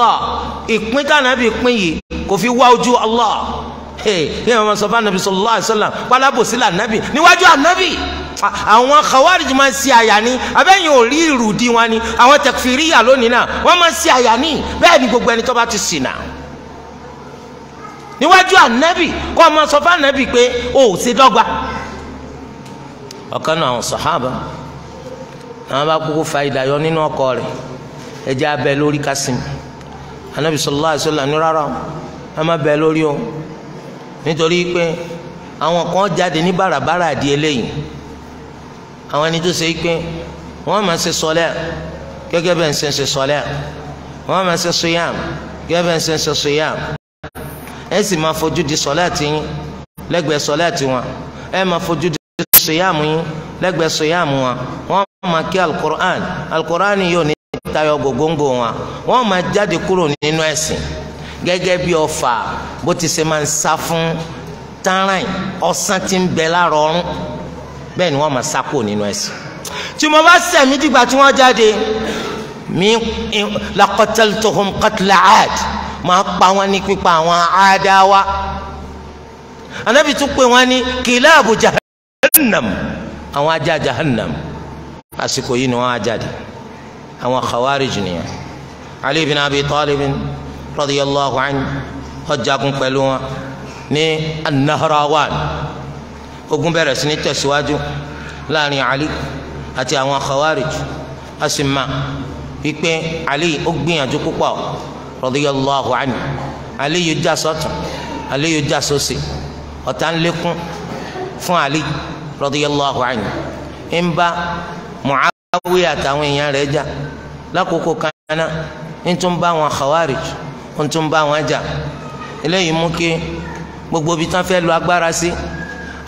Allah ìpín tànàbí pín yìí kò fi wá ojú Allah ní àwọn sọfà nàbì sallallahu alaihi wasallam pálábòsí là níwájú ànàbì àwọn khawarij máa ń ṣe àyà ni abẹ́yìn ò rí ìrùdí wọn ni àwọn takfiriya lónìí náà wọ́n máa ń ṣe àyà ni bẹ́ẹ̀ ni gbogbo ẹni tó bá ti sìn náà níwájú ànábì kó ọmọ sọ fún ànábì pé o ò ṣe dọ́gba. ọ̀kan náà àwọn sàhábà bá kúkú fa ìdáyọ nínú ọkọ rẹ̀ ẹ̀jẹ̀ abẹ lórí kásìmù anabi sallallahu alaihi wasallam ní rárá ẹ má bẹ lórí o nítorí pé àwọn kan jáde ní bàràbàrà àdí eléyìí àwọn ẹni tó ṣe é pé wọ́n máa ṣe sọlẹ gẹ́gẹ́ bẹ́ẹ̀ ń ṣe ṣe sọlẹ wọ́n máa ṣe sọyàm gẹ́gẹ́ bẹ́ẹ̀ ń ṣe ṣe sọyàm ẹ sì máa fojú di sọlẹ tiyín lẹ́gbẹ̀ẹ́ sọlẹ tiwọn ẹ máa fojú di sọyàm yín lẹ́gbẹ̀ẹ́ sọyàm wọn wọ́n máa kí alukur'an alukur'an yóò ní tayọ gògóńgò wọn wọn máa jáde kúrò nínú ẹ̀sìn gẹ́gẹ́ bí ọfà bó ti ṣe máa ń sá fún tánràn ọsán tí ń bẹ lára ọrùn bẹ́ẹ̀ ni wọ́n máa sá kúrò nínú ẹ̀sìn tí mo bá sẹ̀mí dìgbà tí wọ́n jáde mi laqataltuhum qatla aad máa pa wọn ní pípa àwọn àádáwa anabi tún pè wọn ní kilabu jahannam àwọn ajá jahannam àsìkò yìí ni wọ́n á jáde àwọn khawarij nìyẹn ali bin abi talib radiyallahu anhu ó jagun pẹ̀lú wọn ní anahrawan ogun bẹ̀rẹ̀ sí ní tẹ̀síwájú láàrin ali àti àwọn khawarij a sì ma wípé ali ó gbìyànjú púpọ̀ radiyallahu anhu ali yóò já sọ́tún ali yóò já sósì ọ̀tá ń lékún fún ali radiyallahu anhu ń bá mu'ad. Muawiya àtàwọn èèyàn rẹ̀ jà lákòókò kaná ń tún bá wọn Khawarij ń tún bá wọn jà eléyìí mú kí gbogbo ibi tán fẹ́ lo agbára sí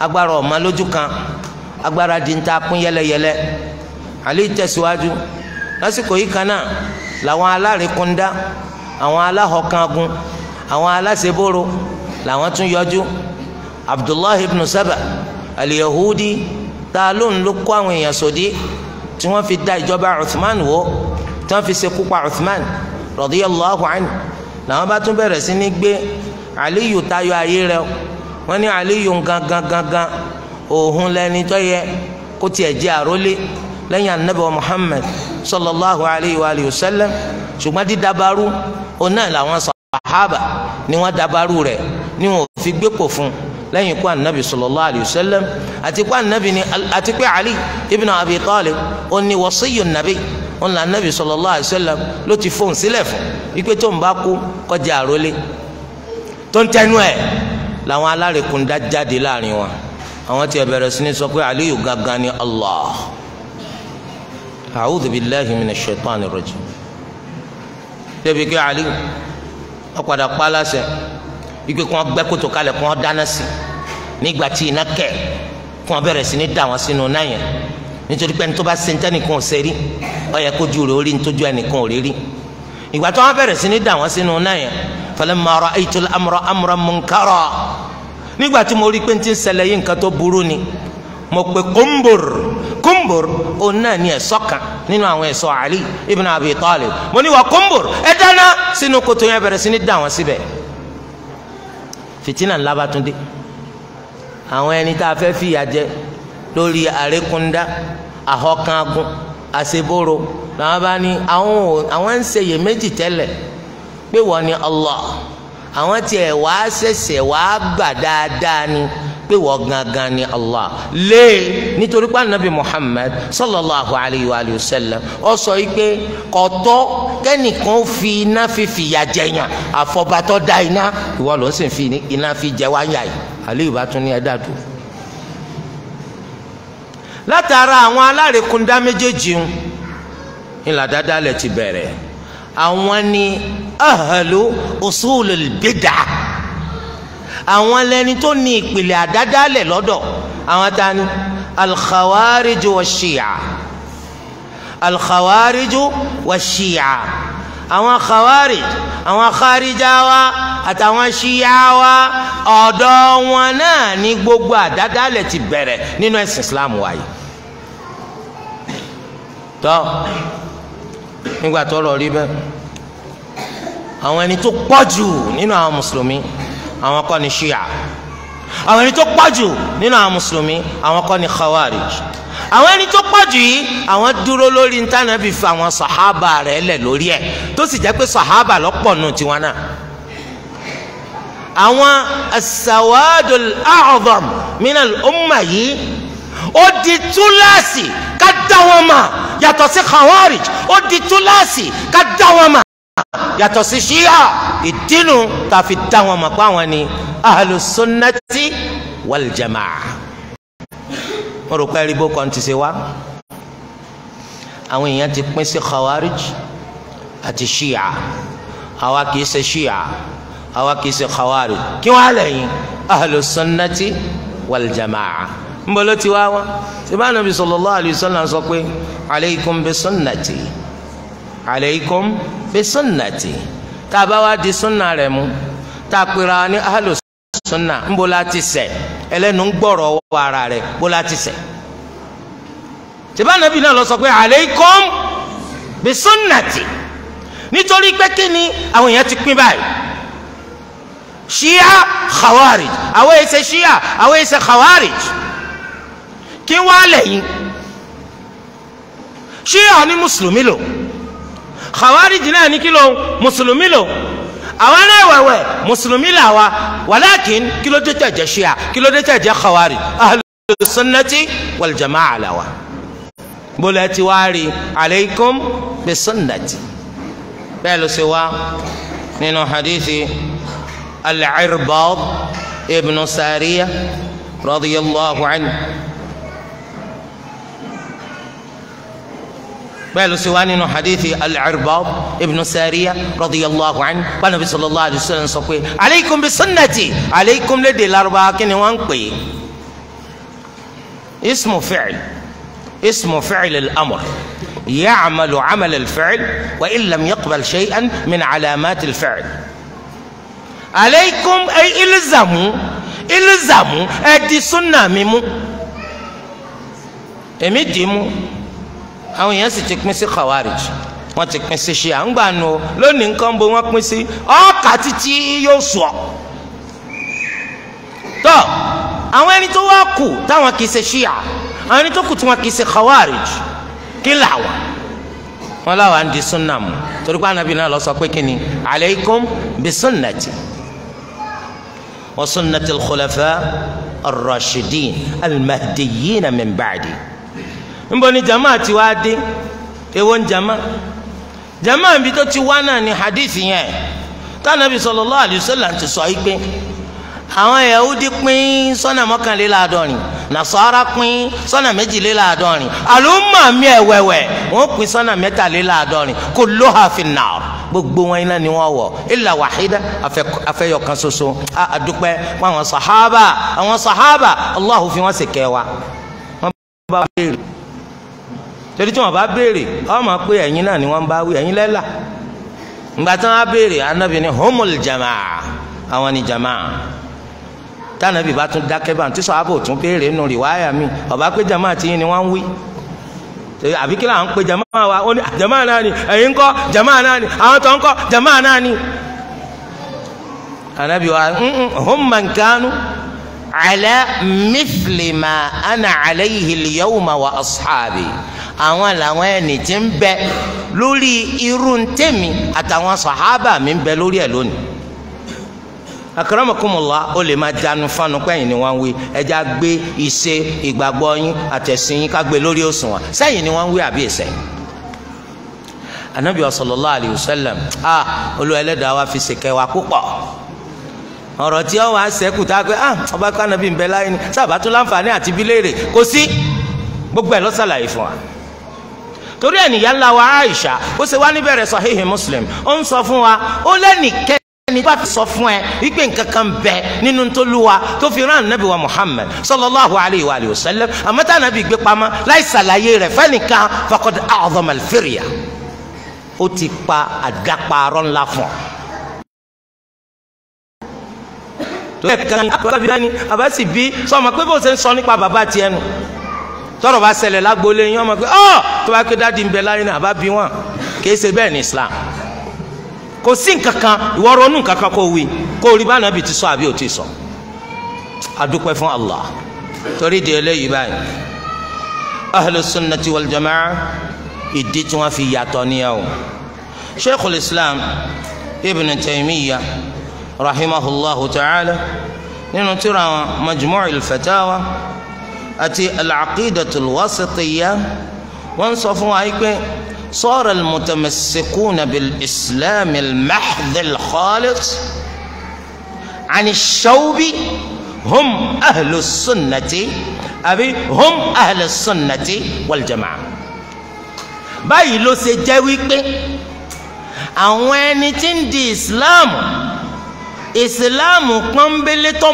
agbára ọ̀ma lójú kan agbára di ń ta pín yẹlẹyẹlẹ Ali tẹ̀síwájú lásìkò yìí kaná làwọn alárìnkúndá àwọn aláhọkangun àwọn aláṣeboro làwọn tún yọjú Abdullahi ibn Saba al-Yahudi ta ló ń lo kó àwọn èèyàn sòdí. So tí wọ́n fi da ìjọba Uthman wó tí wọ́n fi ṣekú pa Uthman radiyallahu anhu làwọn bá tún bẹ̀rẹ̀ sí ní gbé Aliyu tayọ ayé rẹ̀ wọ́n ní Aliyu gangan gangan òhun lẹni tó yẹ kó tiẹ̀ jẹ́ àrólé lẹ́yìn anabi Muhammad sallallahu alayhi wa alihi wa sallam ṣùgbọ́n dídabaru ọ̀nà làwọn sàhábà ni wọ́n dabaru rẹ̀ ni wọ́n fi gbépò fún lẹ́yìn ikú anabi sallallahu alayhi wa sallam àti ikú anabi ni àti pé ali ibn abi talib ó ní wasiyyun nabi ó ní anabi sallallahu alayhi wa sallam ló ti fóun sílẹ̀ fún wípé tó ń bá kú kọjá àrólé tó ń tẹnu ẹ̀ làwọn alárìkún dá jáde láàrin wọn àwọn tí a bẹ̀rẹ̀ sí ní sọ pé aliyu gangan ni allah a'udhu billahi minash shaitani rajim débi pé ali ó padà ikú kí wọ́n gbẹ́ kótó kalẹ̀ kí wọ́n dáná sí nígbà tí iná kẹ̀ kí wọ́n bẹ̀rẹ̀ sí ní dà wọ́n sínú náà yẹn nítorí pé nítorí bá ṣe nítẹ́nìkan ò ṣe rí ó yẹ kójú rẹ̀ orí nítorí ẹnìkan ò rí rí ìgbà tí wọ́n bẹ̀rẹ̀ sí ní dà wọ́n sínú náà yẹn falamma ra'aytul amra amran munkara nígbà tí mo rí pé ti ń ṣẹlẹ̀ yìí nǹkan tó burú ni mo pe kóńbòr kóńbòr òun náà ni ẹ̀ṣọ́ kan nínú àwọn ẹ̀ṣọ́ Ali ibn Abi Talib mo ní wa kóńbòr ẹ dáná sínú kòtò yẹn bẹ̀rẹ̀ sí ní dà wọ́n síbẹ̀ fìtínà ńlá bá tún dé àwọn ẹni tá a fẹ́ fìyà jẹ lórí àrékúndá àhọkàngun àṣeboro làwọn bá ní àwọn ò àwọn ń ṣeyè méjì tẹ́lẹ̀ pé wọ́n ní Allah àwọn tiẹ̀ wàá ṣẹ̀ṣẹ̀ wàá gbà dáadáa ni pé wọ́n gangan ni Allah lé nítorí pé anabi Muhammad sallallahu alayhi wa sallam ó sọ yìí pé kọ̀tọ́ kẹ́nìkan fi iná fi fìyà jẹyàn àfọ̀bàtọ́ da iná ìwọ ló ń sìn fi iná fi jẹ wá yà yìí alẹ́ ìbá tún ní ẹ̀dá tó. látara àwọn alárekúndá méjèèjì ń ńlá lẹ ti bẹ̀rẹ̀ àwọn ni ahalu usulul bid'ah àwọn lẹni tó ní ìpìlẹ̀ àdádálẹ̀ lọ́dọ̀ àwọn tani alkhawariju wa shia alkhawariju wa shia àwọn khawarij àwọn kharijawa àtàwọn shiawa ọ̀dọ̀ wọn náà ní gbogbo àdádálẹ̀ ti bẹ̀rẹ̀ nínú ẹ̀sìn islam wa yìí tọ́ nígbà tó lọ bẹ́ẹ̀ àwọn ẹni tó pọ̀ jù nínú àwọn mùsùlùmí àwọn kọ́ ni ṣíà àwọn ẹni tó pọ̀jù nínú àwọn mùsùlùmí àwọn kọ́ ni khawarij àwọn ẹni tó pọ̀jù yìí àwọn dúró lórí ntànàbí fi àwọn sàhábà rẹ̀ lẹ̀ lórí ẹ̀ tó sì jẹ́ pé sàhábà lọ́pọ̀ nù tiwọn náà àwọn asawadul a'zam minal umma yìí ó di túláàsì ká dá wọn mà yàtọ̀ sí khawarij ó di túláàsì ká dá wọn mà yàtọ̀ sí ṣíà ìdínú tá a fi dá wọn mọ̀ pé àwọn ni ahlu sunnati wal jamaa mo rò pé ẹrìbó kan ti ṣe wá àwọn èèyàn ti pín sí khawarij àti ṣíà àwa kìí ṣe ṣíà àwa kìí ṣe khawarij kí wọ́n á lẹ́yìn ahlu sunnati ń bọ́ ló ti wá wọn ṣùgbọ́n Ànábì sallallahu alaihi wasallam sọ pé alaykum bi sunnati aleikum bí sunnati tá a bá wá di sunna rẹ̀ mú tá a pera ní ahlu sunna ń bo láti ṣe ẹlẹ́nu ń gbọ́rọ̀ wọ ara rẹ̀ bó láti ṣe tìbá nàbì náà lọ sọ pé aleikum bí sunnati nítorí pé kí ni àwọn èèyàn ti pín báyìí shia khawarij àwọn èsè shia àwọn èsè khawarij kí wọ́n á lẹ́yìn shia ni mùsùlùmí lò khawarij náà ní kí ló mùsùlùmí lò àwọn náà wẹ̀wẹ̀ mùsùlùmí là wa walakin kí ló dé tẹ̀jẹ̀ ṣíà kí ló dé tẹ̀jẹ̀ khawarij ahlu sunnati wal jama'a là wa. bólú ti aleikum bi sunnati bẹ́ẹ̀ ló ṣe wá nínú hadithi al-Irbad Sariya radiyallahu anhu. بل سواني نو حديث العرباب ابن ساريه رضي الله عنه النبي صلى الله عليه وسلم صفي عليكم بسنتي عليكم لدي الاربع كني وان اسم فعل اسم فعل الامر يعمل عمل الفعل وان لم يقبل شيئا من علامات الفعل عليكم اي الزموا الزموا ادي سنه ميمو امي ديمو àwọn èèyàn sì ti pín sí khawarij wọ́n ti pín sí ṣíà ńgbà nù o lónìí nǹkan bo wọ́n pín sí ọkà títí yóò sọ tọ àwọn ẹni tó wá kù táwọn kì í ṣe ṣíà àwọn ẹni tó kù tí wọ́n kì í ṣe khawarij kí làwọn wọn làwọn di sunna mu torí pé anabi náà lọ sọ pé kíni aleikum bi sunnati wa sunnati al-khulafa ar-rashidin al-mahdiyyin min ba'di. nbọ ni jama ti wá dé èwo ni jama jama bi tó ti wá náà ni hadith yẹn tánàbí sallallahu alaihi ti sọ yìí àwọn yahudi pin sọ́nà mọ́kànléláàádọ́rin nasara pín sọ́nà méjìléláàádọ́rin àlùmọ̀mí ẹ̀wẹ̀wẹ̀ wọ́n pín sọ́nà mẹ́tàléláàádọ́rin kulluha finnar gbogbo wọn iná ni wọ́n wọ̀ illa wahida afẹ́yọkan ṣoṣo àdúpẹ́ pé sahaba àwọn fi wọ́n ṣe torí tí wọn bá béèrè ọmọ pé ẹ̀yin náà ni wọ́n bá wí ẹ̀yin lẹ́la ìgbà tí wọ́n béèrè anabi ni humul jamaa àwọn ni jamaa tànàbí bá tún dákẹ́ bá tún sọ abò tún béèrè nù rí wáyà mi ọba pé jamaa ti yín ni wọ́n ń wí àbí kí làwọn ń pe jamaa wa ó ní jamaa náà ni ẹ̀yin ń kọ́ náà ni àwọn tó ń kọ́ náà ni anabi wa hum ala mithli ana alayhi al-yawma wa ashabi àwọn làwọn ẹni tí ń bẹ lórí irú tèmi àtàwọn sàhábà mi ń bẹ lórí ẹ lónìí akaramakumula o lè máa dànù fanu pẹ́yìn ni wọ́n ń wí ẹja gbé ìṣe ìgbàgbọ́ yín àtẹ̀sìn yín ká gbé lórí òṣùwọ̀n sẹ́yìn ni wọ́n ń wí àbí ìsẹ̀yìn anabi sallallahu alayhi wa sallam a olú ẹlẹ́dàá wa fi ṣèkẹ́ wa púpọ̀ ọ̀rọ̀ tí ọ wá sẹ́kù tá a pé ah ọba kanabi ń bẹ láyé ni sábà tún láǹfààní àti bíléèrè kò sí gbogbo ẹ̀ lọ́sàlàyé fún wa torí ẹ̀ nìyá ńlá wa Aisha ó ṣe wá níbẹ̀rẹ̀ Sahihi Muslim ó ń sọ fún wa ó lẹ́nìkẹ́ ẹni bá fi sọ fún ẹ wípé nǹkan kan bẹ nínú tó lúwa tó fi rán anabi wa muhammed sallallahu alayhi wa sallam àmọ́tá anabi gbé pamọ́ láì ṣàlàyé rẹ̀ fẹ́nìkan faqad a'dhama al ó ti pa àdàpàrọ̀ ńlá fún ọ. tó yẹ kankan abasi bí sọ ma pé bó ṣe ń sọ nípa bàbá tiẹ̀ nù tọ́rọ̀ bá ṣẹlẹ̀ lágboolé yín ọmọ pé ọ oh! tó bá pé dáàdi ń bẹ láyé náà àbá bí wọn kìí ṣe bẹ́ẹ̀ ní Islam kò sí nǹkan kan ìwọ ronú nǹkan kan kó wí kó rí bá nàbì ti sọ àbí ò ti sọ adúpẹ́ fún Allah torí di eléyìí báyìí ahlus sunnati ìdí tí wọ́n fi yàtọ̀ níyàwó sheikhul islam ibn taymiya rahimahullahu ta'ala nínú tírà wọn majmu'il fatawa àti al-aqidatul wasitiyya wọ́n sọ fún wa pé sara al-mutamassikuna bil-islam al-mahdh al-khalis ani ash-shawbi hum ahlu sunnati àbí hum ahlu sunnati wal jama'a báyìí ló ṣe jẹ́ wípé àwọn ẹni tí ń di islam islam pọ́nbélé tó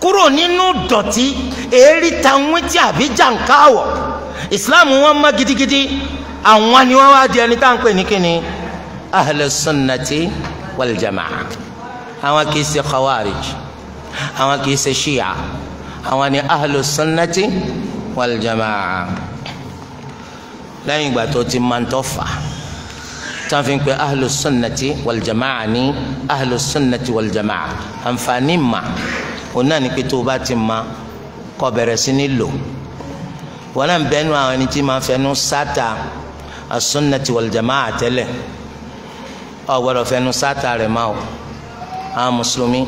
kúrò nínú dọ̀tí èérí tanwé tí àbí jàǹkáwọ̀ islam wọn mọ gidigidi àwọn ni wọn wá di ẹni tá à ń pè ní kíni ahlus sunnati wal jamaa àwọn kì í ṣe khawarij àwọn kì í ṣe shia àwọn ni ahlus sunnati wal ìgbà tó ti máa ń tọ́ fà á tán fi ń pe ahlus sunnati wal jamaa ní ahlus mà òun náà ní pé tó o bá ti ma kọ bẹ̀rẹ̀ sí ní lò wọn náà bẹnu àwọn ẹni tí máa fẹnu sáta as-sunnati wal jama'a tẹ́lẹ̀ ọ gbọ́dọ̀ fẹnu sáta rẹ̀ máa o àwọn mùsùlùmí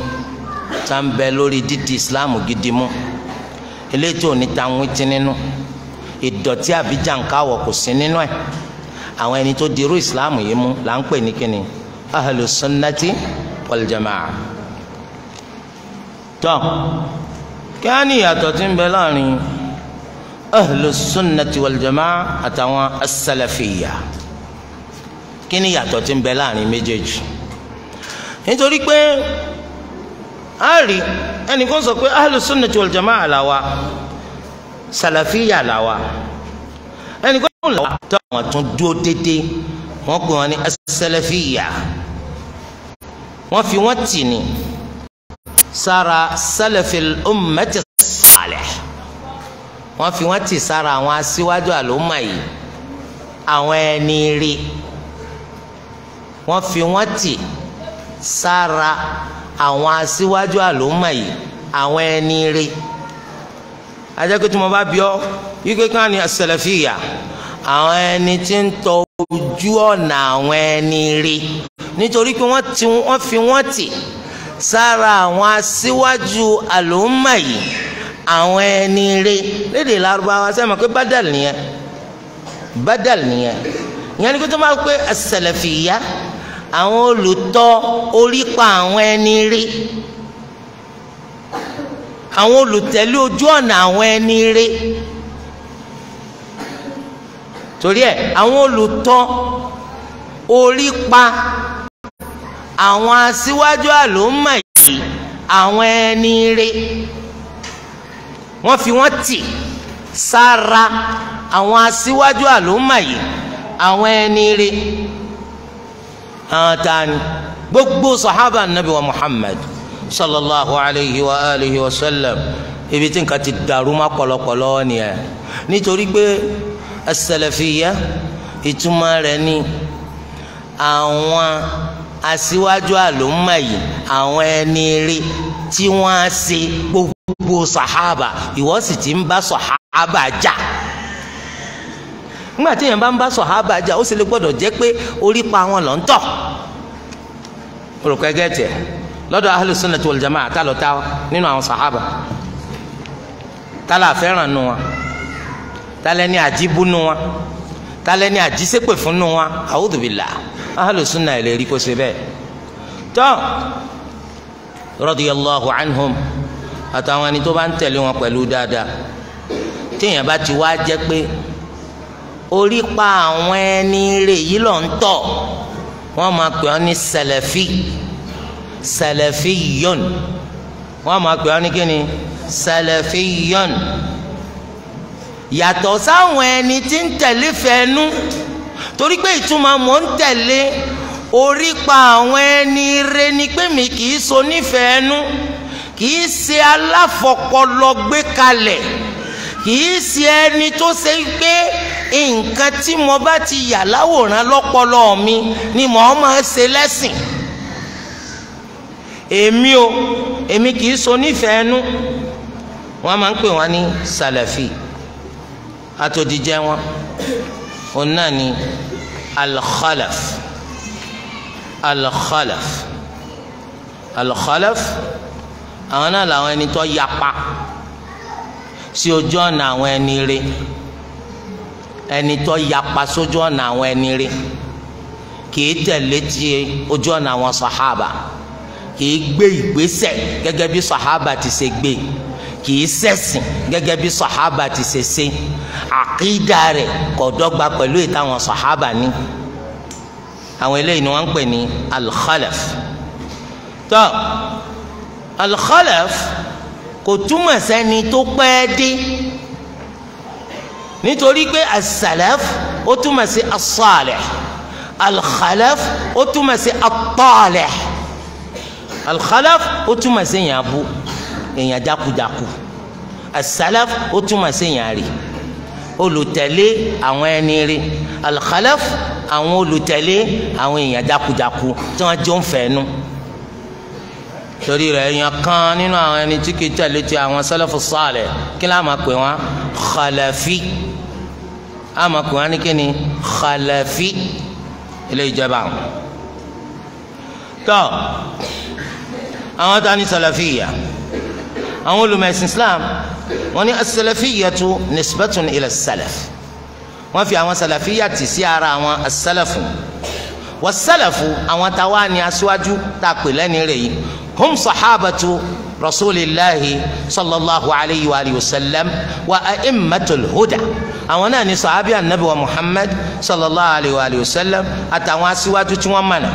tá ń bẹ lórí dídì islam gidi mú eléyìí tó ní ta ń nínú ìdọ̀tí àbíjànkáwọ̀ kò sí nínú ẹ̀ àwọn ẹni tó dirú islam yìí mú là ń pè ní kíni ahlu sunnati tọ́ kí á ní ìyàtọ̀ tí ń bẹ láàrin ahlu sunnati wal jamaa àtàwọn asalafiya kí ni ìyàtọ̀ tí ń bẹ láàrin méjèèjì nítorí pé a rí ẹnìkan sọ pé ahlu sunnati wal jamaa làwa salafiya làwa ẹnìkan sọ làwa tó àwọn tún dúró déédéé wọ́n pè wọ́n ní asalafiya wọ́n fi wọ́n tì ní sára salafil ummati salih wọ́n fi wọ́n tì sára àwọn aṣíwájú àlùmọ yìí àwọn ẹni rí wọ́n fi wọ́n tì sára àwọn aṣíwájú àlùmọ yìí àwọn ẹni rí ajẹ́kùtù mo bá bí ọ wípé kí wọ́n ní àwọn ẹni tí ń tọ ojú ọ̀nà àwọn ẹni rí nítorí pé wọ́n ti wọ́n fi wọ́n tì sára àwọn aṣíwájú àlòmọ yìí àwọn ẹni rè lédè Lárúbáwá sẹ́mi pé badal nìyẹn badal nìyẹn ìyẹn ni pé tó máa pé as-salafiyya àwọn olùtọ́ orípa àwọn ẹni rè àwọn olùtẹ̀lé ojú ọ̀nà àwọn ẹni rè torí ẹ àwọn olùtọ́ orípa àwọn aṣíwájú àlòmọ yìí àwọn ẹni rè wọ́n fi wọ́n tì sára àwọn aṣíwájú àlòmọ yìí àwọn ẹni rè àwọn ta ni gbogbo sahaba anabi wa muhammad sallallahu alayhi wa alihi wa sallam ibi tí nǹkan ti dàrú má pọlọpọlọ nìyẹn nítorí pé as-salafiyya ìtumọ̀ rẹ̀ ni àwọn aṣíwájú àlùmọ yìí àwọn ẹni rí tí wọ́n á ṣe gbogbo sàhábà ìwọ sì ti ń bá sàhábà jà nígbà tí èèyàn bá ń bá sàhábà jà ó sì lè gbọ́dọ̀ jẹ́ pé orí pa wọn lọ ń tọ olùkọ́ ẹgẹ́ tiẹ̀ lọ́dọ̀ ahlus sunnati wal jamaa àtàlọ́ tá nínú àwọn sàhábà tálà fẹ́ràn nu wọn tálẹ́ ní àjíbú nu wọn talẹ́ ni àjíṣépè fún nu wa àwùdùbìlà ahàlùsùnà ẹ̀ lè rí kó ṣe bẹ́ẹ̀ tọ́ radiyallahu anhum àtàwọn ẹni tó bá ń tẹ̀lé wọn pẹ̀lú dáadáa téèyàn bá ti wá jẹ́ pé orí pa àwọn ẹni rẹ̀ yìí lọ́n tọ̀ wọ́n máa pè ọ́ ní sẹlẹ̀fì sẹlẹ̀fì yọ̀n wọ́n máa pè ọ́ ní kíni sẹlẹ̀fì yọ̀n. yàtọ̀ sáwọn ẹni tí ń tẹ̀lé fẹ́nu torí pé ìtumọ̀ mò ń tẹ̀lé orí pa àwọn ẹni re ni pé mi kì í so nífẹ̀ẹ́nu kì í ṣe aláfọpọlọ kalẹ̀ kì í ṣe ẹni tó ṣe pé nǹkan tí mo bá ti yà láwòrán lọ́pọlọ mi ni mò ń máa ṣe lẹ́sìn èmi o èmi kì í so nífẹ̀ẹ́nu wọ́n máa ń pè wọ́n ní sàlàfì. atòdìjẹ wọn òun náà ni alkhalaf alkhalaf alkhalaf àwọn náà làwọn ẹni tó yapa sí ojú ọ̀nà àwọn ẹni rí ẹni tó yapa sójú ọ̀nà àwọn ẹni rí kìí tẹ̀lé ti ojú ọ̀nà àwọn sàhábà kìí gbé ìgbésẹ̀ gẹ́gẹ́ bí sàhábà ti ṣe gbé kì í ṣẹ̀sìn gẹ́gẹ́ bí sọ̀hábà ti ṣe ṣe àkídà rẹ̀ kò dọ́gba pẹ̀lú ìtàwọn sọ̀hábà ní. àwọn eléyìí ni wọ́n ń pè ní al-khalaf. tó al-khalaf kò túmọ̀ sẹ́ni tó pẹ́ dé nítorí pé as ó túmọ̀ sí as-salih ó túmọ̀ sí at-talih ó túmọ̀ sí yàn èèyàn jákujàku asalaf ó túmọ̀ sí èèyàn rè olùtẹ̀lé àwọn ẹni rè alkhalaf àwọn olùtẹ̀lé àwọn èèyàn jákujàku tí wọ́n jọ ń fẹ́nu torí rẹ̀ èèyàn kan nínú àwọn ẹni tí kìí tẹ̀lé ti àwọn salafu salih kí ló máa pè wọ́n khalafi á pè wọ́n ní kí ni khalafi ilé ìjọba àwọn àwọn ta ni salafiya. So, àwọn olùmọ̀ẹ̀sìn islam wọ́n ní asalafiyyatu nisbatun ila salaf wọ́n fi àwọn salafiya tì sí ara àwọn asalafu wasalafu àwọn táwa ni aṣíwájú tá a pè lẹ́ni rẹ̀ yìí hum sahabatu rasulillahi sallallahu alayhi wa alihi wa sallam wa a'immatul huda àwọn náà ni sahabi anabi wa muhammad sallallahu alayhi wa alihi wa sallam àtàwọn aṣíwájú tí wọ́n mọ̀nà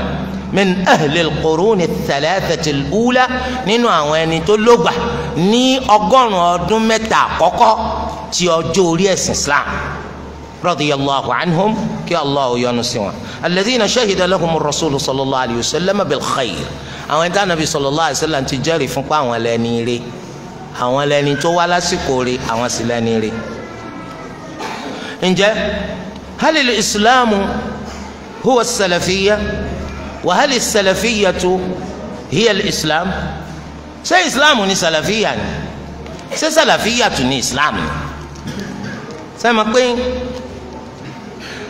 min ahli al-quruni ath-thalathati al-ula nínú àwọn ẹni tó lógbà ní ọgọ́rùn-ún ọdún mẹ́ta àkọ́kọ́ ti ọjọ́ orí ẹ̀sìn Islam radiyallahu anhum kí Allah yọ́nú sí wọn. alladhina shahida lahumu ar-rasulu sallallahu alayhi wa sallam bil-khayr àwọn ẹ̀dá nàbí sallallahu alayhi wa sallam ti jẹ́rìí fún pa àwọn ẹlẹ́ni rẹ̀ àwọn ẹlẹ́ni tó wá lásìkò rẹ̀ àwọn sì lẹ́ni rẹ̀. ǹjẹ́ hal al-islamu huwa as-salafiyya. وهل السلفية هي الإسلام؟ islam ṣé islam ni sàlàfíyà ni ṣé sàlàfíyà tó ni islam ni sẹ́mi pé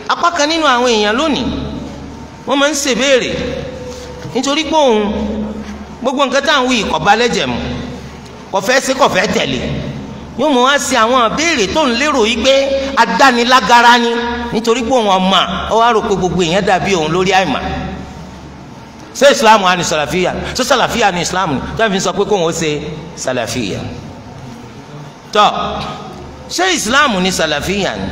apá kan nínú àwọn èèyàn lónìí wọ́n máa ń ṣèbéèrè nítorí pé òun gbogbo nǹkan tá à ń wí kò lẹ́jẹ̀ mu kò fẹ́ ṣe kò fẹ́ tẹ̀lé yóò mọ wá sí àwọn àbéèrè tó ń lérò yìí pé adánilágara ni nítorí pé òun ọmọ ọ wá rò pé gbogbo èèyàn dàbí òun lórí àìmọ̀ ṣé ìsìláàmù àni sàlàfíà ṣé sàlàfíà ni ìsìláàmù tó fi sọ pé kóun ó ṣe sàlàfíà tọ ṣé ìsìláàmù ni sàlàfíà ni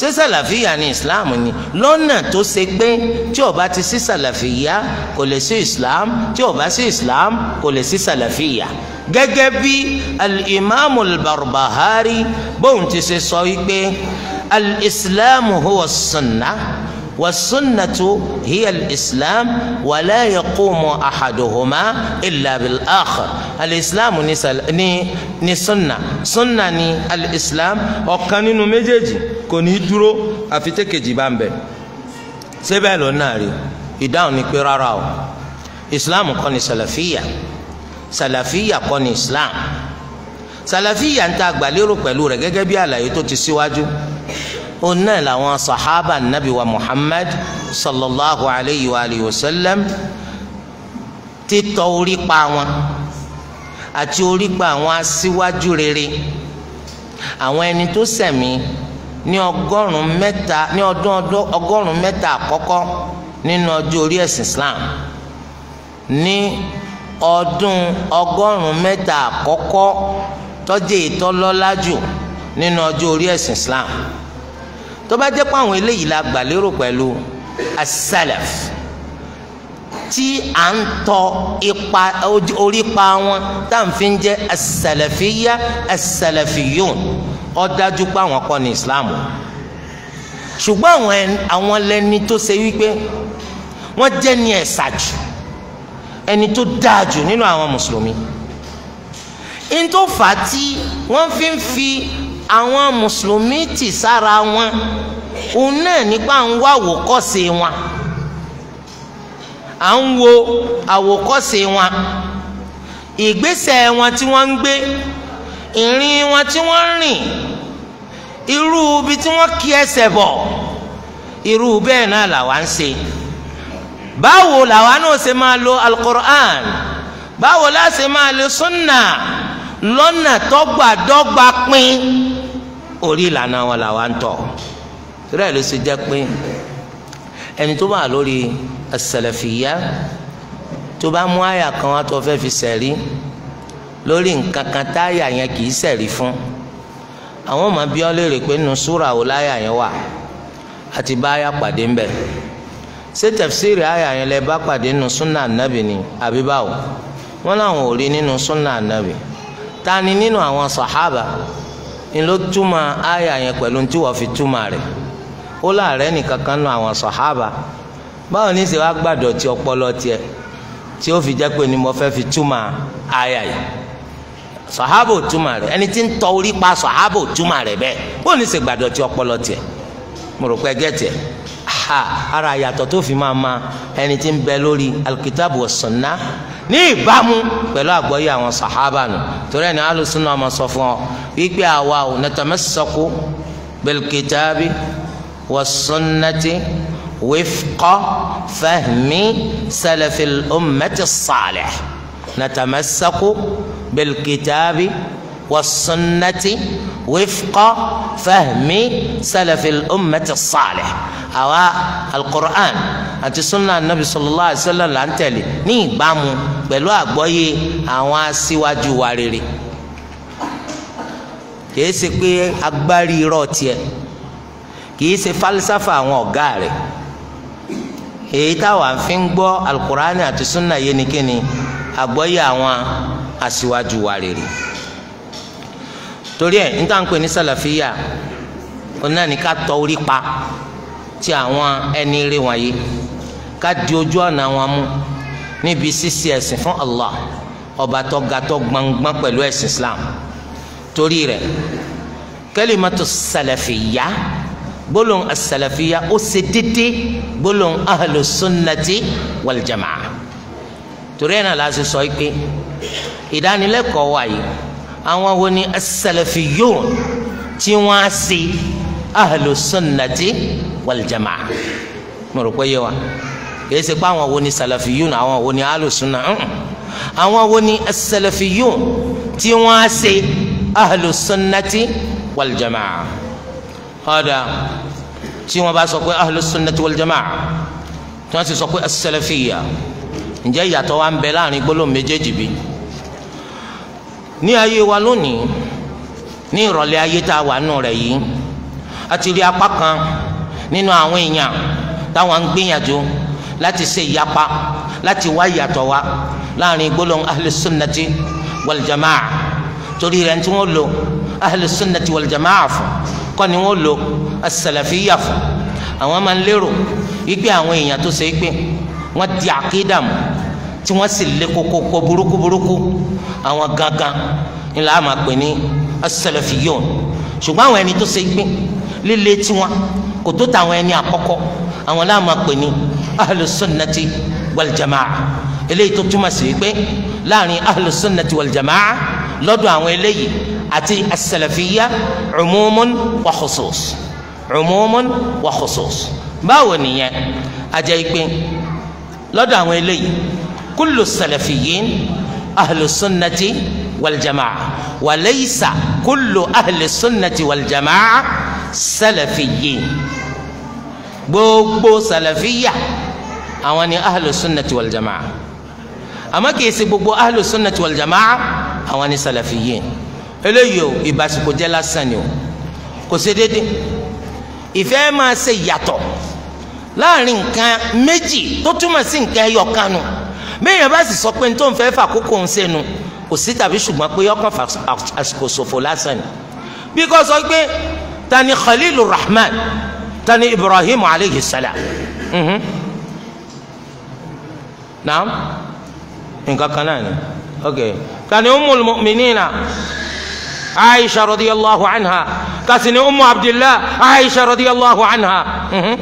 ṣé sàlàfíà ni ìsìláàmù ni lọ́nà tó ṣe pé tí ó ti sí sàlàfíà kò lè sí ìsìláàmù tí ó bá sí kò lè sí sàlàfíà gẹ́gẹ́ bí al-imaamu bóun ti ṣe sọ yìí pé al huwa sunnah. والسنة هي الإسلام ولا يقوم أحدهما إلا بالآخر الإسلام نسل ني نسنة سنة ني الإسلام ọ̀kan nínú méjèèjì kò ní dúró àfi tẹ́kejì bá ń bẹ ṣé bẹ́ẹ̀ ló náà rí ìdáhùn ni pé rárá o islam kọ́ ni salafiya salafiya kọ́ ni islam salafiya ń ta àgbàlérò pẹ̀lú rẹ̀ gẹ́gẹ́ bí àlàyé tó ti síwájú òun náà làwọn sahaba nabi wa muhammad sallallahu alayhi wa alayhi wa sallam ti tọ́ orí pa wọn àti orí pa àwọn aṣíwájú rere àwọn ẹni tó ṣẹ̀mí ní ọgọ́rùn mẹ́ta ní ọdún ọdún ọgọ́rùn mẹ́ta àkọ́kọ́ nínú ọjọ́ orí ẹ̀sìn islam ní ọdún ọgọ́rùn mẹ́ta àkọ́kọ́ tọ́jú ìtọ́lọ́lájù nínú ọjọ́ orí ẹ̀sìn islam tó bá jẹ́ pé àwọn eléyìí la gbà lérò pẹ̀lú as tí à ń tọ ipa orí pa wọn tá à ń fi jẹ́ as-salafiyya as-salafiyun ó dájú pé àwọn kọ́ ni islam ṣùgbọ́n àwọn lẹni tó ṣe wípé wọ́n jẹ́ ni ẹ̀sà jù ẹni tó dáa jù nínú àwọn mùsùlùmí ní tó fà á tí wọ́n fi ń fi àwọn mùsùlùmí tì sára wọn òun náà nípa ń wá àwòkọ́ṣe wọn à ń wo àwòkọ́ṣe wọn ìgbésẹ̀ wọn tí wọ́n ń gbé ìrìn wọn tí wọ́n ń rìn irú ibi tí wọ́n kí ẹsẹ̀ bọ̀ irú bẹ́ẹ̀ náà làwa ń ṣe báwo làwa náà ṣe máa lo alukur'an báwo la ṣe máa lo sunna lọ́nà tọ́gbàdọ́gba pín orí ìlànà wọn làwa ń tọ̀ torí ẹ̀ ló ṣe jẹ́ pé ẹni tó bá lórí as-salafiyya tó bá mú àyà kan wá tó fẹ́ fi sẹ̀rí lórí nǹkan kan táyà yẹn kì í sẹ̀rí fún àwọn máa bi ọ́ léèrè pé nínú súra wo láyà yẹn wà àti bá àyà pàdé ń ṣé tafsiri àyà yẹn lẹ bá pàdé nínú súnà ànábì ni àbí báwo wọn làwọn ò rí nínú súnà ànábì ta nínú àwọn sàhábà ńlọ túmọ̀ àyà yẹn pẹ̀lú tí wọ́n fi túmọ̀ rẹ̀ ó láàrẹ́ nìkan kan nù àwọn sàhábà báwo ní ṣe wá gbàdọ̀ tí ọpọlọ tiẹ̀ tí ó fi jẹ́ pé ni mo fẹ́ fi túmọ̀ àyà yìí sàhábà ò túmọ̀ rẹ̀ ẹni tí ń tọ orí pa sàhábà ò túmọ̀ rẹ̀ bẹ́ẹ̀ bó ní ṣe gbàdọ̀ tí ọpọlọ tiẹ̀ mo rò pé gẹ́tì ẹ̀ ha ara yàtọ̀ tó fi máa ma ẹni tí ń bẹ lórí alkitabu wa sunna ní ìbámu pẹ̀lú àgbọ́yé àwọn sàhábà nù torí ẹni alùsùnà máa sọ fún ọ wípé àwa ò natamassaku bilkitabi wa sunnati wifqa fahmi salafil ummati salih natamassaku bilkitabi wasunnati wifqa fahmi salafil ummati salih àwa alukur'an àti sunna anabi sallallahu alayhi wa sallam là ń tẹ̀lé ní ìbámu pẹ̀lú àgbọ́yé àwọn aṣíwájú wa rere kìí ṣe pé agbárí irọ́ tiẹ̀ kìí ṣe falisafa àwọn ọ̀gá rẹ̀ èyí táwa fi ń gbọ́ alukur'an sunna yé ni kíni àgbọ́yé àwọn aṣíwájú wa rere torí ẹ níta ń pè ní sàlàfíà ọ̀nà ní ká tọ orí pa ti àwọn ẹni rí wọ̀nyí ká di ojú ọ̀nà wọn mú níbi ṣíṣe ẹ̀sìn fún Allah ọba tó ga tó gbangban pẹ̀lú ẹ̀sìn Islam torí rẹ kalimatu sàlàfíà gbólóhùn asàlàfíà ó ṣe déédéé gbólóhùn ahlu sunnati torí ẹ̀ náà la ṣe sọ pé ìdánilẹ́kọ̀ọ́ wa àwọn wo ni as-salafiyun tí wọ́n á ṣe ahlu sunnati wal jamaa mo rò pé yé wa kìí ṣe pé àwọn wo ni salafiyun àwọn wo ni ahlu sunna àwọn wo ni as-salafiyun tí wọ́n á ṣe ahlu sunnati wal ọ̀dà tí wọ́n bá sọ pé ahlu sunnati wal tí wọ́n sì sọ pé as-salafiyya ǹjẹ́ ìyàtọ̀ wa ń bẹ láàrin gbólóhùn méjèèjì bíi ní ayé wa lónìí ní ìrọ̀lẹ́ ayé tá a wà nù rẹ̀ yìí a ti rí apá kan nínú àwọn èèyàn táwọn ń gbìyànjú láti ṣe ìyapa láti wá ìyàtọ̀ wa láàrin gbólóhùn ahlùsùnàtì wàlìjàmáà torí rẹ̀ tí wọ́n lò ahlùsùnàtì wàlìjàmáà fún kọ́ ni wọ́n lò asàlàfíyà fún àwọn máa ń lérò wípé àwọn èèyàn tó ṣe é pé wọ́n di àkídà mọ́ tí wọ́n sì lé kókókó burúkú burúkú àwọn gangan ńlá àmà pè ní as-salafiyun ṣùgbọ́n àwọn ẹni tó ṣe gbé líle tiwọn kò tó tàwọn ẹni àkọ́kọ́ àwọn láàmà pè ní ahlus-sunnati wal-jama'a eléyìí tó túmọ̀ sí pé láàrin ahlus-sunnati wal lọ́dọ̀ àwọn eléyìí àti as-salafiyya umumun wa khusus báwo nìyẹn ajẹ́ ìpín lọ́dọ̀ àwọn eléyìí kullu salafiyin ahlu sunnati wal jama'a walaysa kullu ahlu sunnati wal jama'a salafiyin gbogbo salafiya àwọn ni ahlu sunnati wal jama'a àmọ́ kìí ṣe gbogbo ahlu sunnati wal jama'a àwọn ni salafiyin eléyìí o ìbásikò jẹ́ lásán ni o kò ṣe déédéé ìfẹ́ máa ṣe yàtọ̀ láàrin nǹkan méjì tó túmọ̀ sí nǹkan ẹyọ kanu. No béèyàn bá sì sọ pé nítorí fẹ́ fàkókò ń sẹ́nu kò sí tàbí ṣùgbọ́n pé yọkàn àsìkò ṣòfò lásán ni bí kò sọ pé tani khalilu rahman tani ibrahim aleyhi salam mhm. naam nǹkan kan náà ni ok tani umul mu'minina aisha radiyallahu anha kasi ni umu abdillah aisha radiyallahu anha. Mhm.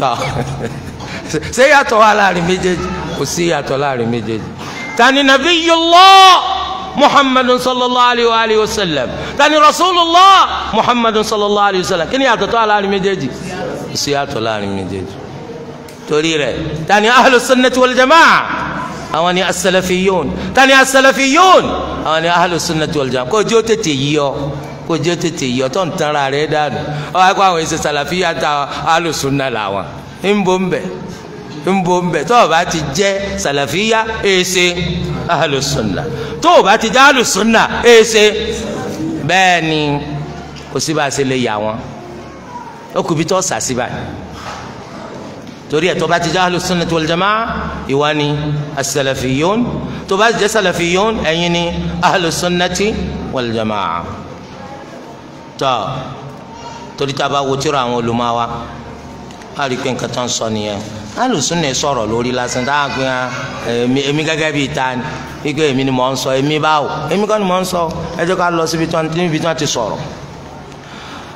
ṣé yàtọ̀ wà láàrin méjèèjì kò sí yàtọ̀ láàrin méjèèjì tani nabiyullah muhammadun sallallahu alayhi wa sallam tani rasulullah muhammadun sallallahu alayhi wa sallam kí ni yàtọ̀ tó wà láàrin méjèèjì kò sí yàtọ̀ láàrin méjèèjì torí rẹ̀ tani ahlu sunnati wal jamaa àwọn ni asalafiyun tani asalafiyun àwọn ni ahlu sunnati wal jamaa kò jẹ́ ó tètè yí ọ kó jẹ́ tètè yọ tó ń tanra rẹ̀ dànù ọ̀ àwọn èsì sàlàfíà ta alùsùnà làwọn ń ń bo ń bẹ tó o bá ti jẹ sàlàfíà èsè alùsùnà tó o bá ti jẹ alùsùnà èsè bẹ́ẹ̀ ni kò sí bá a ṣe lè yà wọn ó kù bí tó sà sí báyìí torí ẹ tó bá ti jẹ alùsùnà wal jamaa ìwà ni asàlàfíyón tó bá ti jẹ sàlàfíyón ẹ̀yin ni alùsùnà wal jamaa tó torí tá a bá wo tíra àwọn olùmọ̀ wa a rí i pé nǹkan tó ń sọ nìyẹn alùsùn ní sọ̀rọ̀ lórí lásán tá a gbé hàn èmi èmi gẹ́gẹ́ bíi ta ni wípé èmi ni mò ń sọ èmi báwo èmi kọ́ ni mò ń sọ ẹ jẹ́ ká lọ síbi tí wọ́n ti sọ̀rọ̀.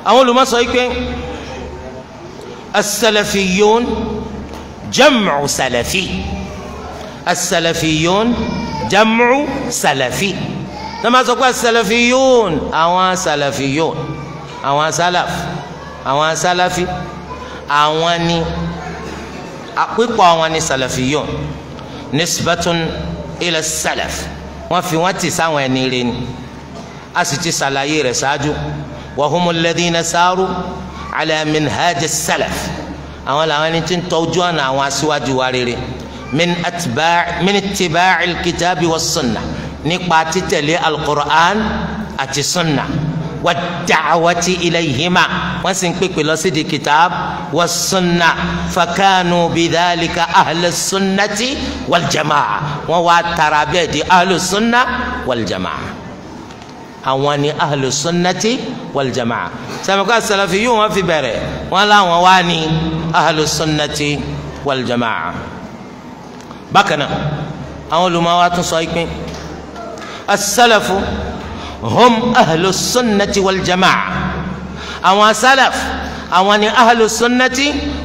àwọn olùmọ̀ sọ wípé as-salafiyun jam'u salafi as-salafiyun jam'u salafi lọ́mọ pé as-salafiyun àwọn salafiyun àwọn salaf àwọn salafi àwọn ni àpépọ̀ wọn ni salafiyun nisbatun ila salaf wọ́n fi wọ́n ti sáwọn ẹni rẹ̀ ni a sì ti ṣàlàyé rẹ̀ ṣáájú wa humul ladhina sáárù ala minhaji salaf àwọn làwọn ẹni tí ń tọ́jú ọ̀nà àwọn aṣíwájú wa rere min atba' min ittiba'i alkitabi was sunnah nípa títẹ̀lé alqur'an àti sunnah wa da'awati ilayhima wọ́n sì ń pèpè lọ sí di kitab wa sunna fakanu bidhalika ahlu sunnati wal jama'a wọ́n wá tara bẹ́ẹ̀ di ahlu sunna wal jama'a àwọn ni ahlu sunnati wal jama'a sàmùkà sàlàfì yìí fi bẹ̀rẹ̀ wọ́n láwọn wá ní ahlu sunnati wal bákan náà àwọn olùmọ̀ wa tún sọ ìpín as-salafu. هم أهل السنة والجماعة أو سلف أو أهل السنة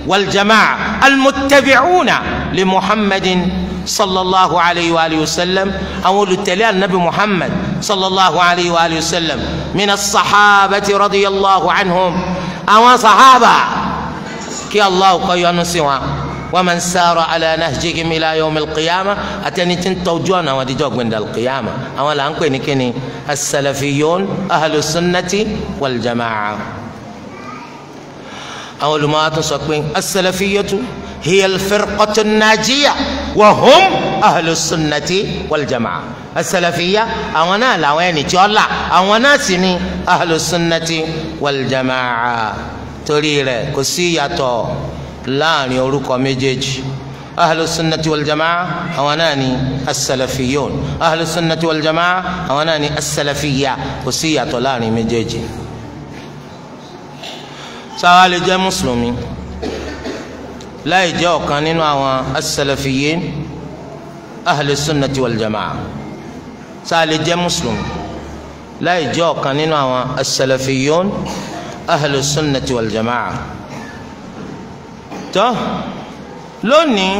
والجماعة المتبعون لمحمد صلى الله عليه وآله وسلم أو التلال النبي محمد صلى الله عليه وآله وسلم من الصحابة رضي الله عنهم أو صحابة كي الله قيّن سواه ومن سار على نهجهم إلى يوم القيامة أتني تنتو جونا ودي جوك من القيامة أولا انكو نكني السلفيون أهل السنة والجماعة أول ما تسقين السلفية هي الفرقة الناجية وهم أهل السنة والجماعة السلفية أونا لا لوين جولا أونا سني أهل السنة والجماعة تريد كسية láàrin orúkọ méjèèjì ahlu sunnati wal jamaa àwọn náà ni asalafiyun ahlu sunnati wal jamaa àwọn náà ni asalafiya kò sí ìyàtọ̀ láàrin méjèèjì sáà lè jẹ́ mùsùlùmí láì jẹ́ ọ̀kan nínú àwọn asalafiyin ahlu sunnati wal jamaa sáà lè jẹ́ mùsùlùmí láì jẹ́ ọ̀kan nínú àwọn asalafiyun ahlu sunnati wal jamaa. tọ́ lónìí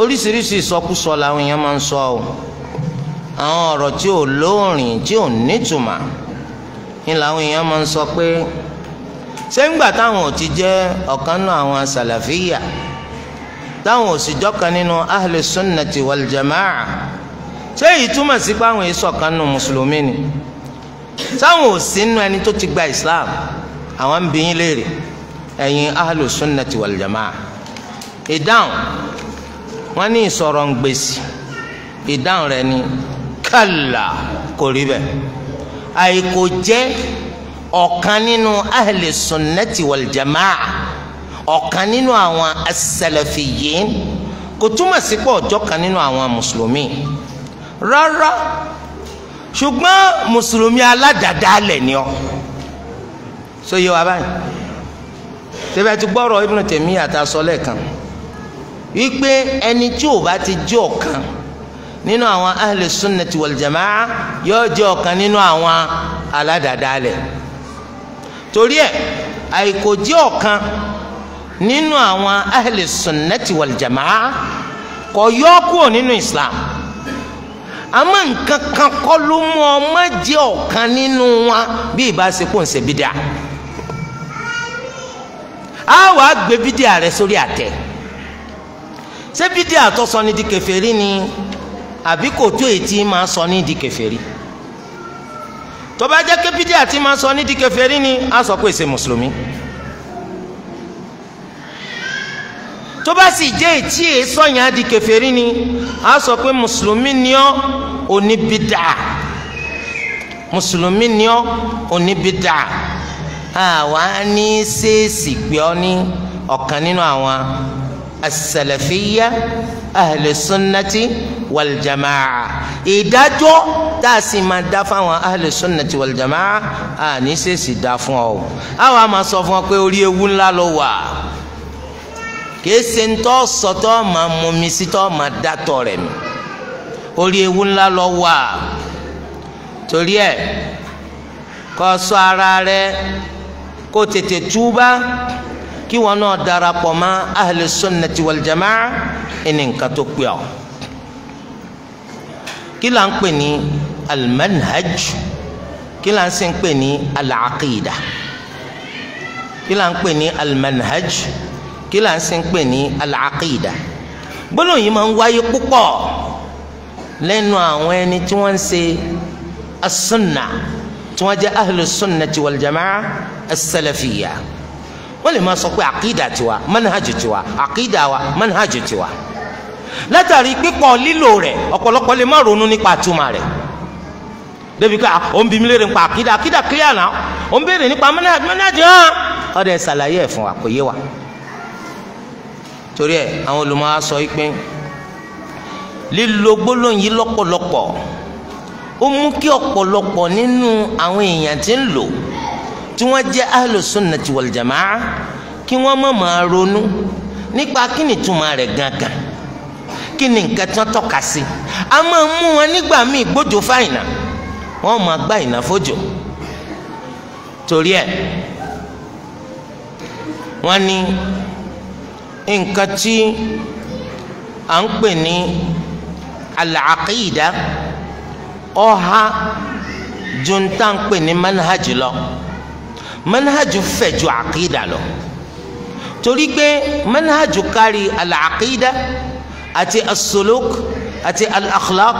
oríṣiríṣi ìsọkúsọ làwọn èèyàn máa ń sọ o àwọn ọ̀rọ̀ tí ò lóòrìn tí ò nítumà ni làwọn èèyàn máa ń sọ pé sẹ́ńgbà táwọn ò ti jẹ́ ọ̀kan náà àwọn asàlàfíyà táwọn ò sì jọ́kan nínú ahlẹ̀ sunnati wal jama'a ṣé èyí túmọ̀ sí pé àwọn èso nù mùsùlùmí ni táwọn ò sí nínú ẹni tó ti gba Islam àwọn ń bi yín léèrè ẹ̀yin ahlẹ̀ sunnati wal jama'a ìdáhùn wọn ní ìsọ̀rọ̀ ń gbèsì ìdáhùn rẹ̀ ni kàlà kò rí bẹ́ẹ̀ àìkò jẹ́ ọ̀kan nínú ahli sunnati wal jamaa ọ̀kan nínú àwọn as-salafiyyin kò túmọ̀ sí pé ọjọ́ kan nínú àwọn mùsùlùmí rárá ṣùgbọ́n mùsùlùmí aládàdálẹ̀ ni ọ́ so yẹ wa báyìí tẹ́fẹ́ ti gbọ́rọ̀ Ibn Taymiyyah àtàsọ lẹ́ẹ̀kan. So, wípé ẹni tí ò bá ti jẹ́ ọ̀kan nínú àwọn ahli sunnati wal jamaa yóò jẹ́ ọ̀kan nínú àwọn aládàdálẹ̀ torí ẹ̀ àìkò jẹ́ ọ̀kan nínú àwọn ahli sunnati wal jamaa kò yọ kúrò nínú Islam àmọ́ nǹkan kan kọ́ ló mú ọmọ jẹ́ ọ̀kan nínú wọn bí ìbáṣepọ̀ ń ṣe bídà á wàá gbé bídà rẹ sórí àtẹ ṣé bídíà tó sọ ní di kèfèrí ni àbí kò tó ètí máa sọ ní di kèfèrí tó bá jẹ́ pé bídíà tí máa sọ ní di kèfèrí ni á sọ pé ṣe mùsùlùmí tó bá sì jẹ́ ètí èsọ̀yìn á di kèfèrí ni á sọ pé mùsùlùmí ni ọ́ oníbídà mùsùlùmí ni ọ́ oníbídà àwa ní sèèsì pé ọ ní ọ̀kan nínú àwọn asalafiya ahli sunnati wal jamaa ìdájọ́ tá a sì máa dá fáwọn ahli sunnati wal jamaa a ní sèṣì dá fún ọ àwọn a máa sọ fún ọ pé orí ewu ńlá ló wà kèése ńtọ́ sọtọ́ máa mumi sítọ́ máa dátọ̀ rẹ̀ mi orí ewu ńlá ló wà torí ẹ kó ṣọ́ ara rẹ kó tètè túbá kí wọn náà darapọ̀ mọ́ ahli sunnati wal jamaa ẹni nǹkan tó pè ọ́ kí là ń pè ní almanhaj kí là ń sì ń pè ní alaqida kí là ń pè ní almanhaj kí là ń sì pè ní alaqida gbólóhùn yìí máa ń wáyé púpọ̀ lẹ́nu àwọn ẹni tí wọ́n ń ṣe as tí wọ́n jẹ́ ahli sunnati wal jamaa as-salafiyya. as wọ́n lè máa sọ pé àkídà tiwa manhajù tiwa àkídà wa manhajù tiwa látàrí pípọ̀ lílò rẹ̀ ọ̀pọ̀lọpọ̀ lè má ronú nípa àtúmọ̀ rẹ̀ débi ká òun bí mi léèrè nípa àkídà àkídà clear náà òun béèrè nípa manhajù manhajù hàn ọ̀dẹ̀ ṣàlàyé ẹ̀ fún wa kò yé wa torí ẹ̀ àwọn olùmọ̀ sọ pé lílo gbólóhùn lọ́pọ̀lọpọ̀ ó mú kí ọ̀pọ̀lọpọ̀ nínú àwọn èèyàn ti ń lò tí wọ́n jẹ́ ahlu sunnati wal jamaa kí wọ́n má máa ronú nípa kí ni túmọ̀ rẹ̀ gangan kí ni nǹkan tí wọ́n tọ́ka sí a máa mú wọn nígbà míì gbójú fáìnà wọ́n máa gbá ìnáfójò torí ẹ̀ wọ́n ní nǹkan tí à ń pè ní al ọha ju ń tà ń pè ní manhaj lọ manhaju fẹ̀ ju àkídà lọ torí pé manhaju kárí al-àkídà àti as-suluk àti al-akhlaq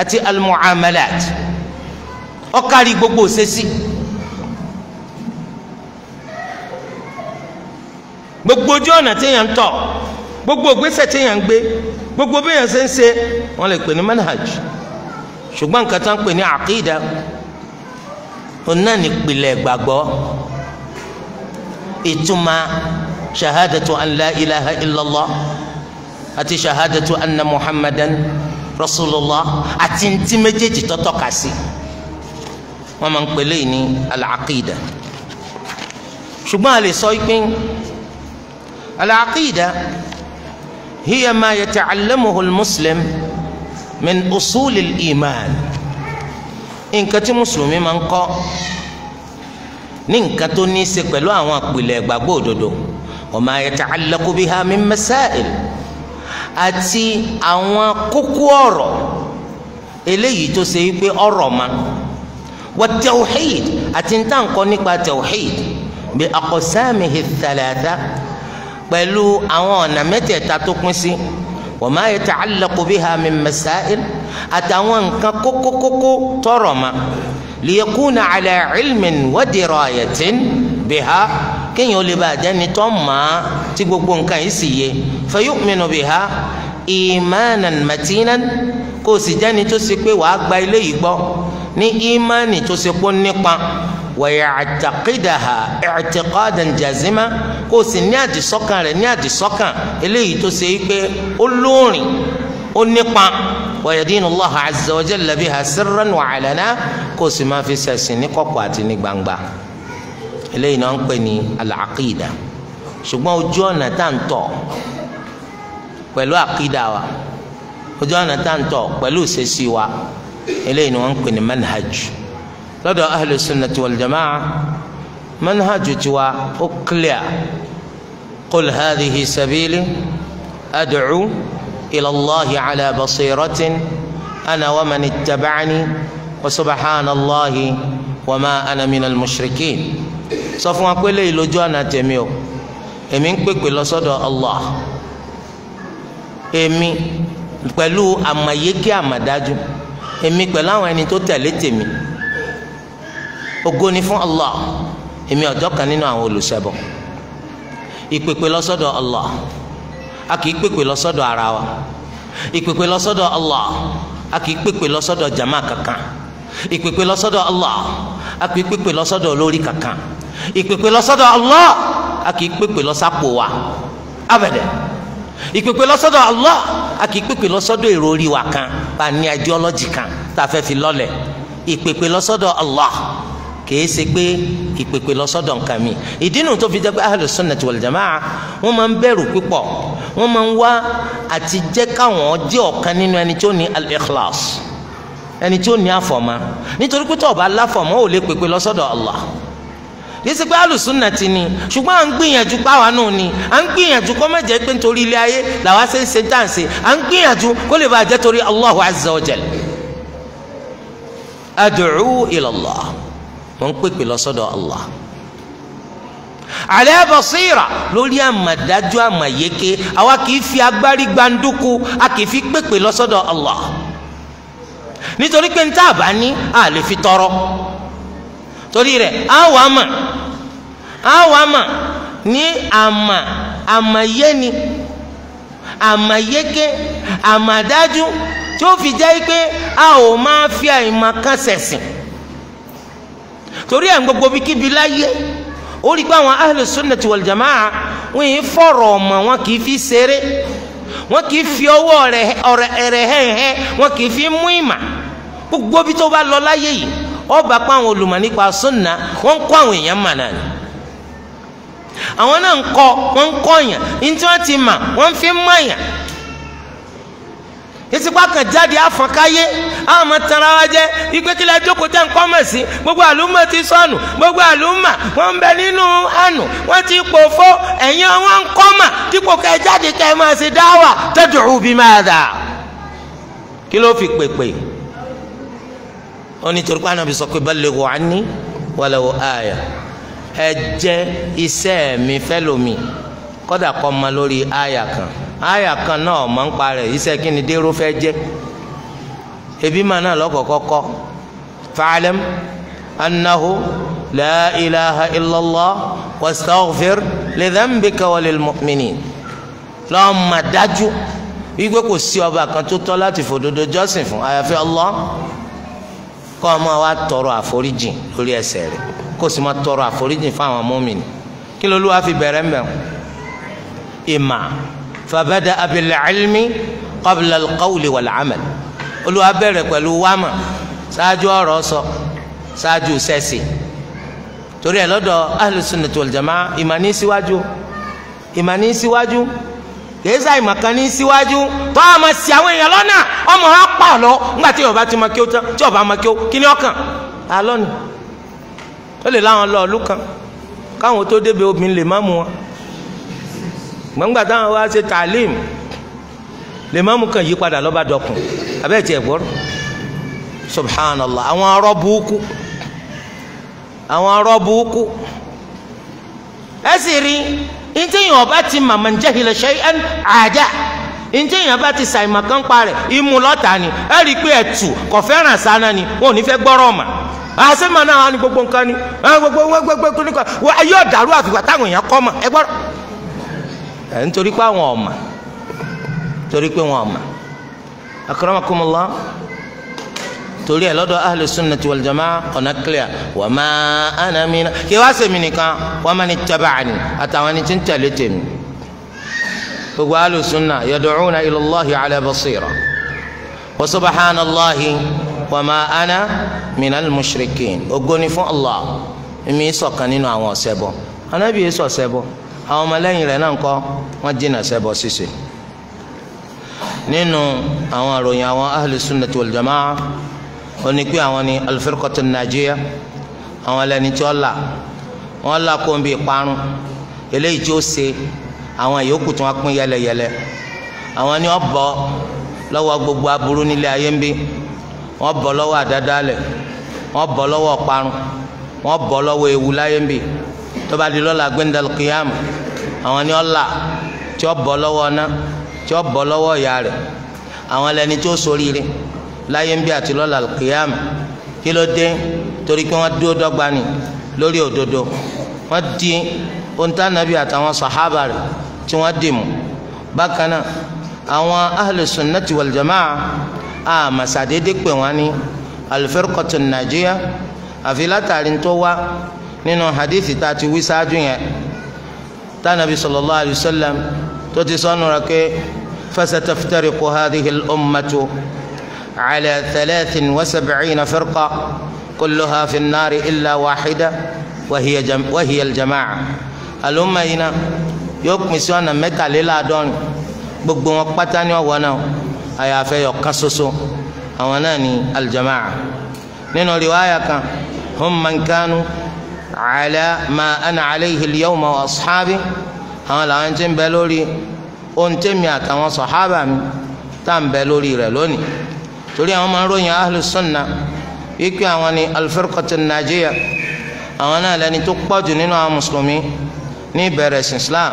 àti al-muamalat ó kárí gbogbo òṣèṣì. gbogbo ojú ọ̀nà téèyàn ń tọ̀ gbogbo ògbésẹ̀ téèyàn ń gbé gbogbo béèyàn ṣe ń ṣe wọ́n lè pè ní manhaj ṣùgbọ́n nǹkan tó ń pè ní àkídà òun náà ní pilẹ̀ gbàgbọ́ ìtumọ̀ shahadatu an la ilaha illallah àti shahadatu anna muhammadan rasulullah àti ntí méjèèjì tó tọ́ka sí wọ́n máa ń pè léyìí ní al-aqida ṣùgbọ́n sọ pé al hiya ma yata'allamuhu al-muslim min usulil iman nǹkan tí mùsùlùmí máa ń kọ́ ní nǹkan tó ní í ṣe pẹ̀lú àwọn àpilẹ̀ ìgbàgbọ́ òdodo wa ma yata'allaqu biha min masail àti àwọn kókó ọ̀rọ̀ eléyìí tó ṣe wípé ọ̀rọ̀ ma wa tawhid àti ń tàn nípa tawhid bi aqsamihi thalatha pẹ̀lú àwọn ọ̀nà mẹ́tẹ̀ẹ̀ta tó pín sí wa ma yata'allaqu biha min masail àtàwọn nǹkan kókókókó tọrọ ma liyakuna ala ilmin wa dirayatin biha kéèyàn ó lè bá àjẹni tó máa tí gbogbo nǹkan yìí sì yé fa yu'minu biha imanan matinan kó o sì jẹ́ni tó ṣe pé wàá gba ilé yìí gbọ́ ní imani tó ṣe pé nípa wa ya'taqidaha i'tiqadan jazima kó sì ní àdìsọ́kàn rẹ̀ ní àdìsọ́kàn eléyìí tó ṣe pé ó lóòrìn ó nípa. ويدين الله عز وجل بها سرا وعلنا kó في máa fi ṣẹ̀sìn ní kọ̀kọ̀ àti ní gbangba eléyìí náà ń pè ní al-aqida ṣùgbọ́n ojú ọ̀nà tá à ń tọ̀ pẹ̀lú àkídà wa ojú ọ̀nà tá à ń tọ̀ pẹ̀lú ìṣesí wa eléyìí ni wọ́n ń pè ní manhaj lọ́dọ̀ ahlu sunnati wal jamaa manhaj tiwa ó clear qul sabili ad'u. إلى الله على بصيرة أنا ومن اتبعني وسبحان الله وما أنا من المشركين sọ fún wa pé lè lójú ọ̀nà الله o èmi ń pèpè lọ sọ́dọ̀ Allah èmi pẹ̀lú àmàyéké àmàdájú èmi pẹ̀lú àwọn ẹni tó tẹ̀lé tèmi ògo ni fún Allah èmi ọ̀jọ́ kan nínú àwọn olùṣẹbọ ìpèpè lọ Allah a kì í pèpè lọ sọ́dọ̀ ara wa ìpèpè lọ sọ́dọ̀ Allah a kì í pèpè lọ sọ́dọ̀ jama kankan ìpèpè lọ sọ́dọ̀ Allah a kì í pèpè lọ sọ́dọ̀ olórí kankan ìpèpè lọ sọ́dọ̀ Allah a kì í pèpè lọ sápò wa abẹdẹ ìpèpè lọ sọ́dọ̀ Allah a kì í pèpè lọ sọ́dọ̀ èrò orí wa kan bá a kan tá a fẹ́ fi lọ́lẹ̀ ìpèpè lọ sọ́dọ̀ Allah kìí ṣe pé ìpèpè lọ sọ́dọ̀ nǹkan mi ìdínú tó fi jẹ́ pé ahlus sunnati wal jamaa wọ́n máa ń bẹ̀rù púpọ̀ wọ́n máa ń wá àti jẹ́ káwọn jẹ́ ọ̀kan nínú ẹni tó ní al-ikhlas ẹni tó ní àfọ̀mọ́ nítorí pé tọ́ọ̀bá láfọ̀mọ́ ò lè pèpè lọ sọ́dọ̀ Allah kìí ṣe pé ahlus sunnati ni ṣùgbọ́n à ń gbìyànjú páwa náà ni à ń gbìyànjú kó má pé nítorí ilé ayé làwa ṣe ń ṣe dáǹsì à ń gbìyànjú kó lè bàa jẹ́ torí Allahu azza wa jalla ad'u ila wọ́n ń pèpè lọ́sọ́dọ̀ Allah ala basira lórí àmàdájú àmàyéké àwa kì í fi agbárí gbanduku a kì í fi pèpè lọ́sọ́dọ̀ Allah nítorí pé níta àbá ní a lè fi tọrọ torí rẹ̀ á wà mà á wà mà ní àmà àmàyéni àmàyéké àmàdájú tí ó fi jẹ́ pé a ò máa fi àìmọ̀ kan ṣẹ̀sìn torí ẹ̀ ń gbogbo bí kíbi láyé ó rí i pé àwọn ahlu sunnati wal jamaa wọn yìí fọ̀rọ̀ ọ̀mà wọn kì í fi ṣeré wọn kì í fi ọwọ́ ẹ̀rẹ̀ hẹ́hẹ́ wọn kì í fi mú ìmà gbogbo bí tó bá lọ láyé yìí ọba pa àwọn olùmọ̀ nípa sunna wọn ń kó àwọn èèyàn mà náà ni àwọn náà ń kọ wọn ń kọ yàn ní tí wọn ti mà wọn fi mọ yàn ìsìnkú àkànjáde àfọ̀nkáyé àwọn ọmọ tanra wa jẹ́ ìgbé kílẹ̀ jókòó tẹ̀ ń kọ́mọ̀ sí gbogbo àlùmọ̀ ti sọnù gbogbo àlùmọ̀ wọ́n ń bẹ nínú àánú wọ́n ti pòfó ẹ̀yin wọn ń kọ́mọ̀ dípò kẹ́ jáde kẹ́ máa ṣe dáwà tad'u bimadha kí ló fi pèpè ó ní torí pé Ànábì sọ pé ballighu anni walau aya ẹ jẹ́ iṣẹ́ mi fẹ́lómi kọ́dà kọ́ ma lórí àyà kan àyà kan náà mọ̀ ń parẹ́ iṣẹ́ kí ni dérò fẹ́ jẹ́ ebi máa náà lọ́kọ̀ọ́kọ́ kọ́ fa'alam annahu la ilaha illallah wastaghfir lidhanbika walilmu'minin lọ́ọ̀mà dájú wípé kò sí ọba kan tó tọ́ láti fòdodo jọ́sìn fún àyàfi Allah kọ́ ọ máa tọrọ àforíjìn lórí ẹ̀ṣẹ̀ rẹ̀ kó sì máa tọrọ àforíjìn fún àwọn mọ́mìnì kí lóluwà fi bẹ̀rẹ̀ mẹ́wọ̀n ìmà fàbẹ́dà abilẹ̀ ẹ̀lmi qabla alqawli wal amal olùwà bẹ̀rẹ̀ pẹ̀lú wàmà ṣáájú ọ̀rọ̀ sọ ṣáájú sẹ́sì torí ẹ̀ lọ́dọ̀ ahlùsùnà tó lùjàmá ìmàní síwájú ìmàní síwájú kèésà ìmàkan ní síwájú tó a ma ṣì àwọn èèyàn lọ́nà ọmọ wa pa ọ̀ lọ nígbà tí yorùbá ti ma kí ó tán tí yorùbá ma kí ó kí ni ọkàn alọ́ni ó lè láwọn lọ ọ̀lú kan káwọn tó débi obìnrin lè má mu wọn gbọ̀ngbà táwọn wá ṣe tàlímù lè má mú kàn yí padà lọ́ba dọkùn abẹ́ tiẹ̀ gbọ́rọ̀ subhanallah àwọn arọ́ burúkú àwọn arọ́ burúkú ẹ sì rí ntẹ́yìn ọba ti màmá njahila shay'an àjà ntẹ́yìn ọba ti sàìmà kan parẹ̀ imú lọ́ta ni ẹ rí i pé ẹ̀tù kò fẹ́ràn sáná ni wọn ò ní fẹ́ gbọ́rọ̀ mà àṣemọ̀ náà wà nǹkan ni gbogbo gbogbo gbogbo kúnìkan wọ́n ayé ọ̀dàrú àfìgbà táwọn èèyàn kọ́ mà ẹ gbọ́rọ̀ ẹ̀ nítorí pé àwọn ọ̀mà torí pé wọn ọ̀mà akramakumullah torí ẹ̀ lọ́dọ̀ ahlu sunnati wal jamaa ọ̀nà clear wa ma ana mina kí wá sèmi nìkan wa man ittaba'ani àtàwọn ẹni tí ń tẹ̀lé tèmi gbogbo ahlu sunna yad'una ila Allahi ala basira wa subhanallahi wa ma ana minal mushrikin ògo fún Allah èmi sọ̀kan nínú àwọn ọ̀sẹ̀ bọ̀ anábìyẹ sọ̀sẹ̀ bọ̀ àwọn ọmọlẹ́yìn rẹ̀ náà kọ́ wọ́n jìnnà sẹ́bọ̀ ṣíṣe nínú àwọn àròyìn àwọn ahlu sunnati wal jamaa ó ní pé àwọn ni alifirikọtò nàìjíríà àwọn ẹlẹ́ni tí wọ́n là wọ́n là kó ń bi ìparun eléyìí tí ó ṣe àwọn yòókù tí wọ́n pín yẹlẹyẹlẹ àwọn ni wọ́n bọ́ lọ́wọ́ gbogbo aburú nílé ayé ń bí wọ́n bọ́ lọ́wọ́ àdádálẹ̀ wọ́n bọ́ lọ́wọ́ ọ̀parun wọ́n bọ́ lọ́wọ́ ewu láyé ń bí tó bá di lọ́la gbẹ́ndàlù kìyàmù àwọn ni ọ̀la tí ó bọ̀ lọ́wọ́ ọ̀nà tí ó bọ̀ lọ́wọ́ ìyá rẹ̀ àwọn lẹni tí ó ṣoríire láyé ń bí àti lọ́la kìyàmù kí ló dé torí pé wọ́n dúró dọ́gba ni lórí òdodo wọ́n di ohun àtàwọn sàhábà rẹ̀ tí wọ́n dì mú bákan àwọn ahlu sunnati wal jamaa pè wọ́n ní al-firqatu àfi látàrí tó nínú hadith tá a ti wí sáájú yẹn tánàbí sallallahu alayhi wa sallam tó ti sọnù rẹ̀ pé fasataftariqu hadhihi al-ummatu ala thalathin wa sab'ina firqa kulluha fi an-nari illa wahida wa hiya al-jama'a al-umma yìí náà yóò pín sí ọ̀nà mẹ́tàléláàádọ́rin gbogbo wọn pátá ní ọ̀wọ́ náà àyàfẹ́ yọ̀kan ṣoṣo àwọn náà ní aljamaa nínú riwaayà kan hum ala ma ana alayhi al-yawma wa ashabi àwọn làwọn tí ń bẹ lórí ohun tèmi àtàwọn sọ̀hábà mi tá à ń bẹ lórí rẹ̀ lónìí torí àwọn máa ń ròyìn ahlu sunna wípé àwọn ni al-firqatu an-najiya àwọn náà lẹni tó pọ̀jù nínú àwọn mùsùlùmí ní ìbẹ̀rẹ̀ sí islam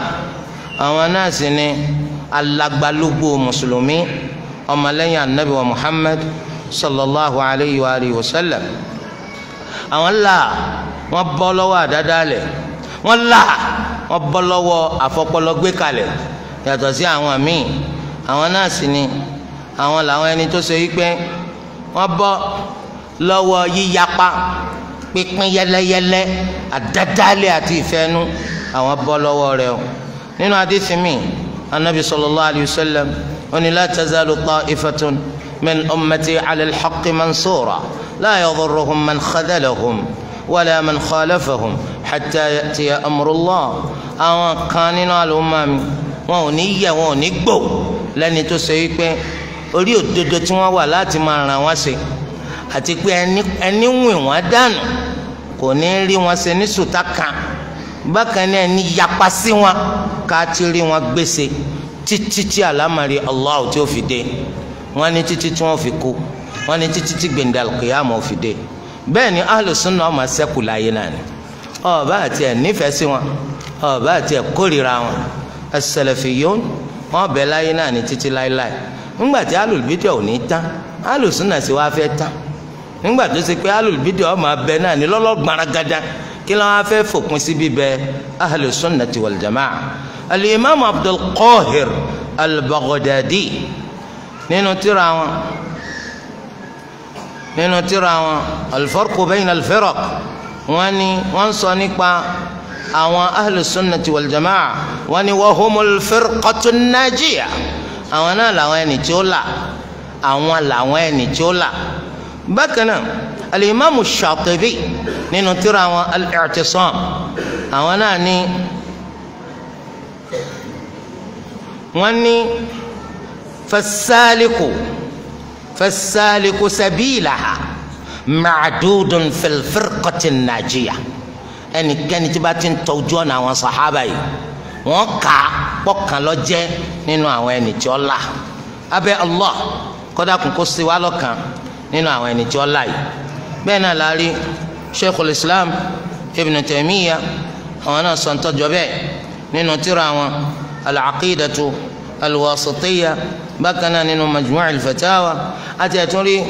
àwọn náà sì ni alagbalógbò mùsùlùmí ọmọlẹ́yìn anabi wa muhammad sallallahu alayhi wa sallam àwọn là wọ́n bọ́ lọ́wọ́ àdádálẹ̀ wọ́n là wọ́n bọ́ lọ́wọ́ àfọpọlọ gbé kalẹ̀ yàtọ̀ sí àwọn míì àwọn náà sì ni àwọn làwọn ẹni tó ṣe wípé wọ́n bọ́ lọ́wọ́ yíyapa pínpín yẹlẹyẹlẹ àdádálẹ̀ àti ìfẹ́nu àwọn bọ́ lọ́wọ́ rẹ̀ o nínú àdìsí mi anabi sallallahu alayhi wa sallam ó ní la tazalu ta'ifatun min ummati لا يضرهم من خذلهم ولا من خالفهم حتى يأتي أمر الله أو كان الأمم ونية ونقبو لن تسيب orí òdodo tí wọ́n wà láti máa ràn wọ́n ṣe àti pé ẹni wìn wọ́n dànù kò ní rí wọn ṣe ní sùtá kan bákan náà ní yapa sí wọn ká ti rí wọn gbèsè títí tí àlámàrí Allah tí ó fi dé wọn ní títí tí wọ́n fi kú wọ́n ní títí tí gbẹ̀ndà kìyàmọ̀ fi dé bẹ́ẹ̀ ni alùsùnà ọmọ sẹ́kù láyé náà ni ọba àti ẹ̀ nífẹ̀ẹ́ sí wọn ọba àti ẹ̀ kórìíra wọn as-salafiyun wọn bẹ láyé náà ní títí láéláé ńgbà tí alùbídíà ò ní tán alùsùnà sì wá fẹ́ tán ńgbà tó ṣe pé alùbídíà ọmọ abẹ náà ní lọ́lọ́gbàràgàdà kí ló wá fẹ́ fòpin sí bíbẹ ahlùsùnàti wal jamaa al-imam Abdul Qahir al nínú tírà wọn nínú tíra wọn al-farqu bayna al-firaq wọ́n ní wọ́n sọ nípa àwọn ahlùsúnnàtì wàlùjàmáà wọ́n ní wa humul firqatu najiyah àwọn náà làwọn ẹni tí ó là àwọn làwọn ẹni tí ó là bákan náà alimami Shatibi nínú tíra wọn al àwọn náà ní wọ́n ní fasaliku fasaliku sabilaha ma'adudun filfirqati najiya ẹnikẹ́ni tí bá ti ń tọ́jú ọ̀nà àwọn sahaba yìí wọ́n kà á pọ̀kan lọ́jẹ́ nínú àwọn ẹni tí ó là abẹ́ Allah kọ́dàkùn kó sí wa lọ́kàn nínú àwọn ẹni tí ó là yìí bẹ́ẹ̀ náà la rí sheikhul islam ibn taymiya àwọn náà sọ ń tọ́jọ́ bẹ́ẹ̀ nínú tírà wọn al-aqidatu al-wasitiyya. Al بكنا نينو مجموع الفتاوى اتي اتولي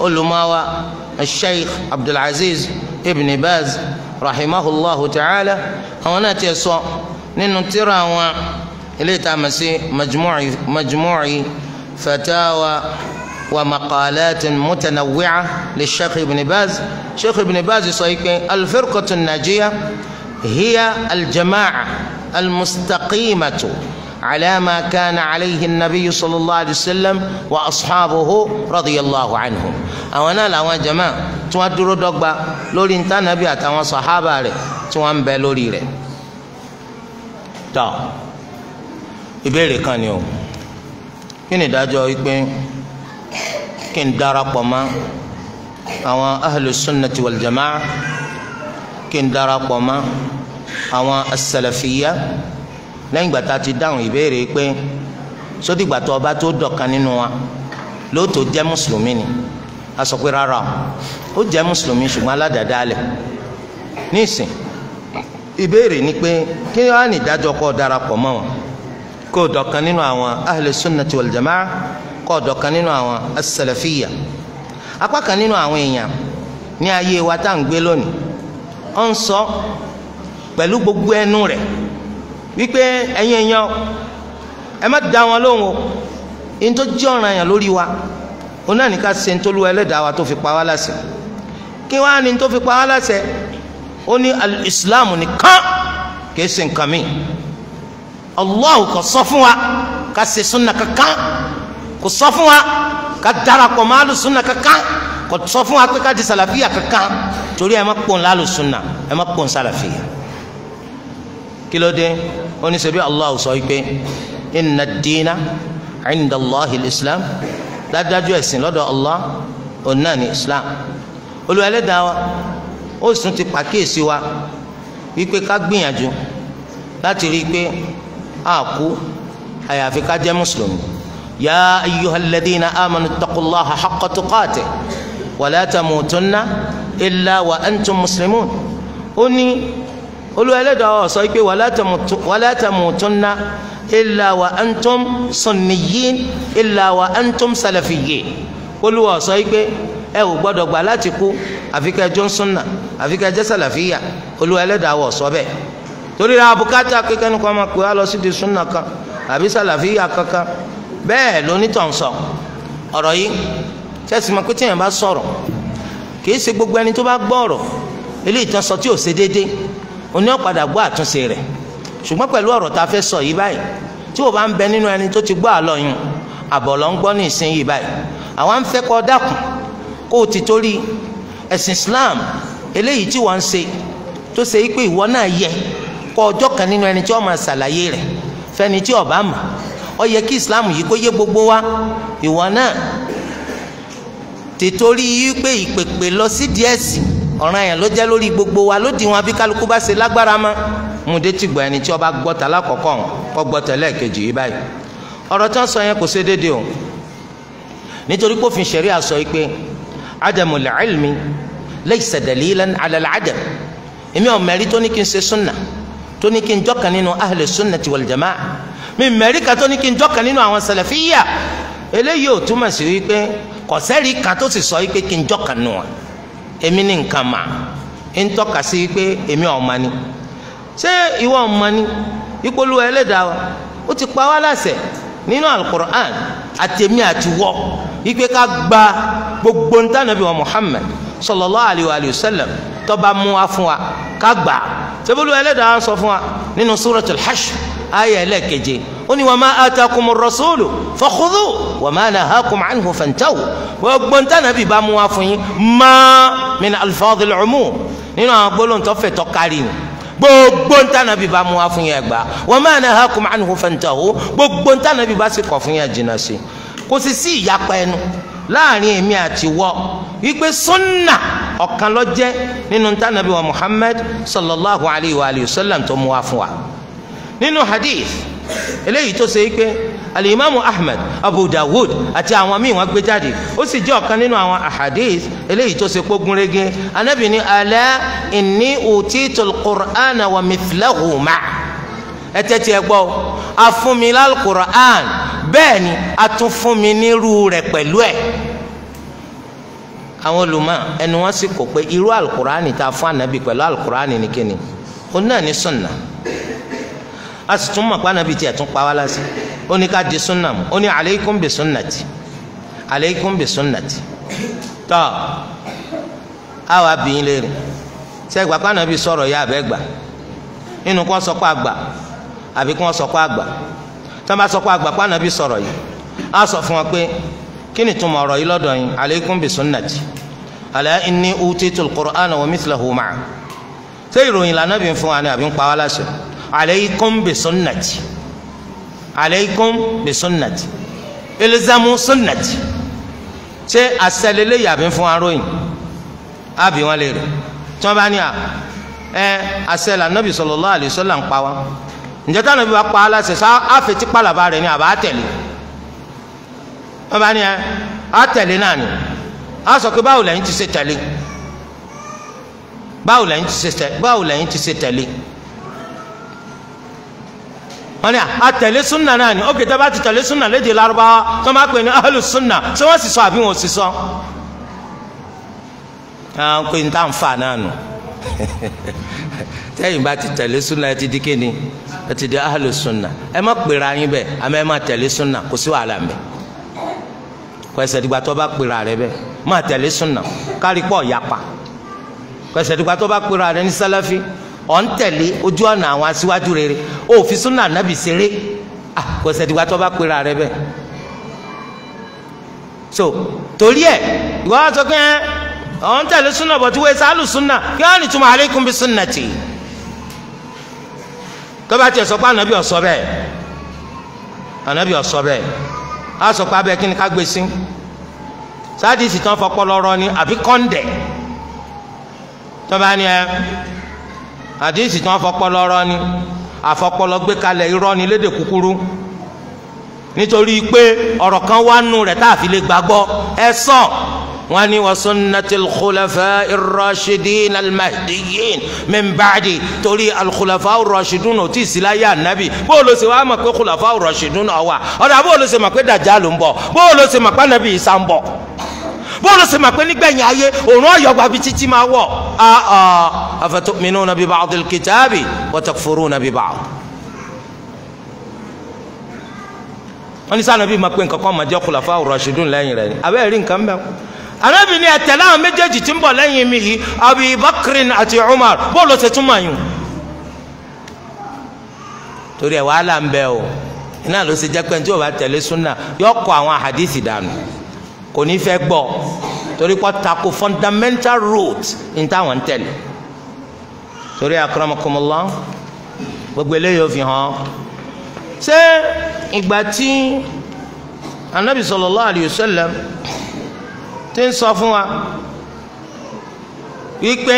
علماوا الشيخ عبد العزيز ابن باز رحمه الله تعالى وانا اتي اسو ترى تراوا اللي تامسي مجموع مجموع فتاوى ومقالات متنوعة للشيخ ابن باز شيخ ابن باز صحيح الفرقة الناجية هي الجماعة المستقيمة على ما كان عليه النبي صلى الله عليه وسلم وأصحابه رضي الله عنهم أونا لو جماعة تودروا دقبا لولي انت نبي أتوا صحابة لي توان بلولي لي تا ìbéèrè kan ni o kí ni ìdájọ́ wípé kí n darapọ̀ mọ́ àwọn ahlu sunnati kí n darapọ̀ mọ́ àwọn asalafiya. lẹ́yìn ti dáhùn ìbéèrè pé sódìgbà ọba tó dọ̀kan nínú wa lóòótọ́ jẹ́ mùsùlùmí ni a sọ pé rárá o ó jẹ́ mùsùlùmí ṣùgbọ́n aládàáda alẹ̀ níìsín ìbéèrè ni pé kí wàá ní ìdájọ́ kó darapọ̀ mọ́ wọn kó dọ̀kan nínú àwọn ahlẹ̀ sunnati wal jamaa dọ̀kan nínú àwọn asalafiya apá kan nínú àwọn èèyàn ní ayé wa tá gbogbo ẹnu rẹ̀ wípé ẹ̀yin èèyàn ẹ má dá wọn lóhùn o ẹni tó jẹ́ ọ̀ràn yàn lórí wa òun náà ní ká ṣe ní tó ẹlẹ́dàá wa tó fi pa wá láṣẹ kí wọ́n ní tó fi pa wá láṣẹ ó ní islam nìkan kì í ṣe nǹkan mi allah kò sọ fún wa ká ṣe súnà kankan kò sọ fún wa ká darapọ̀ mọ́ àlùsúnà kankan kò sọ fún wa pé ká di sàlàfíà kankan torí ẹ má pòun lálùsúnà ẹ má pòun sàlàfíà kí ló dé ó ní ṣebí allah sọ pé inna ad-dina inda allah islam dájúdájú ẹ̀sìn lọ́dọ̀ allah òun náà ní islam Olúwa Ẹlẹ́dàá wa ó sùn ti pàkíyèsí wa wípé ká gbìyànjú láti rí i pé a kú àyàfi ká jẹ́ mùsùlùmí ya ayyuhal ladhina amanu taqullaha haqqa tuqatih wa la tamutunna illa wa antum muslimun ó ní olú ẹlẹ́dàá ọ̀ sọ pé wala tamutunna illa wa antum sunniyin illa wa antum salafiyin olú ọ̀ sọ pé ẹ ò gbọ́dọ̀ gbà láti kú àfikẹ́ jọ́nsọ́nà àfikẹ́ jẹ́sàlàfíà olú ẹlẹ́dàá ọ̀ sọ bẹ́ẹ̀ torí ra abukata kékeré kan máa pè á lọ sídìí súnà kan àbí sàlàfíà kankan bẹ́ẹ̀ lónítàn sọ ọ̀rọ̀ yìí tẹ́sí ma pé tí bá sọ̀rọ̀ kì í ṣe gbogbo ẹni tó bá gbọ́ ọ̀rọ̀ eléyìí tán sọ tí ò ṣe déédéé oní ọ̀padà gbọ́ àtúnṣe rẹ̀ ṣùgbọ́n pẹ̀lú ọ̀rọ̀ tá a fẹ́ sọ yìí báyìí tí o bá ń bẹ nínú ẹni tó ti gbọ́ àlọ́ yun àbọ̀ ló ń gbọ́ ní ìsìn yìí báyìí àwa ń fẹ́ kọ́ dákun kó o ti torí ẹ̀sìn Islam eléyìí tí wọ́n ń ṣe tó ṣe pé ìwọ náà yẹ kọ́ ọjọ́ kan nínú ẹni tí wọ́n máa ṣàlàyé rẹ̀ fẹ́ni tí ọba mọ̀ ọ yẹ kí Islam yìí kó yé gbogbo wa ìwọ náà tètòrí yìí pé ìpèpè lọ sí díẹ̀ sí ọ̀ràn yẹn ló jẹ́ lórí gbogbo wa ló di wọn bí kálukú bá ṣe lágbára mọ́ múndé ti gbọ́ ẹni tí ọba gbọ́tà lákọ̀ọ́kọ́ kọ́ gbọ́tà lẹ́ẹ̀kejì yìí báyìí ọ̀rọ̀ tí wọ́n sọ yẹn kò ṣe déédéé o nítorí pófin ṣẹ̀ríà sọ yìí pé ádámù làálmi laysa dalilan ala al-adam èmi ò mẹ́rí tó ní kí n ṣe súnà tó ní kí n jọ́kan nínú ahlu sunnati wal jamaa mi mẹ́rí kan tó ní kí n jọ́kan nínú àwọn salafiyya eléyìí ò túmọ̀ sí wípé kọ̀sẹ́rì kan tó sì sọ wípé kí n jọ́kan nù wọn èmi ní nǹkan mà ń tọ́ka sí pé èmi ọ̀ma ni ṣé ìwọ ọ̀ma ni ìpolówó ẹlẹ́dàá wa ó ti pa wá láṣẹ nínú alukur'an àtẹ̀mí àtiwọ́ ipe ká gba gbogbo ntànàbí wa Muhammad sallallahu alayhi wa sallam tó bá mú wa fún wa ká gbà ṣé bolówó ẹlẹ́dàá sọ fún wa nínú suratul Hashr ayé ẹlẹ́ẹ̀keje ó ní wa ma atakumur rasulu fakhudhu wa ma nahakum anhu fantahu gbogbo ntànàbí bá mú wa fún yín má min alfadhil umum nínú àwọn gbólóhùn tó fẹ̀ tó kárí ni gbogbo ntànàbí bá mú wa fún yín ẹgbà wa ma nahakum anhu fantahu gbogbo ntànàbí bá sì kọ̀ fún yín jìnnà sí kò sì sí ìyapa ẹnu láàrin èmi àti wọ wípé sunna ọ̀kan ló jẹ́ nínú ntànàbí wa Muhammad sallallahu alayhi wa sallam tó mú wa fún wa nínú hadith eléyìí tó ṣe é pé alimami ahmed abu dawud àti àwọn míì wọ́n gbé jáde ó sì jẹ́ ọ̀kan nínú àwọn ahadith eléyìí tó ṣe pógun rege anabi ni ala inni utitul qur'ana wa mithlahu ma ẹ tẹ́tí ẹ gbọ́ afunmilá qur'an bẹ́ẹ̀ ni a tún fún mi nírú rẹ̀ pẹ̀lú ẹ̀ àwọn olùmọ̀ ẹnu wọn sì kò pé irú alukur'ani tá a fún anabi pẹ̀lú alukur'ani ni kíni òun náà ní sunna a sì tún mọ̀ pé anabi tiẹ̀ tún pa wá lásì ó ní ká di sunna mu ó ní aleikum bi sunnati aleikum bi sunnati tọ́ a wà bìyín léèrè sẹ́gbà pé anabi sọ̀rọ̀ yá abẹ́ gbà nínú kó sọ àgbà àbí kó sọ àgbà tó bá sọ àgbà pé anabi sọ̀rọ̀ yìí a sọ fún wa pé kí ni túmọ̀ ọ̀rọ̀ yìí lọ́dọ̀ yín aleikum bi sunnati ala inni utitul qur'ana wa mithlahu ma'a ṣé ìròyìn lànà bí ń fún wa ni àbí ń pa wá láṣẹ aleikum bi sunnati aleikum bi sunnati ilizamu sunnati ṣé asẹlẹlẹ yàbí fún aróyìn àbí wọn lè rè tí wọn bá ní à ẹ asẹlẹ anabi sallallahu alaihi wasallam ń pa wá ǹjẹ́ táwọn ibi wa pa á láṣẹ sá àfetí pàlàbà rẹ̀ ni àbá tẹ̀lé wọn bá ní ẹ á tẹ̀lé náà ni á sọ pé báwo lẹ́yìn ti ṣe tẹ̀lé báwo lẹ́yìn ti ṣe tẹ̀lé wọ́n ní àtẹ̀lé súnà náà ni ókè tẹ́bá ti tẹ̀lé súnà léde lárúbáwá tó máa pè ní ahlu súnà ṣé wọ́n sì sọ àbí wọn ò sì sọ. àwọn pé níta ń fà náà nù tẹ́yìn bá ti tẹ̀lé súnà ẹ ti di kíni ẹ ti di ahlu súnà ẹ má pèrè ayín bẹ́ẹ̀ àmọ́ ẹ má tẹ̀lé súnà kò sí wàhálà mẹ́ kò ẹsẹ̀ dìgbà tó bá pèrè rẹ bẹ́ẹ̀ má tẹ̀lé súnà kárí pọ̀ yapa kò ẹsẹ̀ dìgbà tó bá pèrè rẹ ní sálàfí ọ̀ ń tẹ̀lé ojú ọ̀nà àwọn aṣíwájú rere ó fi súnà nábì ṣeré ah, kò sẹ́dìgbà tó bá pera rẹ bẹ́ẹ̀ so torí ẹ ìwọ wa sọ pé ọ̀ ń tẹ̀lé súnà bọ̀ tí wọ́n ṣe àlù súnà kí wọ́n ní túmọ̀ alaykum bi sunnati tó bá tiẹ̀ sọ pé ànábì ọ̀ sọ bẹ́ẹ̀ ànábì ọ̀ sọ bẹ́ẹ̀ á sọ pé abẹ́ kí ni ká gbé sí sáà tán fọpọ́ lọ́rọ́ ni àbí kọ́ńdẹ̀ ẹ. àdìsí tí wọ́n fọpọlọ rọ ni àfọpọlọ gbé kalẹ̀ irọ́ ni lédè kúkúrú nítorí pé ọ̀rọ̀ kan wà nù rẹ̀ tá a fi lè gbàgbọ́ ẹ sàn wọ́n ní wa sunnatil khulafa irrashidin almahdiyin min ba'di torí alkhulafa irrashidun ò tí ì sí láyé ànábì bóòlù ṣe pé khulafa irrashidun ọ̀ wà ọ̀dà bóòlù ṣe mọ̀ pé dàjà ló ń bọ̀ bóòlù ṣe mọ̀ pé ànábì Ìsá ń bọ̀ bóòlù sì mà pé nígbẹ̀yìn ayé òun ọ̀yọ́gba bíi títí máa wọ̀ afatu'minuna bi ba'dil kitabi wa takfuruna bi ba'd. wọ́n ní sáà nàbí ma pé nǹkan kan máa jẹ́ khulafa'ur rashidun lẹ́yìn rẹ̀ ni abẹ́rẹ́ rí nǹkan bẹ́ẹ̀ anabi ni ẹtẹlẹ àwọn méjèèjì tí ń bọ̀ lẹ́yìn mi yìí abi bakrin àti umar bóòlù ṣe tún màyún. torí ẹ wàhálà ń bẹ o iná ló ṣe jẹ́ pé ní tí o bá tẹ̀lé súnà yọ kò ní fẹ́ gbọ́ torí kò tako fundamental root ní táwọn ń tẹ̀lé torí akramakumullah gbogbo eléyìí ó fi hàn ṣé ìgbà tí anabi sallallahu alayhi wa sallam ti ń sọ fún wa wípé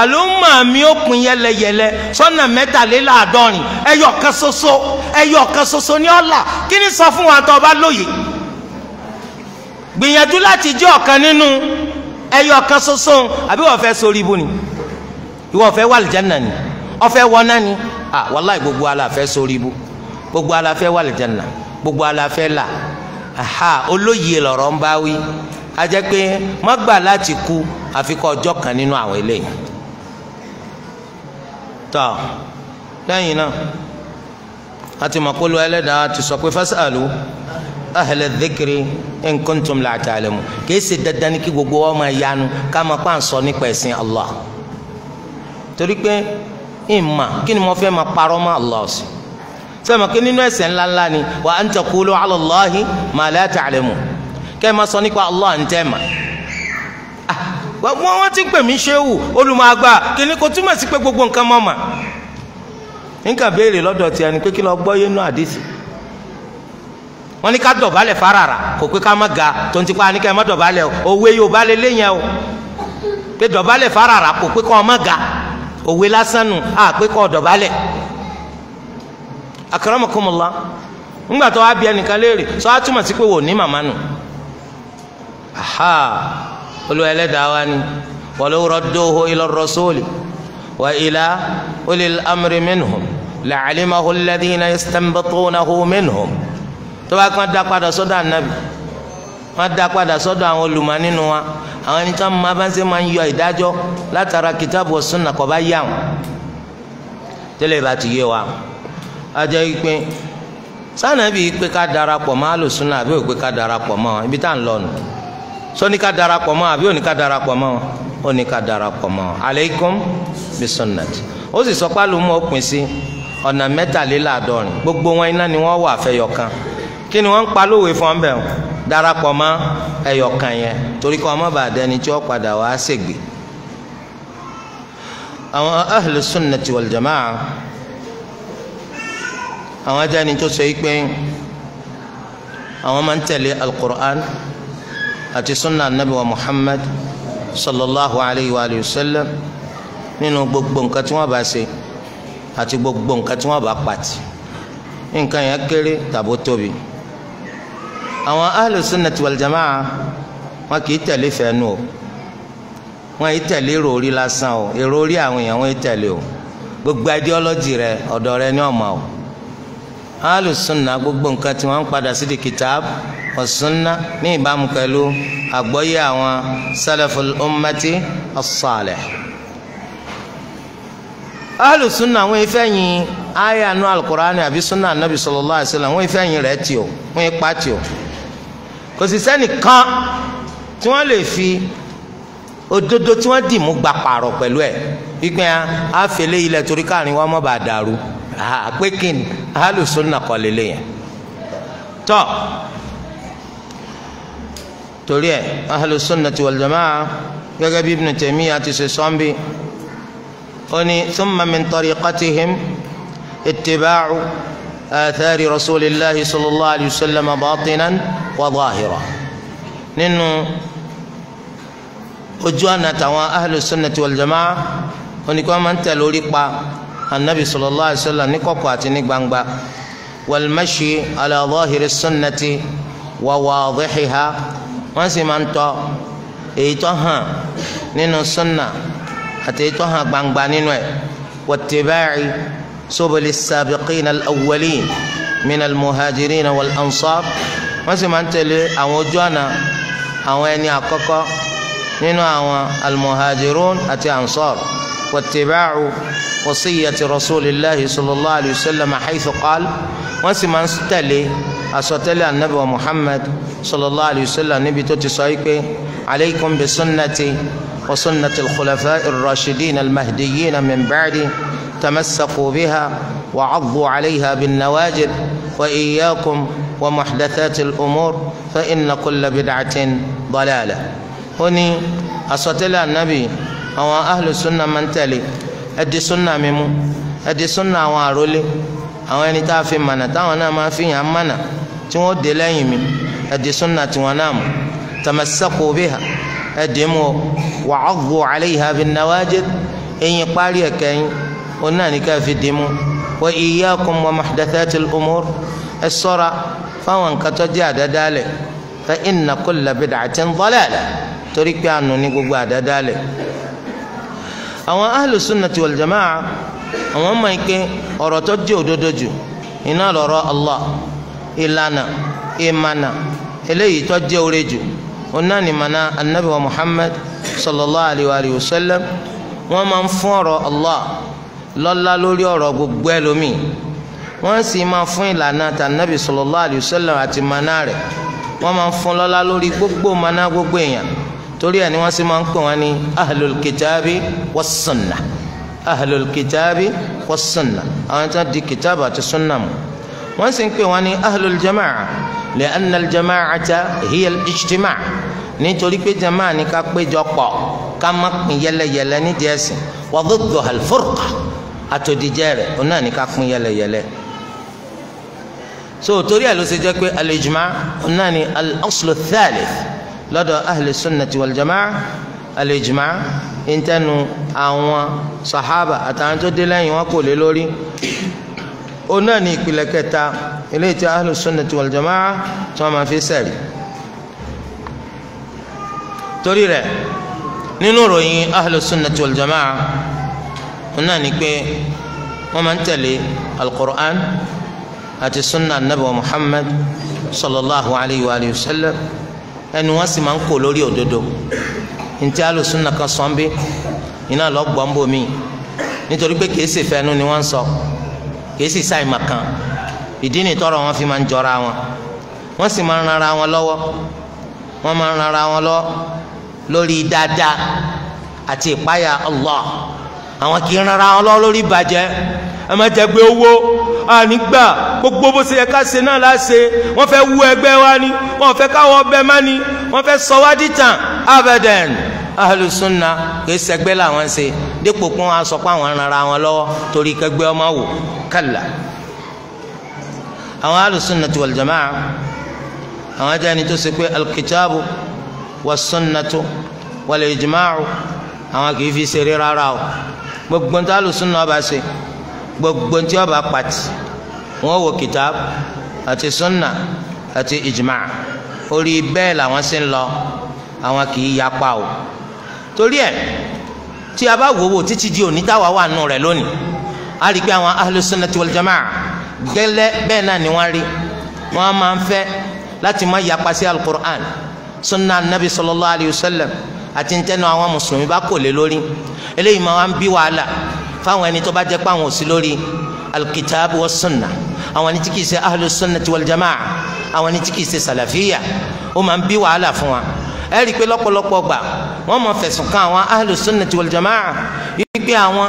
àlùmọ̀ mi ó pin yẹlẹyẹlẹ sọ́nà mẹ́tàléláàádọ́rin ẹyọ kan ṣoṣo ẹyọ kan ṣoṣo ní ọ̀la kí ni sọ fún wa tó o bá lóye gbìyànjú láti jẹ́ ọ̀kan nínú ẹyọ ọ̀kan ṣoṣo àbí wọ́n fẹ́ sórí ibu ni ìwọ ọ̀fẹ́ wà lìjánà ni ọ̀fẹ́ wọná ni ah wàláì gbogbo aláfẹ́ sórí ibu gbogbo aláfẹ́ wà lìjánà gbogbo aláfẹ́ là aha olóyè lọ̀rọ̀ ń bá wí a jẹ́ pé má gbà láti kú àfikọ́ ọjọ́ kan nínú àwọn eléyìí tọ́ lẹ́yìn náà a ti ẹlẹ́dàá ti sọ pé fásitì àlù ahla dhikri in kuntum la ta'lamu kìí ṣe dandan ní kí gbogbo wa máa yanu ká máa pa à ń sọ nípa ẹ̀sìn Allah torí pé ìmà kí ni mo fẹ́ máa parọ́ mọ́ Allah sí sọ́yìn mọ̀ kí nínú ẹ̀ṣẹ̀ ńláńlá ni wa an taqulu ala Allahi ma la ta'lamu kẹ́ ẹ máa sọ nípa Allah ń tẹ́ mà ah, wọ́n ti pè mí ṣéwù kí ni kò túmọ̀ sí pé gbogbo nǹkan mọ̀ mà nǹkan béèrè lọ́dọ̀ tiẹ̀ ni pé kí lọ gbọ́ yé nú àdìsí wọ́n ní ká dọ̀bálẹ̀ farara kò pé ká má ga tó ń tipa ní ká má dọ̀bálẹ̀ o òwe yorùbá lè léyìn o pé dọ̀bálẹ̀ farara kò pé ká má ga òwe lásán nù á pé ká dọ̀bálẹ̀ akaramakomola ńgbà tó bí ẹnìkan léèrè sọ á túmọ̀ sí pé wò ní màmá nù aha olú ẹlẹ́dàá wa ni walau radduhu ila rasuli wa ila ulil amri minhum la'alimahu alladhina yastanbitunahu minhum. tó bá kàn dá padà sọ́dọ̀ ànábì wọ́n dá padà sọ́dọ̀ àwọn nínú wa àwọn ẹni tí máa bá ń máa ń yọ ìdájọ́ látara kìtàbù sunnah kọ́ bá yà wọ́n tẹ́lẹ̀ bá ti yé wa ajẹ́ ikpe sànàbí ká darapọ̀ mọ́ àbí ká darapọ̀ mọ́ ibi tá à ń lọ nù ká darapọ̀ mọ́ àbí òní ká darapọ̀ mọ́ òní ká darapọ̀ mọ́ sọ gbogbo wọn iná ni wọ́n wà kí ni wọ́n ń pa lóòwe fún ọ́nbẹ̀ o darapọ̀ mọ́ ẹ̀yọ̀kan yẹn torí kọ́ ọmọ bàá dẹni tí wọ́n padà wá ṣègbè. àwọn ahlus sunnati wal jamaa àwọn dẹni tó sọ yìí pé àwọn máa ń tẹ̀lé al àti sunna anabi wa Muhammad sallallahu alayhi wa sallam nínú gbogbo nǹkan tí wọ́n bá ṣe àti gbogbo nǹkan tí wọ́n bá pàtì nǹkan yẹn kéré tàbó tóbi. àwọn ahlùsùnàtì wàlìjàmáà wọn kì í tẹ̀lé o wọn yìí tẹ̀lé èrò lásán o èrò orí àwọn èèyàn wọn o gbogbo ideology rẹ ọ̀dọ̀ rẹ ní ọ̀ma o alùsùnà gbogbo nǹkan tí wọ́n padà sí di kitab ọ̀sùnà ní ìbámu pẹ̀lú àgbọ́yé àwọn sálẹ̀fù ummati wọn anabi wọn o wọn o. kò sì sẹ́nìkan tí wọ́n lè fi òdodo tí wọ́n dì mú gba pààrọ̀ pẹ̀lú ẹ̀ gbígbẹ́ àfẹlẹ́ ilẹ̀ torí káàrin wọn mọ̀ bá dàrú àpékin alùsùnà kọ́lélẹ̀ yẹn tọ́ torí ẹ̀ alùsùnnati wal jamaa gẹ́gẹ́ bí Ibn Taymiyyah ti ṣe ó ní thumma min tariqatihim ittiba'u athari rasulillahi sallallahu alayhi wa sallam batinan wa zahira nínú ojú ọ̀nà tàwọn ahlu sunnati wal jamaa oníkó máa ń tẹ̀ lórí pa anabi sallallahu alayhi wa sallam ní kọ̀kọ̀ àti ní gbangba wal mashi ala zahiri sunnati wa wadihiha wọ́n sì máa ń tọ èyí tó hàn nínú sunna àti èyí tó hàn gbangba nínú ẹ̀ wọ́n ti báyìí. سبل السابقين الأولين من المهاجرين والأنصار wọ́n sì máa ń tẹ̀lé àwọn ojú ọ̀nà àwọn ẹni àkọ́kọ́ nínú àwọn almuhajirun àti ansor wàtìbáàrù wàsíyàtì rasulillahi sallallahu alayhi wa sallam haythu qal wọ́n sì máa ń tẹ̀lé àsọtẹ́lẹ̀ anabi wa muhammad sallallahu alayhi wa sallam níbi tó ti sọ yìí pé alaykum bi sunnati wa sunnati al-khulafa ir-rashidin al-mahdiyyin min ba'di. تمسكوا بها وعضوا عليها بالنواجذ واياكم ومحدثات الامور فان كل بدعه ضلاله هني اصطلى النبي او اهل السنه من تلي ادي سنه ميمو ادي سنه وارولي او اني يعني تافي منا تاونا ما في امانه تو دي لين مي ادي سنه تي ونام تمسكوا بها ادي مو وعضوا عليها بالنواجذ اي باري كاين òun náà ní ká fi dì mú wa iyyakum wa muhdathatil umur ẹ ṣọ́ra fáwọn nǹkan tó jẹ́ àdádálẹ̀ fa inna kulla bid'atin dalalah torí pé àánú ní gbogbo àdádálẹ̀ àwọn ahlu sunnati wal jama'a àwọn máa ń pé ọ̀rọ̀ iná lọ́rọ̀ Allah ìlànà ìmànà eléyìí tó jẹ́ oore jù mana anabi wa Muhammad sallallahu alayhi wa sallam wọ́n máa ń fún ọ̀rọ̀ Allah lọ́lá lórí ọ̀rọ̀ gbogbo ẹlòmíì wọ́n sì máa fún ìlànà tànàbì sallallahu alayhi wa sallam àti maná rẹ̀ wọ́n máa fún lọ́lá lórí gbogbo maná gbogbo èèyàn torí ẹ̀ ni wọ́n sì máa ń pè wọ́n ní ahlul kitabi was sunnah àwọn tí di kitaaba àti sunna mu wọ́n sì ń pè wọ́n ní ahlul jama'a li'anna al-jama'ata ijtima nítorí pé jama'a ni ká péjọ pọ̀ ká má pín yẹlẹyẹlẹ nídìí ẹ̀sìn wa didduha al atòdìjẹ rẹ̀ òun náà ní ká pín yẹlẹyẹlẹ so torí ẹ̀ ló ṣe jẹ́ pé al-ijma' òun náà ní al-aslu thalith lọ́dọ̀ ahli sunnati wal jama'a al-ijma' ntẹnu àwọn sahaba àtàwọn tó dé lẹ́yìn wọn kò lé lórí òun náà ní kẹta eléyìí tí ahli sunnati wal tí wọ́n máa fi sẹ̀rí torí rẹ̀ nínú ìròyìn ahli sunnati wal wọn náà ní pé wọn máa ń tẹ̀lé alukur'an àti sunna anabi wa muhammad sallallahu alayhi wa sallam ẹnu wọn sì máa ń kó lórí òdodo ntí alùsùnà kan sọ ń bí iná lọ gbọ́ ń bomi nítorí pé kìí sì fẹnu ni wọ́n ń sọ kìí sì sáì màkàn ìdí nìtọ́rọ wọn fi máa ń jọra wọn wọ́n sì máa ń ran wọn lọ́wọ́ wọ́n máa ń ran wọn lọ́wọ́ lórí dáadáa àti ìpáyà Allah àwọn kì í rara wọn lọ lórí ìbàjẹ́ ẹ má jẹ gbé owó ànígbà gbogbo bó ṣe yẹ ká ṣe náà láṣe wọ́n fẹ́ wú ẹgbẹ́ wa ni wọ́n fẹ́ káwọ́ ọbẹ̀ má ni wọ́n fẹ́ sọ wá dìtàn abadan ahlùsùnà kì í ṣẹgbẹ́ làwọn ṣe dípò pé wọ́n á sọ pé àwọn rara wọn lọ́wọ́ torí kẹgbẹ́ ọmọ wò kàlà àwọn ahlùsùnà ti wal jamaa àwọn ajá ni tó ṣe pé alkitabu wa sunnatu wal ijma'u àwọn kì í fi ṣeré rárá o gbogbo ntẹ alùsùn náà bá ṣe gbogbo ntẹ ọba pàtì wọn wò kìtàb àti sunna àti ìjìmá orí bẹ́ẹ̀ làwọn sì ń lọ àwọn kì í yapa o torí ẹ̀ tí a bá wò wò títí di òní táwa wà nù rẹ̀ lónìí a rí pé àwọn ahlus-sunnati wal-jamaa gẹ́lẹ́ bẹ́ẹ̀ náà ni wọ́n rí wọ́n máa ń fẹ́ láti má yapa sí al sunna anabi sallallahu alayhi wa sallam àti ntẹnu àwọn mùsùlùmí bá kò lé lórí eléyìí máa ń bí wàhálà fáwọn ẹni tó bá jẹ́ pé àwọn ò sí lórí alkitaabu wa sunna àwọn ẹni tí kìí ṣe ahlu sunnati wal jamaa àwọn ẹni tí kìí ṣe salafiya ó máa ń bí wàhálà fún wa ẹ rí i pé lọ́pọ̀lọpọ̀ gbà wọ́n mọ̀ fẹ̀sùn kan àwọn ahlu sunnati wal jamaa wípé àwọn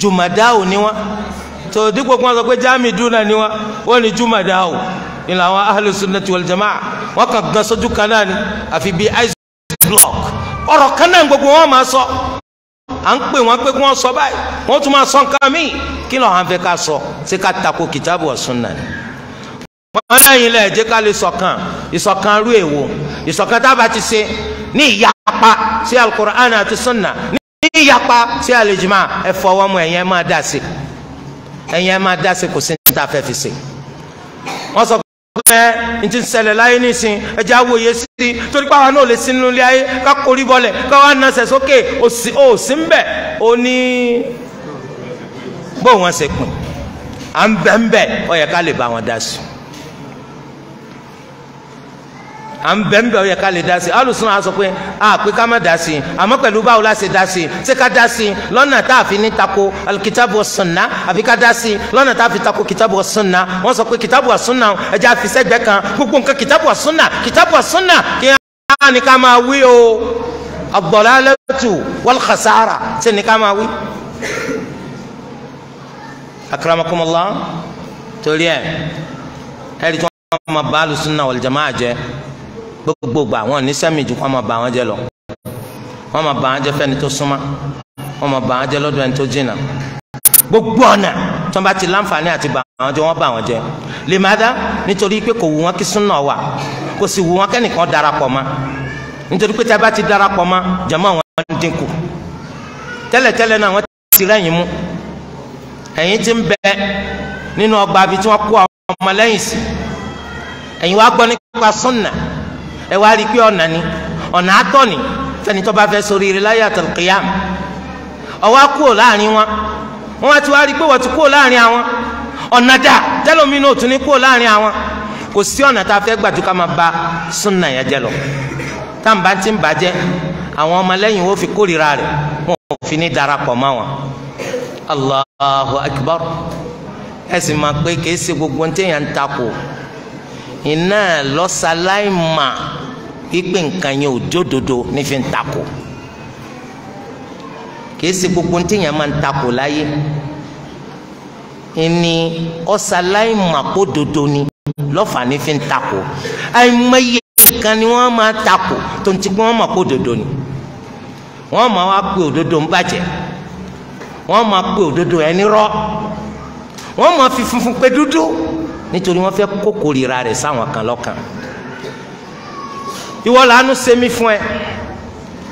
jùmọ̀dáwò ni wọ́n tó dípò kí wọ́n sọ pé jáàmì dúnà ni wọ́n wọ́n ní jùmọ̀dáwò ni làwọn ahlu sunnati wal jamaa wọ́n kàn gan sójú kan náà ni àfi bíi ọ̀rọ̀ kan náà gbogbo wọn máa sọ à ń pè wọn pé kí wọn sọ báyìí wọn tún máa sọ nǹkan míì kí ló hàn fẹ́ ká sọ ṣé ká tako kìtàbù wa sunna ni. wọn lẹ́yìn lẹ jẹ́ ká lè ṣọ̀kan ìṣọ̀kan rú èwo ìṣọ̀kan tá a bá ti ṣe ní ìyapa sí alukur'an àti sunna ní ìyapa sí alejima ẹ fọwọ́ mu ẹ̀yin máa dá sí ẹ̀yin máa dá sí kò sí ní fẹ́ fi ṣe. wọ́n sọ ẹ n ti ṣẹlẹ̀ láyé nísìn ẹjẹ́ awòye sí torí pé àwa náà lè sínú ilé ayé ká korí bọ́lẹ̀ ká wá nasẹ̀ sókè òsì òsì ń bẹ̀ ó ní bó ṣe pin à ń bẹ̀ ń bẹ̀ ó lè bá wọn dá sí. à ń bẹ̀ ń bẹ̀ ó yẹ ká lè dá sí i alùsùn á sọ pé a pé ká má dá sí i àmọ́ pẹ̀lú báwo la ṣe dá sí i ṣé ká dá sí i lọ́nà tá a fi ní tako kìtàbù sunna àbí ká dá sí i lọ́nà tá a fi tako kìtàbù sunna wọ́n sọ pé kìtàbù sunna ẹja fi kan gbogbo nǹkan kìtàbù sunna kìtàbù sunna kí á ní ká máa wí o ad-dalalatu wal khasara ṣe ní ká máa wí. akramakumullah torí ẹ ẹ̀rí gbogbo àwọn oníṣẹ́mi jù wọ́n máa bà wọ́n jẹ́ lọ wọ́n máa bà wọ́n jẹ́ fẹ́ni tó súnmọ́ wọ́n máa bà wọ́n jẹ́ lọ́dọ̀ ẹni tó jìnnà gbogbo ọ̀nà tí wọ́n bá ti láǹfààní àti bà wọ́n jẹ́ wọ́n bà wọ́n jẹ́ lè má dá nítorí pé kò wù wọ́n kí súnà wà kò sì wù wọ́n kẹ́nìkan darapọ̀ mọ́ nítorí pé tí a bá ti darapọ̀ mọ́ jàmá wọn dínkù tẹ́lẹ̀tẹ́lẹ̀ náà wọ́n ti rẹ́yìn mú ẹ̀yin ti ń bẹ nínú ọgbà àbí tí wọ́n kó àwọn ọmọlẹ́yìn sí ẹ̀yin wá gbọ́ nípa súnà ẹ wá rí i pé ọ̀nà ni ọ̀nà àtọ̀ ni fẹ́ni tó bá fẹ́ sórí ire láyé àtàlùkìyàm ọwọ́ kúrò láàrin wọn wọn wá ti wá rí i pé wọ́n ti kúrò láàrin àwọn ọ̀nà dà tẹ́lómi náà tún ní kúrò láàrin àwọn kò sí ọ̀nà tá a fẹ́ gbà tó ká máa ba súnà yẹn jẹ lọ tá ti ń bàjẹ́ àwọn ọmọlẹ́yìn wo fi kórìíra rẹ̀ wọn ò fi ní darapọ̀ mọ́ wọn. Allahu akbar ẹ sì máa pé kìí ṣe gbogbo ní ń takò iná lọ́sàláìmà pípé nǹkan yẹn ò jódodo nífi ń takò kìí ṣe gbogbo ní tíyẹn máa ń takò láyé ìní ọ̀sàláìmà kó dodo ni lọ́fà nífi ń takò àìmọye kan ni wọ́n máa takò tó ń ti pé wọ́n máa kó dodo ni wọ́n máa wá pé òdodo ń bàjẹ́ wọ́n máa pé òdodo ẹni rọ́ wọ́n máa fi funfun pé dúdú nítorí wọ́n fẹ́ kókòrira rẹ̀ sáwọn kan lọ́kàn ìwọ làánú sẹmi fún ẹ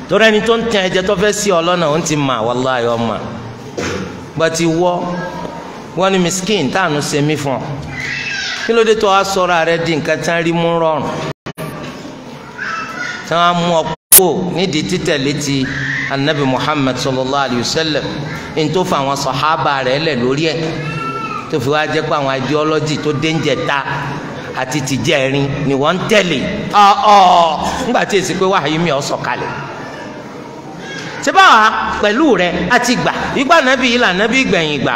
torí ẹni tó ń tẹ ẹ̀jẹ̀ tó fẹ́ sí ọ lọ́nà ó ń ti mà wàláyé ọmọ gbàtí wọ wọn ni miskin táànù sẹmi fún ọ kí ló dé tó a sọra rẹ di nǹkan tí wọn rí mú rọrùn tí wọn mú ọ kó nídìí títẹ̀lé ti anabi muhammad sallallahu alayhi wa sallam ní tó fa àwọn sọ̀hábà rẹ̀ lẹ̀ lórí ẹ̀. tó fi wá jẹ́ pé àwọn ideology tó dénjẹ ta àti ni wọ́n ń tẹ̀lé ọ̀ọ́ nígbà tí èsì pé wàhálà yìí mi ọ̀ sọ̀kalẹ̀ ṣé báwa pẹ̀lú rẹ àti gbà ìgbà nàbí nàbí gbẹ̀yìn gbà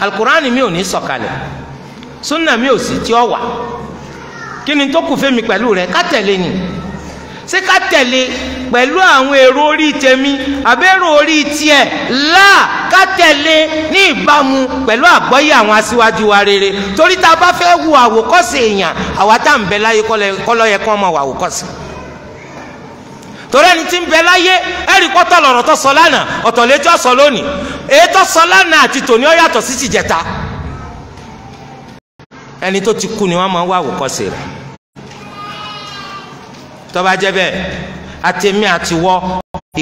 alukurani mi ò ní sọ̀kalẹ̀ sunna mi ò sì tí ọ wà kí ni tó kù fẹ́mi pẹ̀lú rẹ ká tẹ̀lé ni. ṣé ká tẹ̀lé pẹ̀lú àwọn èrò orí tèmi àbẹ́rò orí tiẹ̀ láà ká tẹ̀lé ní ìbámu pẹ̀lú àgbọ́yé àwọn wa rere torí tá a bá fẹ́ wo àwòkọ́ṣe èèyàn àwa tá à ń bẹ láyé kọ́lọ́yẹ kán máa wà àwòkọ́ṣe torí ẹni tí ń bẹ láyé ẹ̀rí pọ́tọ́ lọ̀rọ̀ tó sọ lánàá ọ̀tọ̀ létí ọ̀sọ̀ lónìí èyí ti kú ni wọ́n máa tó bá jẹ́ bẹ́ẹ̀ àtẹ̀mí àtiwọ́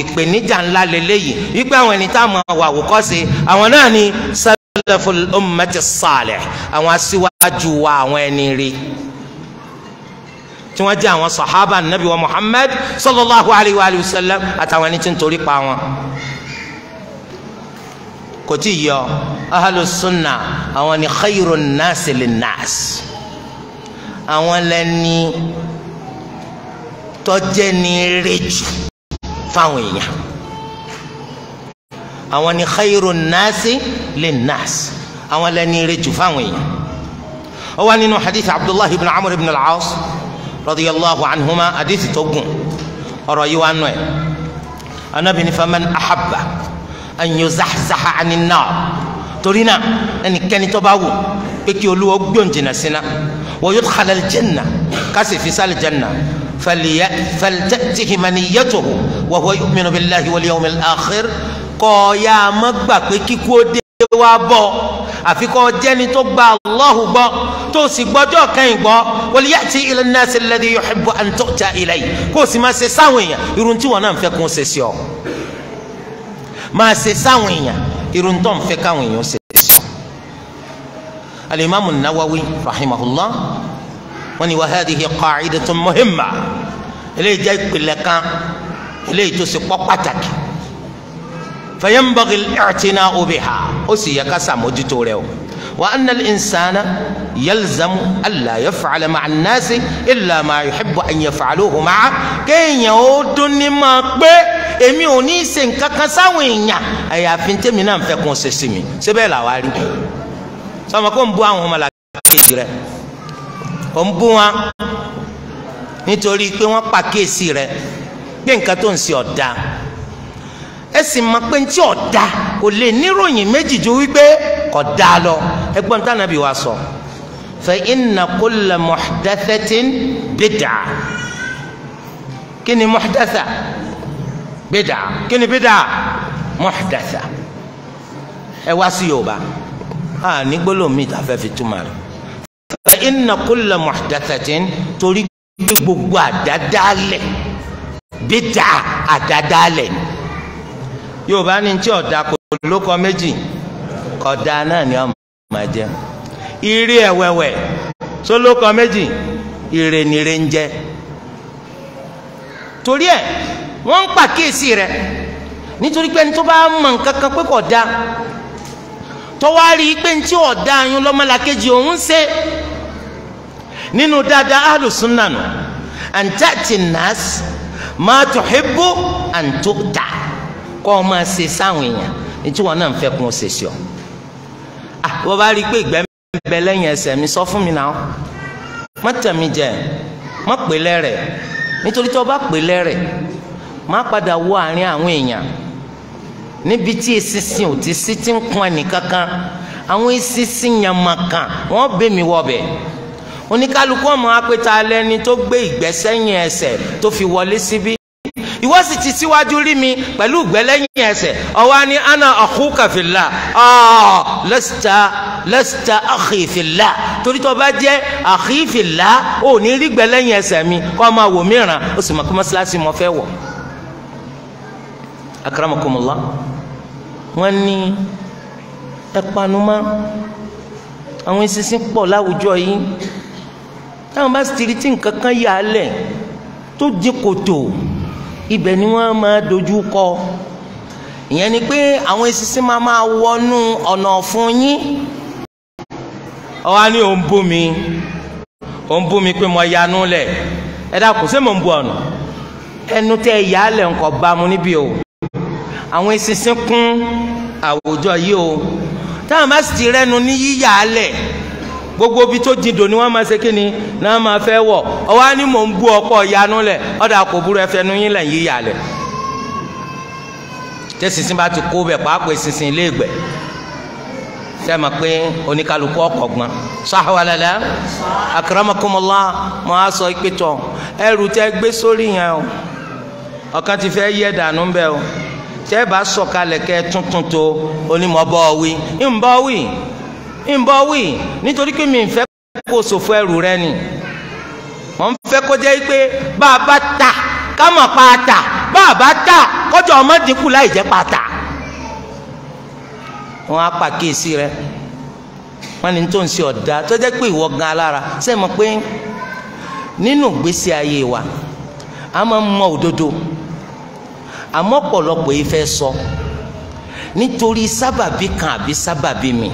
ìpèníjà ńlá lélẹ́yìí wípé àwọn ẹni tá a máa wà wòkọ́ṣe àwọn náà ni salaful ummati salih àwọn aṣíwájú wa àwọn ẹni rí tí wọ́n jẹ́ àwọn sahaba nabi wa muhammad sallallahu alayhi wa sallam àtàwọn ẹni tí ń torí pa wọn kò tí yọ ahalusunna àwọn ni khayrun nasi lin nas àwọn lẹni tọ́jẹ́ ni rẹ́jù fáwọn èèyàn àwọn ni khayru nasi lè nasi àwọn lẹ́ni rẹ́jù fáwọn èèyàn ó wà nínú hadith abdullah ibn amr ibn al-aas radiyallahu anhuma hadith tó gùn ọ̀rọ̀ yìí wà nù ẹ̀ faman ahabba an yuzahzaha ani naar torí náà ẹnikẹ́ni tó bá wù pé olúwa gbóǹjìnà sínú wa yudkhala al-janna kásìfisà al falyatihi maniyatuhu wa huwa yu'minu billahi wal yawmil akhir kọ́ ya má gbà pé kíkú ó dé wá bọ̀ àfi kọ́ jẹ́ni tó gba Allahu gbọ́ tó sì gbọ́jọ́ kẹ́yìn gbọ́ wal ya'ti ila nnasi alladhi yuhibbu an tu'ta ilayhi kó o sì máa ṣe sáwọn èèyàn irun tí wọn náà ń fẹ́ kún ṣe sí ọ máa ṣe sáwọn èèyàn irun tó ń fẹ́ káwọn èèyàn ṣe sí ọ. al nawawi rahimahullah wọ́n ní wa hadhihi qa'idatun muhimma eléyìí jẹ́ ìpìlẹ̀ kan eléyìí tó ṣe pọ́ pàtàkì fa yanbaghi al-i'tina'u biha ó sì yẹ ká sàmójútó rẹ̀ o wa anna al-insana yalzamu alla yaf'ala ma'a an-nasi illa ma yuhibbu an yaf'aluhu ma'a kéèyàn ó dún ní máa pé èmi ò ní í ṣe nǹkan kan sáwọn èèyàn àyàfi tèmi náà fẹ́ kún ṣe sí mi síbẹ̀ làwa rí sọmọ kó ń bú àwọn ọmọ làkàtà rẹ̀ ò ń bú wọn nítorí pé wọ́n pàkíyèsí rẹ pé nǹkan tó ń ṣe ọ̀dà ẹ sì mọ̀ pé ní tí ọ̀dà kò lè níròyìn méjì ju wípé ọ̀dà lọ ẹgbọ́n tí Ànábì wa sọ fa inna kulla muhdathatin bid'a kí ni muhdatha bid'a kí ni bid'a muhdatha ẹ wá sí Yorùbá a ní gbólóhùn mi ta fẹ́ fi túmọ̀ rẹ̀ fa inna kulla muhdathatin torí pé gbogbo àdádálẹ̀ bídà àdádálẹ̀ yorùbá ní tí ọ̀dà kò lóko méjì ọ̀dà náà ni ọmọ máa jẹ ire ẹ̀wẹ̀wẹ̀ sólókọ méjì ire nire ń jẹ torí ẹ wọ́n ń pàkíyèsí rẹ nítorí pé ẹni tó bá mọ nǹkan kan pé kò dáa tọ́wárí pé ní tí ọ̀dà yín lọ́mọlàkejì òun ṣe nínú dáadáa ahlùsùn nànú an ta'ti an-nas ma tuhibbu an tu'ta kọ́ ọ máa ṣe sáwọn èèyàn ní tí wọn náà ń fẹ́ kún ṣe ṣe ọ. bá rí i pé ìgbẹ́ bẹ lẹ́yìn ẹsẹ̀ mi sọ fún mi náà má tẹ̀mí jẹ má pè lẹ́rẹ̀ nítorí tí wọ́n bá pè lẹ́rẹ̀ má padà wọ àárín àwọn èèyàn níbi tí eṣinṣin ò ti sí ti ń kun ẹnìkankan àwọn eṣinṣin yamakan wọ́n bẹ̀ mí wọbẹ̀ oníkálukú ọmọ apẹta lẹni tó gbé ìgbẹ́sẹ̀yìn ẹsẹ̀ tó fi wọlé síbí ìwọ sì ti síwájú rí mi pẹ̀lú ìgbẹ́lẹ́yìn ẹsẹ̀ ọwọ́ ni ana akhuka fillah ọ̀ ah, lasta lasta akhi fillah torí tó bá jẹ́ akhi fillah ò ní rí gbẹ́lẹ́yìn ẹsẹ̀ mi kọ́ máa wò ó sì mọ̀ kí mọ́sálásí mọ́ fẹ́ wọ̀ wọ́n ní ẹpanumá àwọn eṣinṣin pọ̀ láwùjọ yìí táwọn bá sì ti rí tí nǹkan kan yà á lẹ̀ tó di kòtò ibẹ̀ ni wọ́n máa dojú kọ ìyẹn ni pé àwọn eṣinṣin máa máa wọnú ọ̀nà ọ̀fun yín ọwọ́ á ní òun bú mi òun bú mi pé mo yanú lẹ̀ ẹ dákun ṣé mò ń bu ọ̀nà ẹnu tẹ́ ẹ lẹ̀ ń kọ́ bá mu níbí o. àwọn eṣinṣin kún àwùjọ yìí o táwọn bá sì ti rẹnu ní yíyà á gbogbo bi tó di dò ni wọn máa ṣe kí ni náà máa fẹ wọ ọwọ ni mò ń bú ya ìyanu lẹ̀ ọ̀dà kò burú ẹ̀fẹ́ nu yín lẹ̀ yíyà lẹ̀ tẹ́ sísìn bá ti kó bẹ̀ pàápàá sísìn ilé ìgbẹ́ sẹ́ẹ̀ mọ̀ pé oníkálukú ọ̀kọ̀gbọ́n sàwàlẹ́lẹ́ akaramakomola mọ́ a sọ ìpẹ́tọ̀ ẹrù tẹ́ gbé sórí yẹn o ọ̀kan ti fẹ́ yẹ dànù bẹ́ẹ̀ o. tẹ́ bá sọ̀kalẹ̀ kẹ́ tuntun tó onímọ̀ bọ́ wí ń bọ́ wí ń bọ́ wí nítorí pé mi ń fẹ́ kó sòfò ẹrù rẹ ni mọ̀ ń kó jẹ́ pé bá a bá ta ká mọ̀ pa ta bá a bá ta kọjọ ọmọ dínkù láì jẹ́ pa ta wọn á pàkíyèsí rẹ wọn ni tó ń ṣe ọ̀dà tó jẹ́ pé ìwọ gan alára sẹ́ẹ̀ mọ̀ pé nínú ìgbésí ayé wa a máa ń mọ òdodo àmọ́ pọ̀lọpọ̀ yìí fẹ́ sọ nítorí sábàbí kan àbí sábàbí mi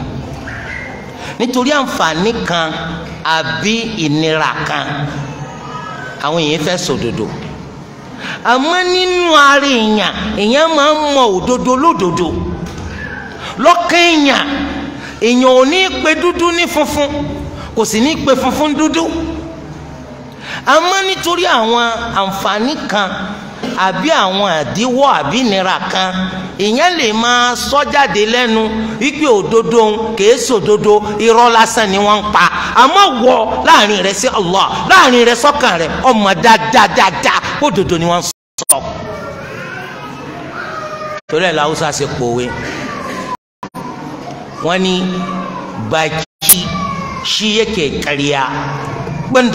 nítorí àǹfààní kan àbí ìnira kan àwọn èèyàn fẹ́ sòdodo àmọ́ nínú ara èèyàn èèyàn máa ń mọ òdodo lódodo lọ́kàn èèyàn èèyàn ò ní pe dúdú ní funfun kò sì ní pe funfun dúdú àmọ́ nítorí àwọn àǹfààní kan àbí àwọn àdíwọ́ àbí ìnira kan ìyẹn lè máa sọ jáde lẹ́nu wípé òdodo ń kèé sòdodo irọ́ lásán ni wọ́n ń pa àmọ́ wọ láàrin rẹ sí Allah láàrin rẹ sọ́kàn rẹ ọmọ dáadáa òdodo ni wọ́n sọ. torí ẹ̀ làwùsà ṣe pòwe wọ́n ní baki shi yake karya ban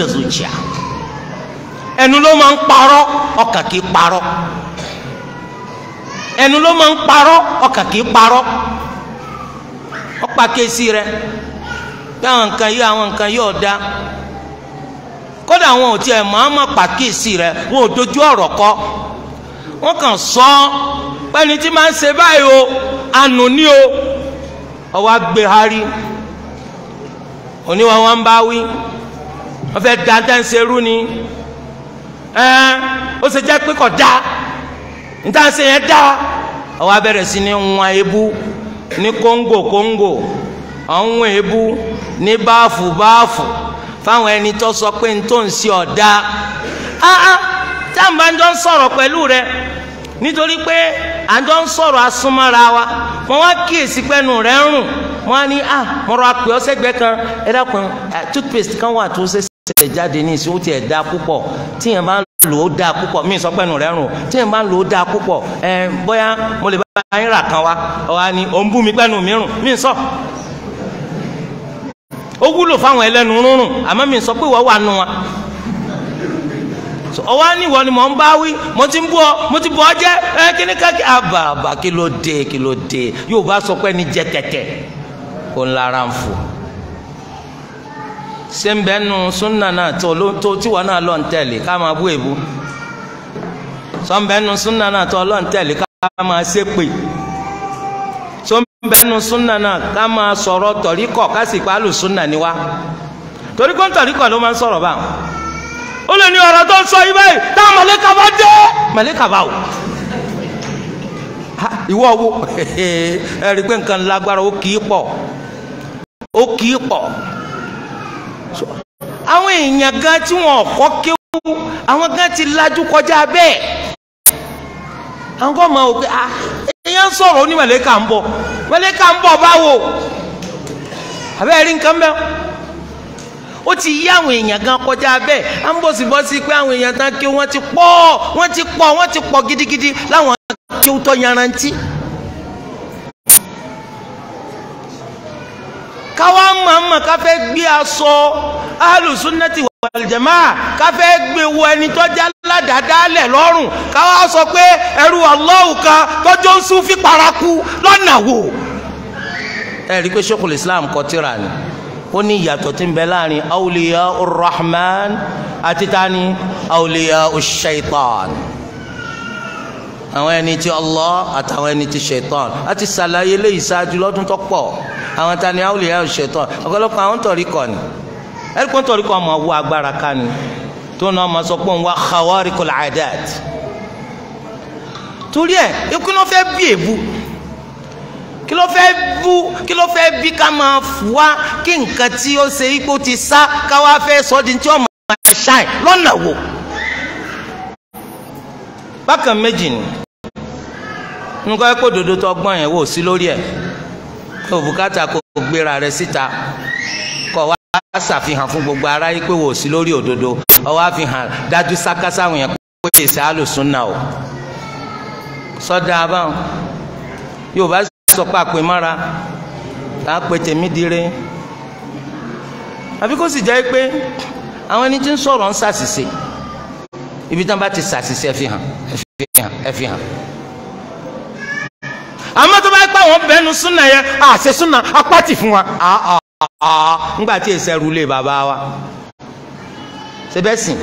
ẹnu ló máa ń parọ́ ọkàn kì í parọ́ ẹnu ló máa ń parọ́ ọkàn kì í parọ́ ọ̀pá kéésì rẹ pé àwọn nǹkan yìí àwọn nǹkan yìí ọ̀dá kódà àwọn ò tiẹ̀ máa ma pàkíyèsí rẹ wọn ò dojú ọ̀rọ̀ kọ wọn kàn sọ pẹ́ni tí máa ń ṣe báyìí o ànú ni o ọwọ́ agbe hari oníwà wọn bá wí wọn fẹ́ dáadáa ń ṣerú ni. ẹ ó ṣe jẹ́ pé da níta ṣe yẹn da ọwọ́ abẹ́rẹ́ ni wọn ebú ní kóńgò kóńgò ọ̀hún ebú n'i báàfù báàfù fáwọn ẹni tó sọ pé n tó nítorí pé a wa mo wá kíyèsí pẹ́nu ń rùn mo ní ah, mo rọ kan toothpaste kan ṣẹ̀ṣẹ̀ jáde ní ìsìn ó tiẹ̀ da púpọ̀ tí yẹn bá ń lò ó da púpọ̀ mí sọ pẹ́nu rẹ̀ rùn tí yẹn bá ń lò ó da púpọ̀ ẹ bóyá mo lè bá yín rà kan wa ọ̀hà ni ò ń bú mi pẹ́nu mi rùn mí sọ. ó wúlò fáwọn ẹlẹ́nu rúnrùn àmọ́ mi sọ pé ìwọ wà nù wọn. ọwọ́ ni ìwọ ni mò ń bá wí mo ti ń bú ọ mo ti bú ọ jẹ́ ẹ kíní ká kí àbàbà ah, kí ló dé kí ló dé yóò bá sọ pé ẹni jẹ tẹ̀tẹ̀ kó ń lára ń fò. se ń bẹ́ẹ̀ súnà náà tó tó tíwọ́ náà lọ́n tẹ̀lé ká máa bú èbú ṣé ń bẹ́ẹ̀ súnà náà tó lọ́n tẹ̀lé ká máa ń súnà náà ká máa sọ̀rọ̀ tọ̀ríkọ̀ ká sì ni torí kó ń tọ̀ríkọ̀ ló máa ń sọ̀rọ̀ báwọn ó lè ní ọ̀rọ̀ tó ń sọ ibẹ̀ yìí táwọn mọ̀lẹ́kà bá dé mọ̀lẹ́kà bá wò ìwọ wo ẹ rí i pé nǹkan lágbára ó kì àwọn èèyàn gan tí wọn kọ́ kéwú àwọn gan ti lajú kọjá bẹ́ẹ̀ àwọn kan máa wò pé ah èèyàn sọ̀rọ̀ ó ní mẹ̀lẹ́kà ń bọ̀ mẹ̀lẹ́kà ń bọ̀ báwo àbẹ́ẹ̀ rí nǹkan bẹ́ẹ̀ ó ti yí àwọn èèyàn gan kọjá bẹ́ẹ̀ à ń bọ̀sibọ́sí pé àwọn èèyàn tán kí wọ́n ti pọ̀ wọ́n ti pọ̀ wọ́n ti pọ̀ gidigidi láwọn akéwútọ́ yarantí. káwá mọ̀ọ́mọ̀ káfẹ́ gbé aṣọ alùsùnẹ́tì wàlìjẹ̀má káfẹ́ gbé wo ẹni tó já ládàádálẹ̀ lọ́rùn káwá sọ pé ẹrú Allahu kan tọ́jọ́ ń sún fi paraku lọ́nà wo. ẹ rí i pé Sheikhul Islam kọ tírà ni ó ní ìyàtọ̀ tí ń bẹ láàrin awliya urrahman àti tani awliya ushaitan àwọn ẹni tí Allah àtàwọn ẹni tí shaitan àti sàlàyé lè ṣáájú lọ́dún tó pọ̀ àwọn tani awúlẹ̀ ẹ̀ ṣètò ọ̀pọ̀lọpọ̀ àwọn tọ̀rí kọ̀ ni ẹ̀ríkọ́ tọ̀rí kọ̀ ọmọ wọ agbára ká ni tó náà ma sọ pé òun wá khawarikul adat torí ẹ̀ ikú náà fẹ́ bí èbú kí ló fẹ́ bú kí ló fẹ́ bí ká máa wá kí nǹkan tí ó ṣe ipò ti sá ká wá fẹ́ sọ di tí ọmọ máa ṣáì lọ́nà wo bákan méjì ni nǹkan ẹ̀ kó dodo tó gbọ́n yẹn wò sí lórí ẹ̀ tó bùkátà kó gbéra rẹ síta kó wá ṣàfihàn fún gbogbo aráyé pé wò sí lórí òdodo ó wá fi hàn dájú sáká sáwọn yẹn pé èsì àlùsùnà o sọdá abáwọn Yorùbá sọ pé àpè mára làá tèmi dire àbí kó sì jẹ́ pé àwọn ẹni tí ń sọ̀rọ̀ ń ṣàṣìṣe ibi tí wọ́n bá ti ṣàṣìṣe ẹ fi hàn àmọ́ tó bá pẹ́ àwọn bẹ́nu súnà a àṣẹ súnà apátì fún wa ńgbà tí èsì ẹrù bàbá wa ṣe bẹ́ẹ̀ sìn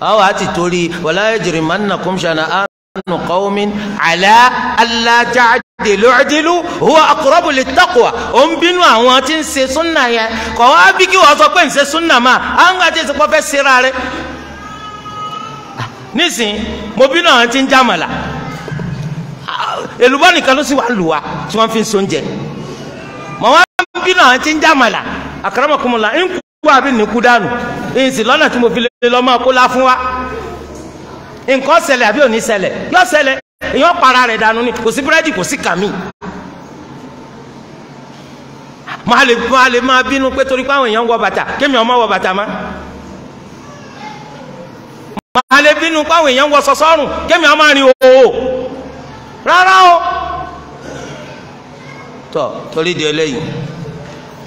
àwọn torí ń bínú àwọn tí ń ṣe súnà wá èlùbọ́ nìkan ló sì wà lù wá tí wọ́n fi ń so oúnjẹ mọ̀ wá bínú àwọn tí ń já màlà àkàràmọ̀kùnmọ̀lá ń kú àbí nìkú dànù èyí sì lọ́nà tí mo fi lè lọ́mọ kó lá fún wa nǹkan ṣẹlẹ̀ àbí òní ṣẹlẹ̀ yọ ṣẹlẹ̀ èyàn para rẹ̀ dànù ni kò sí búrẹ́dì kò sí kàmí máa lè máa lè máa bínú pé torí pé àwọn èèyàn ń wọ bàtà kémi ọmọ wọ bàtà má máa lè bínú pé àwọn èèyàn ń wọ sọsọ́rùn kémi ọmọ rìn òwò rárá o tọ torí di eléyìí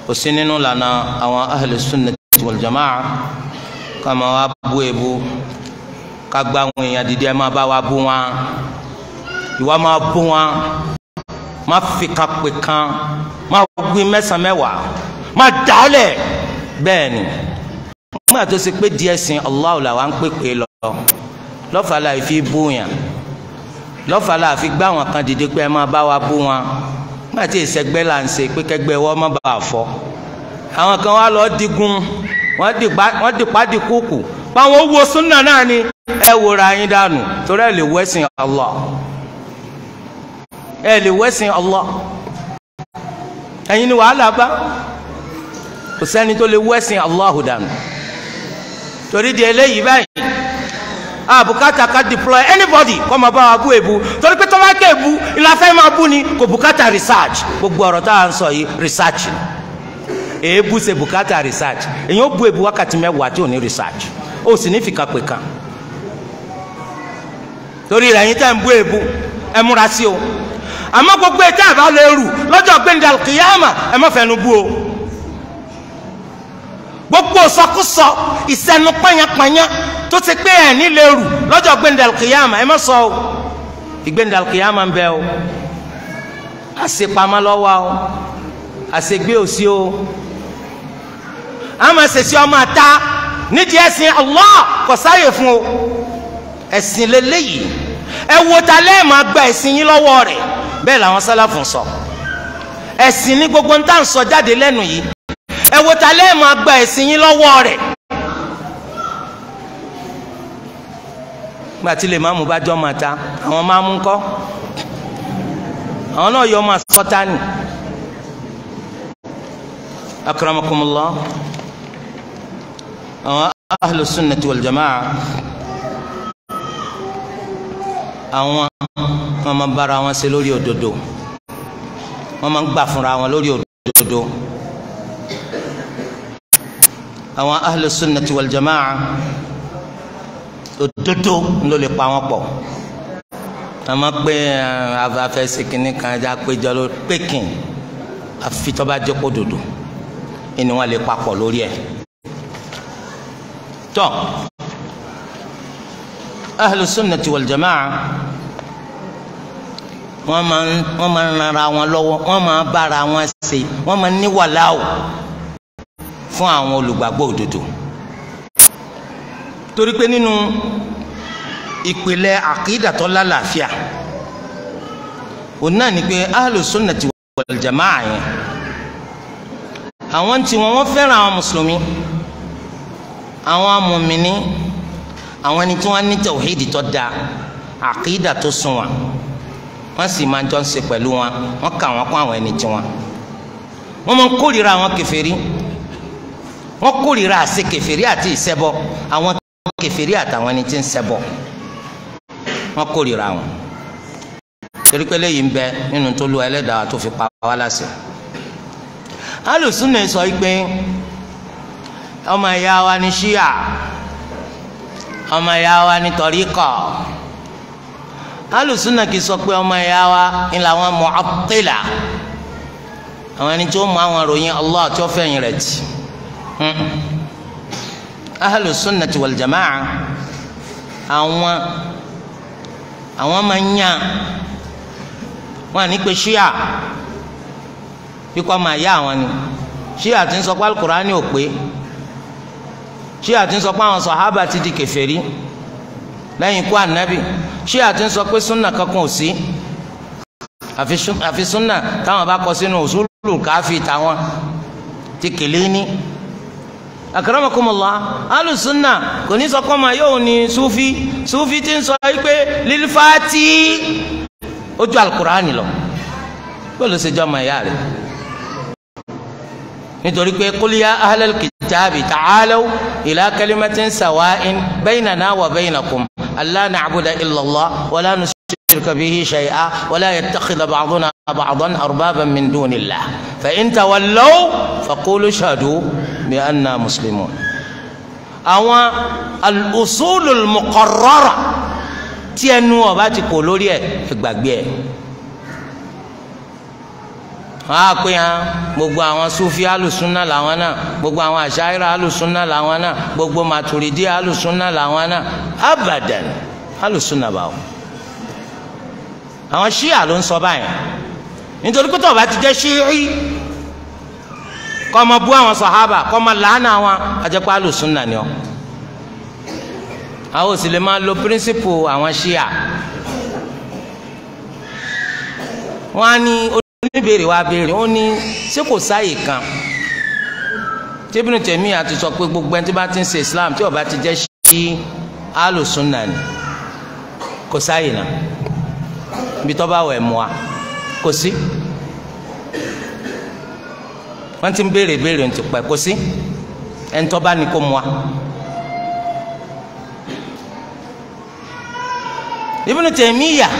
kò sí nínú lànà àwọn ahlu sunnati wal jamaa ká máa wá bú ebu ká gba àwọn èèyàn dídí ẹ máa bá wa bú wọn ìwà máa bú wọn má fi kan pè kan má gbin mẹ́sàn-án mẹ́wàá má dálẹ̀ bẹ́ẹ̀ ni nígbà tó ṣe pé díẹ̀ sìn Allah làwọn ń pèpè lọ lọ́fàá láì fi bú yàn lọ́fà la àfi gbá àwọn kan dìde pé ẹ máa bá wa bú wọn nígbà tí ìsẹgbẹ́ là ń ṣe pé kẹgbẹ́ wọ́n má bàa fọ́ àwọn kan wá lọ digun wọ́n dìpá dìkúkù báwọn wo súnà náà ni ẹ wòrà yín dànù torí ẹ lè wẹ́sìn Allah ẹ lè wẹ́sìn Allah ẹ̀yin ni wàhálà bá kò sẹ́ni tó lè wẹ́sìn Allah dànù torí di eléyìí báyìí. àbùkátà ah, ká deploy anybody kọ́ máa bá wa bú ebu torí pé tọ́wá ké èbú ìlàfẹ́ máa bú ni kò bùkátà research gbogbo ọ̀rọ̀ tá à ń sọ yìí research èébú ṣe bùkátà research èyàn ó bú ebu wákàtí mẹ́wàá tí ò ní research ó sì ní fìkàpè kan torí rẹ̀ yín tẹ́ ń bú èbú ẹ múra sí o àmọ́ gbogbo ètò àbálẹ̀ rù lọ́jọ́ gbẹ̀ndàlùkìyàmà ẹ má fẹnu bú o. gbogbo sọkúsọ ìsẹnu pányápányá tó ti pé ẹ̀ nílẹ̀rù lọ́jọ́ gbẹ̀ndàlùkìyàmà ẹ má sọ o ìgbẹ̀ndàlùkìyàmà ń bẹ o àṣepamọ́ lọ́wọ́ o àṣegbé òsì o àmọ́ ṣèṣe ọmọ àta nídìí ẹ̀sìn Allah kò sáyè fún o ẹ̀sìn lélẹ́yìí ẹ wo ta lẹ́ẹ̀ máa gba ẹ̀sìn yín lọ́wọ́ rẹ̀ bẹ́ẹ̀ làwọn sálàfù sọ ẹ̀sìn ní gbogbo ń tà ń sọ jáde lẹ́nu yìí ẹ wo ta lẹ́ẹ̀ máa gba ẹ̀sìn yín lọ́wọ́ rẹ̀. gbàtí lè máàmù bá jọ́ máa ta àwọn máàmù ńkọ́ àwọn náà yọ máa sọ́tà nì. akramakumullah àwọn ahlu sunnati wal jamaa àwọn wọn máa bára wọn ṣe lórí òdodo wọn máa gbà fúnra wọn lórí òdodo àwọn ahlus sunnati wal jama'a òtótó ló lè pa eh, wọn pọ̀ àmọ́ pé afẹ́sẹ̀ kìnnì kan já péjọ ló pékin àfi tó dòdò ni wọ́n lè papọ̀ lórí ẹ̀ tọ́ ahlus sunnati wal jama'a wọ́n máa ń rara wọn lọ́wọ́ wọ́n máa bára wọn ṣe wọ́n máa ń níwàláwò fún àwọn olùgbàgbọ́ òdodo torí pé nínú ìpìlẹ̀ àkídà tó lálàáfíà òun náà ni pé ahlu sunnati wal jamaa yẹn àwọn tí wọn wọ́n fẹ́ràn àwọn mùsùlùmí àwọn amòmìnì àwọn ẹni tí wọ́n ní tawhidi tó dáa àkídà tó sunwọ̀n wọ́n sì máa jọ ń ṣe pẹ̀lú wọn wọ́n kà wọ́n kó àwọn ẹni tí wọn wọ́n máa kórìíra àwọn kèfèrí wọ́n kórìíra àṣẹ kẹfìrí àti ìṣẹbọ àwọn kẹfìrí àtàwọn ẹni tí ń ṣẹbọ wọ́n kórìíra wọn torí pé léyìí ń bẹ nínú tó lu ẹlẹ́dàá tó fi pa wá láṣẹ. alùsùnà sọ pé ọmọ ìyá wa ní ṣíà ọmọ ìyá wa ní tọ̀ríkà alùsùnà kì í sọ pé ọmọ ìyá wa ni làwọn Mu'attila àwọn ẹni tó mọ àwọn ròyìn Allah tó fẹ̀yìn rẹ̀ tì ahlu sunnati wal jamaa àwọn àwọn máa ń yàn wọn àní pé ṣíà kíkọ́ máa yá àwọn ni ṣíà ti ń sọ pé alukurani ò pé ṣíà ti ń sọ pé àwọn sọ̀hábà ti di kèfèrí lẹ́yìn ikú ànábì ṣíà ti ń sọ pé súnà kankan ò sí àfi súnà táwọn bá kọ sínú òṣùlù káfí táwọn ti kèlé ní akaramakumala alùsùnà kò ní sọ pé ọmọ yóò ní sufi sufi ti ń sọ wípé lílfàtì ojú alukurani lọ bọ́ọ̀lù ṣe jọ ọmọ ìyá rẹ̀ nítorí pé kúlíyà ahlal kìtàbì ta'alaw ila kalimatin sawa'in baynana wa baynakum alla na'buda illallah wala nushrika bihi shay'a wala yattakhidha ba'duna بعضا أربابا من دون الله فإن تولوا فقولوا شهدوا بأننا مسلمون أو الأصول المقررة تينو أباتي كولوريا إقباقبيا a pe hàn gbogbo àwọn sufi alùsùnà làwọn náà gbogbo àwọn àṣàyíra alùsùnà làwọn náà gbogbo màtúrídì alùsùnà làwọn náà abadan alùsùnà báwo àwọn ṣíà ló ń sọ báyìí nítorí pé tọ́ba ti jẹ́ ṣírí kọ́ ọmọ bú àwọn sàhábà kọ́ ọmọ làánà wọn àjẹpá àlùsùnà ni ọ. àwọn òsì lè máa lo píríncípù àwọn ṣíà wọn á ní oníbèrè wa béèrè ó ní ṣé kò sáàyè kan tẹ́bínú tẹ̀mí àti sọ pé gbogbo ẹni tí bá ti ń ṣe Islam tí ó bá ti jẹ́ ṣí àlùsùnà ni kò sáàyè náà ibi tó bá wẹ̀ mú wa kò sí wọ́n ti ń béèrè béèrè ń ti pẹ́ kò sí ẹ̀ńtọ́ bá ní kó mu wa. Ibn Taymiyyah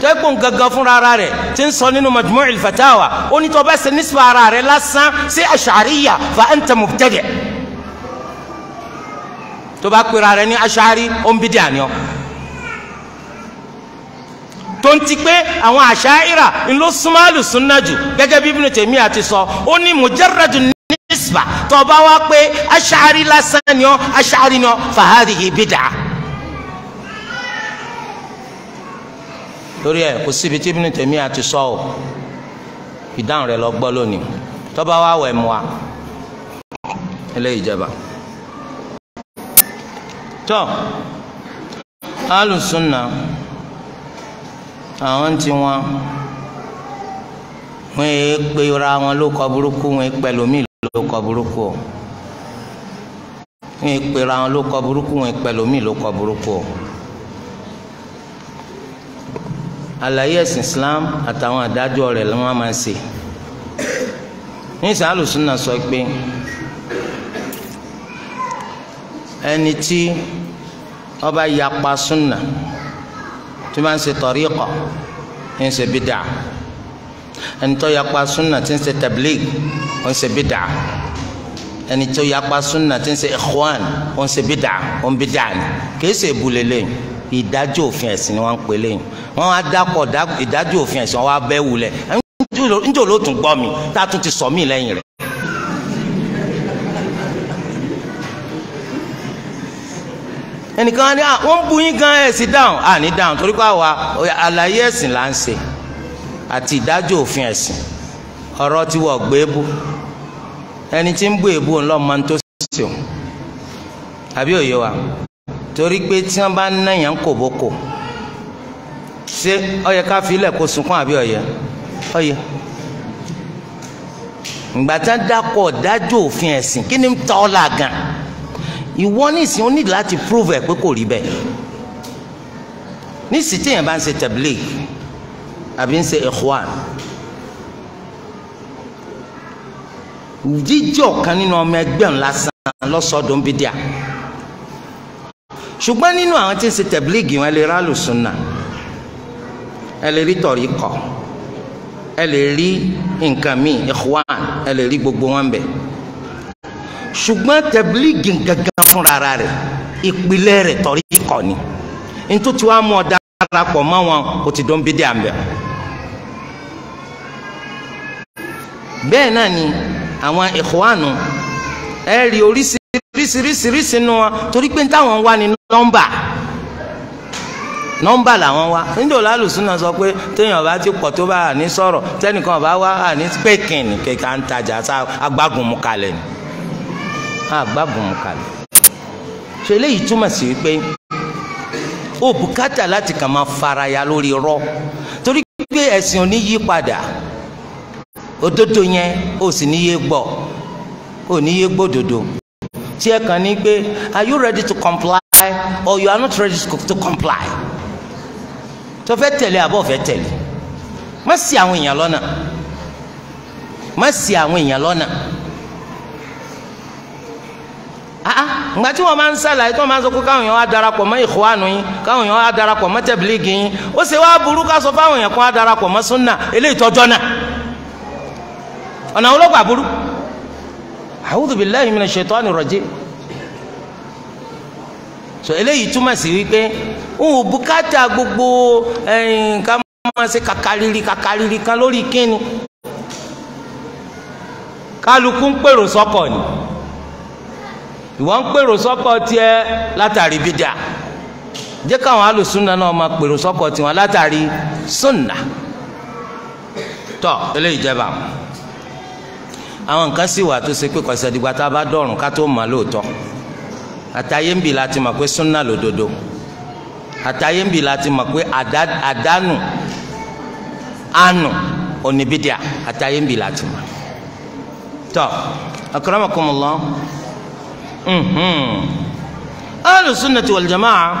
tẹ́kùn gangan fúnra ara rẹ̀ ti ń sọ nínú Majmu' al-Fatawa ó ní tó bá ṣe nísìbà ara rẹ̀ lásán sí Ash'ariyya fa anta mubtadi' tó bá pera rẹ̀ ní Ash'ari ó ń bídìí àníọ́ tó ń ti pé àwọn àṣàyíra ńlọ súnmọ́ àlùsúnnà jù gẹ́gẹ́ bí Ibn Taymiyyah ti sọ ó ní mujarradu nisba tó bá wá pé aṣáárí lásán ni ọ aṣáárí ni ọ fahadihi bid'ah. lórí ẹ kò síbi tí Ibn Taymiyyah ti sọ ọ ìdáhùn rẹ lọ gbọ́ lónìí tó bá wá wẹ̀ mu wa ilé ìjọba tó alùsùn náà àwọn tí wọn wọn èé pera wọn ló kọ burúkú wọn èé pẹlòmíì ló kọ burúkú o wọn èé pera wọn ló kọ burúkú wọn èé pẹlòmíì ló kọ burúkú o. àlàyé ẹ̀sìn Islam àtàwọn àdájọ́ rẹ̀ ló wọ́n máa ń ṣe nísìnyí alùsùnà sọ pé ẹni tí ó bá yapa súnà tí máa ń ṣe tariqa ń ṣe bídà ẹni tó yapa súnà tí ń ṣe tabligh ó ń ṣe bídà ẹni tó yapa súnà tí ń ṣe ikhwan ó ń ṣe bídà ó ń bídà ni kìí ṣe ìbúlẹ̀ lẹ́yìn ìdájọ́ òfin ẹ̀sìn ni wọ́n ń pè lẹ́yìn wọ́n á dákọ̀ ìdájọ́ òfin ẹ̀sìn wọ́n á bẹ́ wulẹ̀ njó ló tún gbọ́ mi tá a tún ti sọ mí lẹ́yìn rẹ̀. ẹnìkan á ní àwọn ń bu yín gan ẹ̀sìn dáhùn àní dáhùn torí pé àwa àlàyé ẹ̀sìn là ń ṣe àti ìdájọ́ òfin ẹ̀sìn ọ̀rọ̀ tí wọ́n gbé bú ẹni tí ń bú èbú ńlọ máa ń tó sí àbí òye wa torí pé tí wọ́n bá ń náyàn kò bókò ṣé ó yẹ ká fi ilẹ̀ kó sunkún àbí ó yẹ ó yẹ ìgbà tí wọ́n dákọ̀ dájọ́ òfin ẹ̀sìn kí ni ń tọ́ ọ́ là ìwọ nísìnyí ó nídìí láti prove ẹ̀ pé kò rí bẹ́ẹ̀ nísìnyí téèyàn bá ń ṣe tabligh àbí ń ṣe ikhwan jíjẹ́ ọ̀kan nínú ọmọ ẹgbẹ́ ńlá san lọ́sọ̀ọ́dún ń bí díà ṣùgbọ́n nínú àwọn tí ń ṣe tẹ̀blíìgì wọn ẹ lè rálù sunna ẹ lè rí tọ̀rí kọ ẹ lè rí nǹkan míì ikhwan ẹ lè rí gbogbo wọn bẹ́ẹ̀ ṣùgbọ́n tẹ̀blígì gangan fúnra rẹ̀ ìpìlẹ̀ rẹ̀ tọ̀rí ikọ̀ ni nítorí tí wàá mú ọ darapọ̀ mọ́ wọn o ti dún bídẹ́ àmì. bẹ́ẹ̀ náà ni àwọn ìkùwánu ẹ rí oríṣiríṣiríṣi nu wọn torí pé táwọn wá ní nọ́mbà nọ́mbà làwọn wá níjọ́ lálùsùn náà sọ pé téèyàn bá ti pọ̀ tó bá ní sọ̀rọ̀ tẹ́nìkan bá wá ní pẹ́kìn kẹ̀kẹ́ à ń tajà sá agbágun mú kalẹ̀ ni àgbàbùn kalẹ̀ so eléyìí túmọ̀ sí wípé ó bùkátà láti kàn máa faraya lórí rọ torí pé ẹ̀sìn ò ní yí padà òdodo yẹn ó sì ní yé gbọ́ ó ní yé gbódodo tí ẹ kàn ní pé are you ready to comply or you are not ready to comply tó fẹ́ tẹ̀lé àbọ̀ fẹ́ tẹ̀lé má ṣì àwọn èèyàn lọ́nà má ṣì àwọn èèyàn lọ́nà ǹgbà ah, ah. tí wọ́n máa ń sàlàyé tí wọ́n máa ń sọ pé káwọn èèyàn á darapọ̀ mọ́ ìkọ́wánu yín káwọn èèyàn á darapọ̀ mọ́ tẹ̀bílígì yín ó ṣe wá burú ká sọ fáwọn èèyàn kan á darapọ̀ mọ́ súnà eléyìí tọ́jọ́ náà ọ̀nà olóògbà burú a'udhu billahi minash shaitani rajim so eléyìí túmọ̀ sí wípé n ò gbogbo ká máa ṣe kàkàrìrì kàkàrìrì kan lórí kíni kálukú ń pèrò sọ́kọ̀ ni ìwọ ń pèrò sọ́kọ tiẹ̀ látàrí bídà jẹ́ káwọn alùsùnà náà máa pèrò sọ́kọ tiwọn látàrí sùnà tọ́ eléyìí jẹba àwọn nǹkan sì wà tó ṣe pé kọ̀ọ̀sẹ̀ dìgbà tá a bá dọ̀rùn ká tó mọ̀ lóòótọ́ àtàyé ń bì láti mọ̀ pé súnà lòdodo àtàyé ń bì láti mọ̀ pé àdánù ànù oníbídìá àtàyé ń bì láti mọ̀ tọ́ akramakumullah. Mhm. alùsùnàtì wàlùjàmáà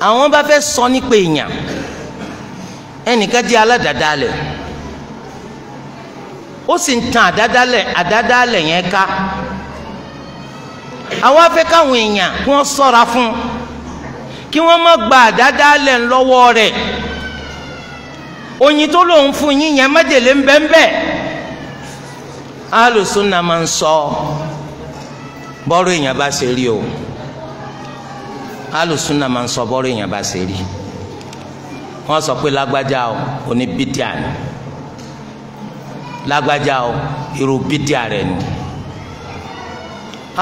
àwọn bá fẹ́ sọ nípa èèyàn ẹnìkan jẹ́ aládàdálẹ̀ ó sì ń tan àdádálẹ̀ àdádálẹ̀ yẹn ká àwọn afẹ́ káwọn èèyàn kí wọ́n sọ́ra fún kí wọ́n má gba àdádálẹ̀ lọ́wọ́ rẹ̀ oyin tó lòun fún yín yẹn májèlé ń bẹ́ẹ̀ bẹ́ẹ̀ ń sọ bọ́rọ̀ èèyàn bá ṣe rí o alùsùnà máa ń sọ bọ́rọ̀ èèyàn bá ṣe rí wọ́n sọ pé lágbájá o oní bídíà ni lágbájá o irú bídíà rẹ ni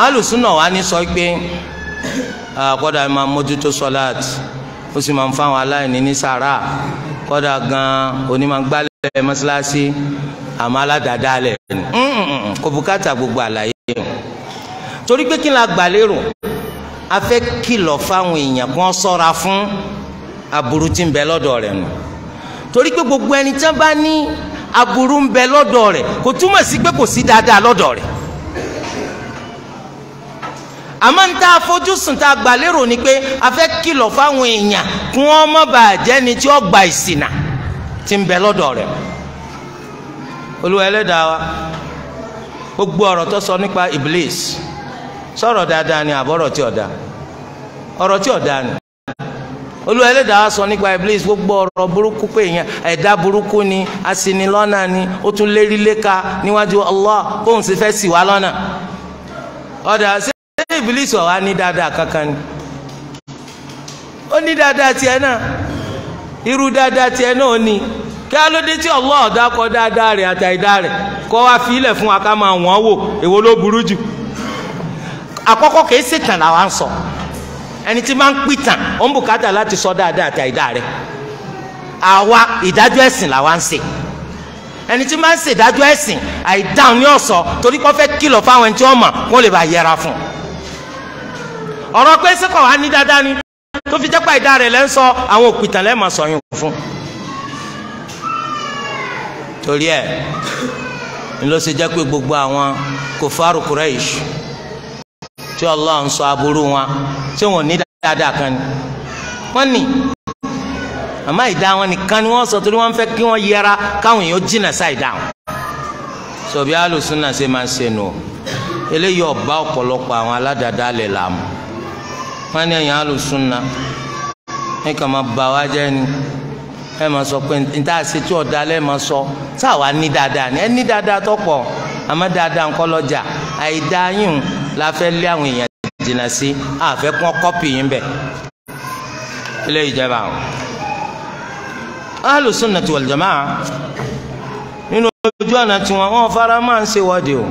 alùsùnà wa ní sọ pé àkọ́dà máa mójútó sọláàtì ó sì máa ń fáwọn aláìní ní sàrà kọ́dà gan-an onímọ̀gbálẹ̀ mọ́ṣáláṣí àmọ́ aládàáda alẹ̀ kò bùkátà gbogbo àlàyé o torí pé kí n la gbà lérò a fẹ́ kìlọ̀ fáwọn èèyàn kan ṣọ́ra fún aburú tí ń bẹ lọ́dọ̀ rẹ̀ nù torí pé gbogbo ẹni tí wọ́n bá ní aburú ń bẹ lọ́dọ̀ rẹ̀ kò túmọ̀ sí pé kò sí dáadáa lọ́dọ̀ rẹ̀ àmọ́ ní tá a fojúsùn tá a gbà lérò ni pé a fẹ́ kìlọ̀ fáwọn èèyàn kí wọ́n má bàa tí ó gba ìṣìnà tí ń bẹ lọ́dọ̀ rẹ̀ Olúwa ẹlẹ́dàá wa gbogbo ọ̀rọ̀ tó sọ nípa Iblis. sọ̀rọ̀ dada ni àbọ̀rọ̀ tí ọ̀dà ọ̀rọ̀ tí ọ̀dà ni olúwa ẹlẹ́dàá sọ nípa iblis gbogbo ọ̀rọ̀ burúkú pé èèyàn ẹ̀dá burúkú ni aṣinilọ́nà ni ó tún lérí léka níwájú Allah bóun sì fẹ́ ṣì wá lọ́nà ọ̀dà sí iblis ọ̀wá ní dada kankan ni ó ní dáadáa tiẹ̀ náà irú dáadáa tiẹ̀ náà ó kí á tí ọ̀dà kọ dáadáa rẹ̀ àtàìdá rẹ̀ kọ́ wá fi ilẹ̀ fún wa ká máa wọ́n wò èwo ló burú jù. àkọ́kọ́ kìí ṣe tàn làwọn sọ ẹni tí máa ń pìtàn ó ń bùkátà láti sọ dáadáa àti àìdá rẹ̀ àwa ìdájọ́ ẹ̀sìn làwọn ń ṣe ẹni tí máa ń ṣèdájọ́ ẹ̀sìn àìdáhùn ní ọ̀sọ̀ torí kó fẹ́ kìlọ̀ fáwọn ẹni tí wọ́n mọ̀ kó lè bá yẹra fún un. ọ̀rọ̀ pé sẹ́kọ̀ wá ní dáadáa ni tó fi jẹ́pà ìdá rẹ̀ lẹ́ ń sọ àwọn òpìtàn lẹ́ẹ̀ máa fún. torí ẹ̀ ń lọ sí jẹ́ pé gbogbo àwọn kò fárú tí Allah ń sọ aburú wọn tí wọn ò ní dáadáa kan ni wọn ní àmọ́ ìdá wọn nìkan ni wọ́n sọ torí wọ́n fẹ́ kí wọ́n yẹra káwọn èèyàn jìnnà sáì dáhùn. sọ̀bí alùsùnà ṣe máa ń ṣe nù eléyìí ọba ọ̀pọ̀lọpọ̀ àwọn aládàáda lè là mú wọ́n ní ẹ̀yìn alùsùnà ẹ̀ kàn máa bà wá jẹ́ ni ẹ̀ máa sọ pé níta ṣe tí ọ̀dà lẹ́ máa sọ sáà wá ní dáadáa ni ẹ̀ ní dáadáa tó àmọ́ dáadáa ńkọ́ lọ́jà àìdáyìn la fẹ́ lé àwọn èèyàn jìnnà sí àfẹ́ kún kọ́pì yín bẹ̀ ilé ìjẹba o ahlu sunnati wal jamaa nínú ojú ọ̀nà tiwọn wọn fara máa ń ṣèwádìí o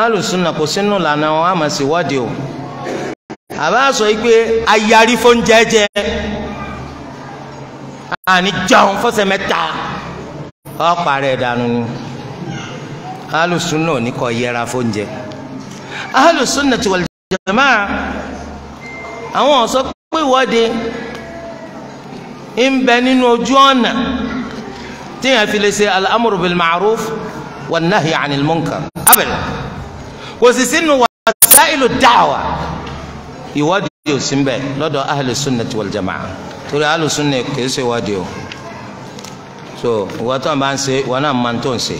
ahlu sunna kò sínú lànà wọn àmọ́ ṣèwádìí o àbá sọ yìí pé ayarí fún jẹ́jẹ́ àní jẹun fọ́sẹ̀ mẹ́ta ọ̀pá rẹ̀ dànù ni ahlu sunna ní kọ́ yẹra fún jẹ́ ahlu sunnati wal jamaa àwọn sọ pé ìwọ́de ń bẹ nínú ojú ọ̀nà téèyàn fi lè ṣe al-amru bil ma'ruf wan nahy 'anil munkar abẹ́rẹ́ kò sì sínú wasailu da'wa ìwọ́de ò sí mbẹ lọ́dọ̀ ahlu sunnati wal jamaa torí ahlu sunnati kìí ṣe ìwọ́de o so ìwọ́tọ̀ bá ń ṣe ìwọ́ náà máa ń tó ń ṣe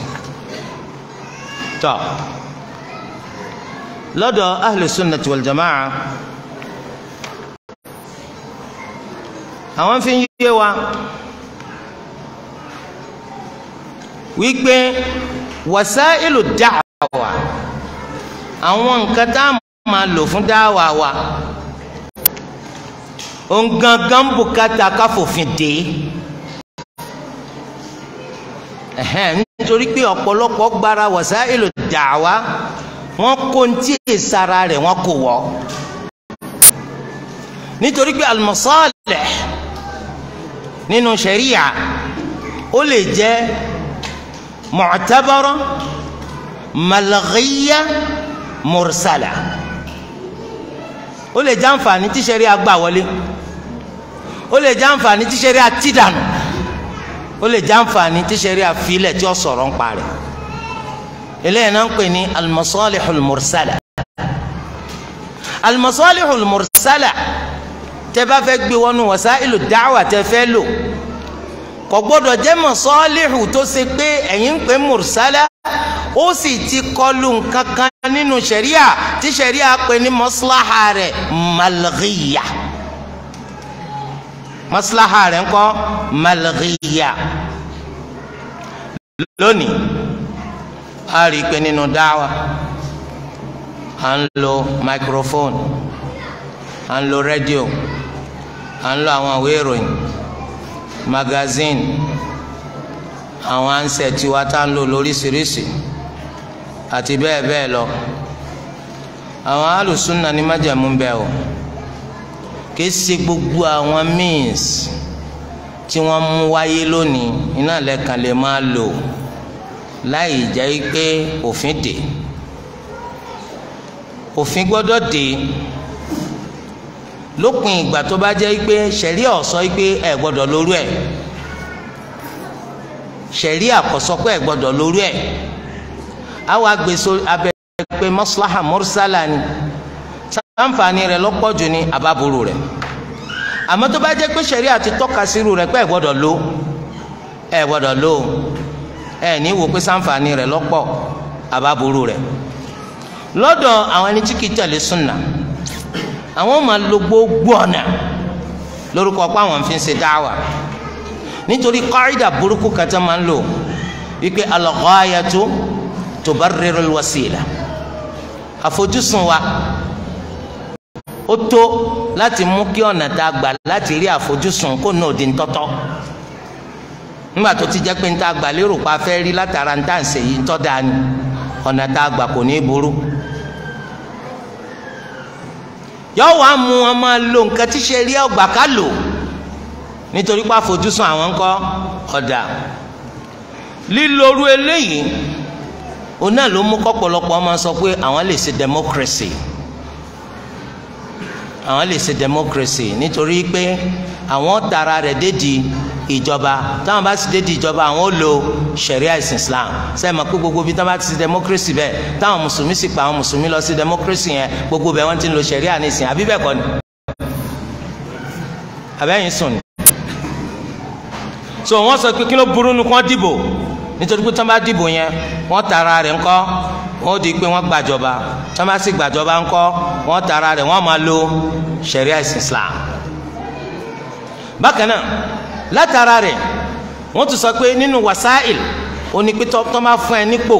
tọ́ lọ́dọ̀ ahlu sunnati wal jama'a àwọn fi ń yé wa wípé wasailu da'wa àwọn nǹkan tá a máa lò fún da'wa wa ongangan bùkátà káfòfin dé nítorí pé ọ̀pọ̀lọpọ̀ gbára wasailu da'wa wọ́n kó ntí ìsara rẹ̀ wọ́n kò wọ́ nítorí pé al-masalih nínú ṣẹ̀ríyà ó lè jẹ́ mu'tabara malaghiya mursala ó lè jẹ́ àǹfààní tí ṣẹ̀ríyà ó lè jẹ́ àǹfààní tí ṣẹ̀ríyà ó lè jẹ́ àǹfààní tí ṣẹ̀ríyà tí ó sọ̀rọ̀ ń parẹ́ eléyìí náà ń pè ní almasalihul mursala almasalihul mursala tẹ́ bá fẹ́ gbé wọnú wasailu da'wa tẹ́ fẹ́ lò kò gbọ́dọ̀ jẹ́ masalihu tó ṣe pé ẹ̀yin ń pè mursala ó sì ti kọlu nǹkan nínú ṣẹ̀ríà tí ṣẹ̀ríà pè ní maslaha rẹ̀ malghiya maslaha rẹ̀ ńkọ́ malghiya lónìí a rí i pé nínú dáwà à ń lo microphone à ń lo rédíò à ń lo àwọn ìwé ìròyìn magazine àwọn ansẹ̀ tiwa tá ń lò lóríṣiríṣi àti bẹ́ẹ̀ bẹ́ẹ̀ lọ àwọn alùsùnà ní májàmú bẹ́ẹ̀ o kì í ṣe gbogbo àwọn means tí wọ́n mú wáyé lónìí iná lẹ́ka lè máa lò. Lo láì jẹ́ pé òfin dè òfin gbọ́dọ̀ dè lópin ìgbà tó bá jẹ́ pé ṣẹ̀ríà ò sọ pé ẹ gbọ́dọ̀ lóru ẹ̀ ṣẹ̀ríà kò pé ẹ gbọ́dọ̀ lóru ẹ̀ àwọn agbèso abẹ pé maslaha mursala ni sáǹfààní rẹ̀ lọ́pọ̀jù ni àbábúrú rẹ̀ àmọ́ tó bá jẹ́ pé ṣẹ̀ríà ti tọ́ka sírú rẹ̀ pé ẹ gbọ́dọ̀ lò ẹ gbọ́dọ̀ lò ó ẹ ní wò pé sáǹfààní rẹ̀ lọ́pọ̀ àbábòrò rẹ̀ lọ́dọ̀ àwọn ẹni tí kì í tẹ̀lé súnà àwọn máa lo gbogbo ọ̀nà lórúkọ pé àwọn fi ń ṣe dáwà nítorí kọ́ìdà burúkú kan tó máa ń lò wípé al-ghayatu tubarriru al-wasila àfojúsùn wa ó tó láti mú kí ọ̀nà tá a gbà láti rí àfojúsùn kó náà di ń tọ́tọ́ nígbà tó ti jẹ́ pé ń ta gbà lérò pa fẹ́ rí látara ń tà ń sè yí tọ́ da ni ọ̀nà tá a gbà kò ní í burú. yọ wá mu wọn máa lo nǹkan tí ṣe rí ọgbà ká lò nítorí pé àfojúsùn àwọn ńkọ ọ̀dà lílorú eléyìí òun náà ló mú kọ́pọ̀lọpọ̀ máa sọ pé àwọn lè ṣe democracy àwọn lè ṣe democracy nítorí pé àwọn tara rẹ̀ dédìí ìjọba táwọn bá sì dédì ìjọba àwọn ò lo sharia ẹ̀sìn islam sẹ́yìn máa pé gbogbo bí táwọn bá ti ṣe democracy bẹ́ẹ̀ táwọn mùsùlùmí sì pa àwọn mùsùlùmí lọ sí democracy yẹn gbogbo bẹ́ẹ̀ wọ́n ti ń lo sharia nísìnyí àbí bẹ́ẹ̀ kọ́ ni àbẹ́yìn sùn ni so wọ́n sọ pé kí ló burú nu kán dìbò nítorí pé tán bá dìbò yẹn wọ́n tara rẹ̀ ńkọ́ wọ́n di pé wọ́n gbàjọba tán bá sì gbàjọba ńkọ́ wọ́n tara rẹ̀ wọ́n máa lo sharia islam bákan náà látara rẹ̀ wọ́n tún sọ pé nínú wasail onípítọ́ tó máa fún ẹ nípò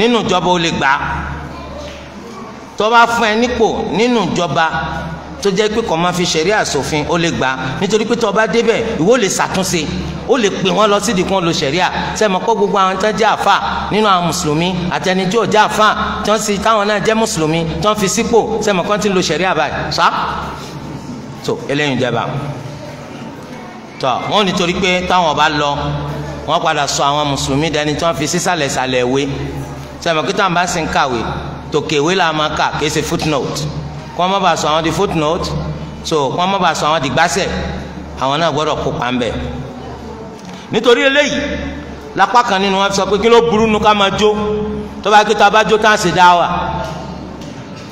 nínú ìjọba ó lè gbà á tó bá fún ẹ nípò nínú ìjọba tó jẹ́ pé kò máa fi ṣẹ̀rí àsòfin ó lè gbà nítorí pé tó bá débẹ̀ ìwọ lè ṣàtúnṣe ó lè pè wọ́n lọ sídìí kan lo ṣẹ̀ríà sẹ́mi kọ́ gbogbo àwọn tó jẹ́ àfà nínú àwọn mùsùlùmí àtẹni tí ò jẹ́ àfà tó ń si táwọn náà jẹ́ mùsùlùmí tó ń fi sípò sẹ́mi kọ́ ti lo ṣẹ̀ríà báyìí sá so eléyìí jẹba tọ wọn nítorí pé táwọn bá lọ wọn padà sọ àwọn mùsùlùmí dání tí wọn fi sísàlẹ̀ sàlẹ̀ wé sẹ́mi kí táwọn bá sì ń kàwé tòkèwé la máa kà kì í ṣe footnote kí wọ́n má bàa sọ àwọn di footnote so kí wọ́n má bàa sọ àwọn di gbásẹ̀ àwọn náà gbọ́dọ̀ kópa ń bẹ̀. nítorí eléyìí lápá kan nínú wọn sọ pé kí ló burú nu ká máa jó tó bá kí tá a bá jó tá a sì dá wà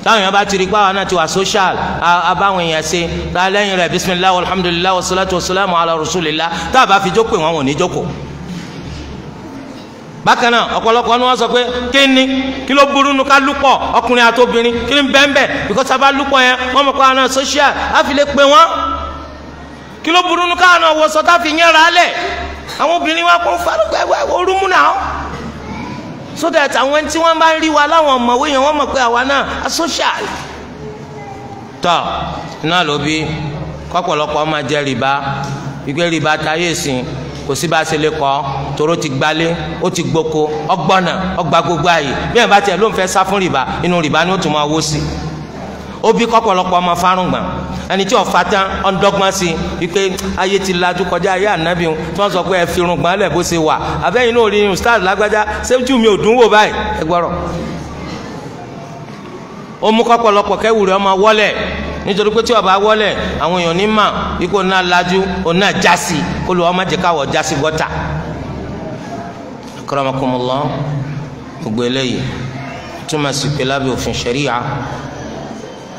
táwọn èèyàn bá ti rí i àwọn náà ti social abáwọn èèyàn ṣe ta a lẹ́yìn rẹ̀ bisimilahi alhamdulilayi wasalaatu wasalaamu ala rasulillah tá a bá fi jókòó wọn ò ní jókòó bákan náà ọ̀pọ̀lọpọ̀ ni wọ́n sọ pé kí ni kí ló burú nu ká lúpọ̀ ọkùnrin àti obìnrin kí ni bẹ́ẹ̀nbẹ́ because àbá lúpọ̀ yẹn wọ́n mọ̀ pé àwọn social á fi lè pè wọ́n kí ló burú nu káwọn náà wọ sọ tá a fi yẹn ra lẹ̀ àwọn obìnrin wa kún fárúgbẹ́ so that àwọn tí wọ́n bá ń rí wa láwọn ọ̀mọ̀wé yẹn wọ́n mọ̀ pé àwa náà a social. tọ́ iná ló bí kọ́pọ̀lọpọ̀ máa jẹ rìbá ìgbé rìbá táyé sìn kò sí bá a ṣe lè kọ́ toró ti gbalé ó ti gboko ọgbọ́nà ọgbà gbogbo ààyè bí ẹ̀ bá tiẹ̀ ló ń fẹ́ sá fún rìbá inú rìbá ni ó tún máa wó sí i ó bí kọ́pọ̀lọpọ̀ ọmọ fárùngbà ẹni tí ọ̀fà tán ọ̀ndọ́gbọ́n sí wípé ayé ti lajú kọjá ayé ànábì ń tí wọ́n sọ pé ẹ fi irùngbọ̀n lẹ̀ bó ṣe wà abẹ́yìn náà rí ustaz lágbájá sẹ́jú mi ò dùn wò báyìí ẹ gbọ́rọ̀ ó mú kọ́pọ̀lọpọ̀ kẹ́wùrẹ́ ọmọ wọ́lẹ̀ nítorí pé tí ọba wọ́lẹ̀ àwọn èèyàn ní mà wípé òun náà lajú òun náà jásí kó lu ọmọ jẹ́káwọ̀ jásí gọ́tà akramakumullah gbogbo eléyìí túmọ̀ sí pé lábẹ́ òfin ṣẹ̀ríyà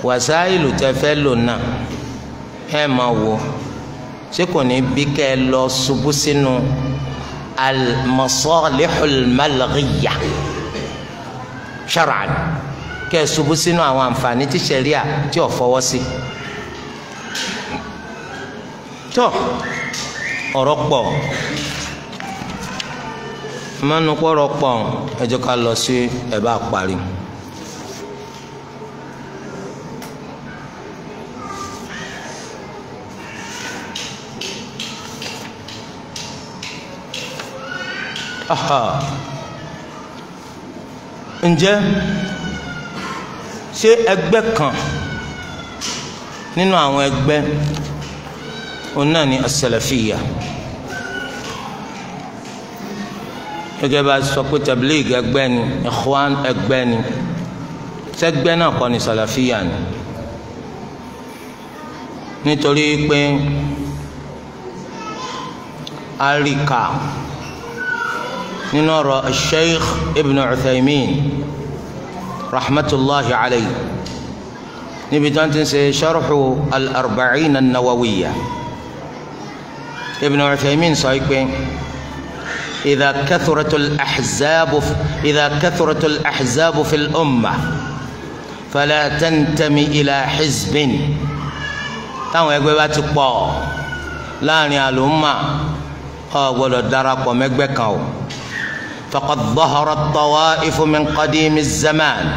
wàsáìlù tẹ fẹ́ lò náà ẹ máa wò ṣé kò ní bí kẹ́ ẹ lọ ṣubú sínú al-masalihul shar'an kẹ́ ẹ ṣubú sínú àwọn àǹfààní tí ṣẹ̀ríà tí ò fọwọ́ sí. tó ọ̀rọ̀ pọ̀ mọ́nukọ́rọ̀ pọ̀ ẹ jẹ́ ká lọ sí ẹ̀ bá parí. ǹjẹ́ ṣé ẹgbẹ́ kan nínú àwọn ẹgbẹ́ òun náà ni asalafiya gẹ́gẹ́ bá a sọ pé tabligh ẹgbẹ́ ni ikhwan ẹgbẹ́ ni sẹ́gbẹ́ náà kọ́ ni salafiya ni nítorí pé àríkà. نرى الشيخ ابن عثيمين رحمة الله عليه نبي تنسي شرح الأربعين النووية ابن عثيمين سايكوين إذا كثرت الأحزاب إذا كثرت الأحزاب في الأمة فلا تنتمي إلى حزب تاو يقوي باتي لا نيال أمة قو ولو دارا فقد ظهرت طوائف من قديم الزمان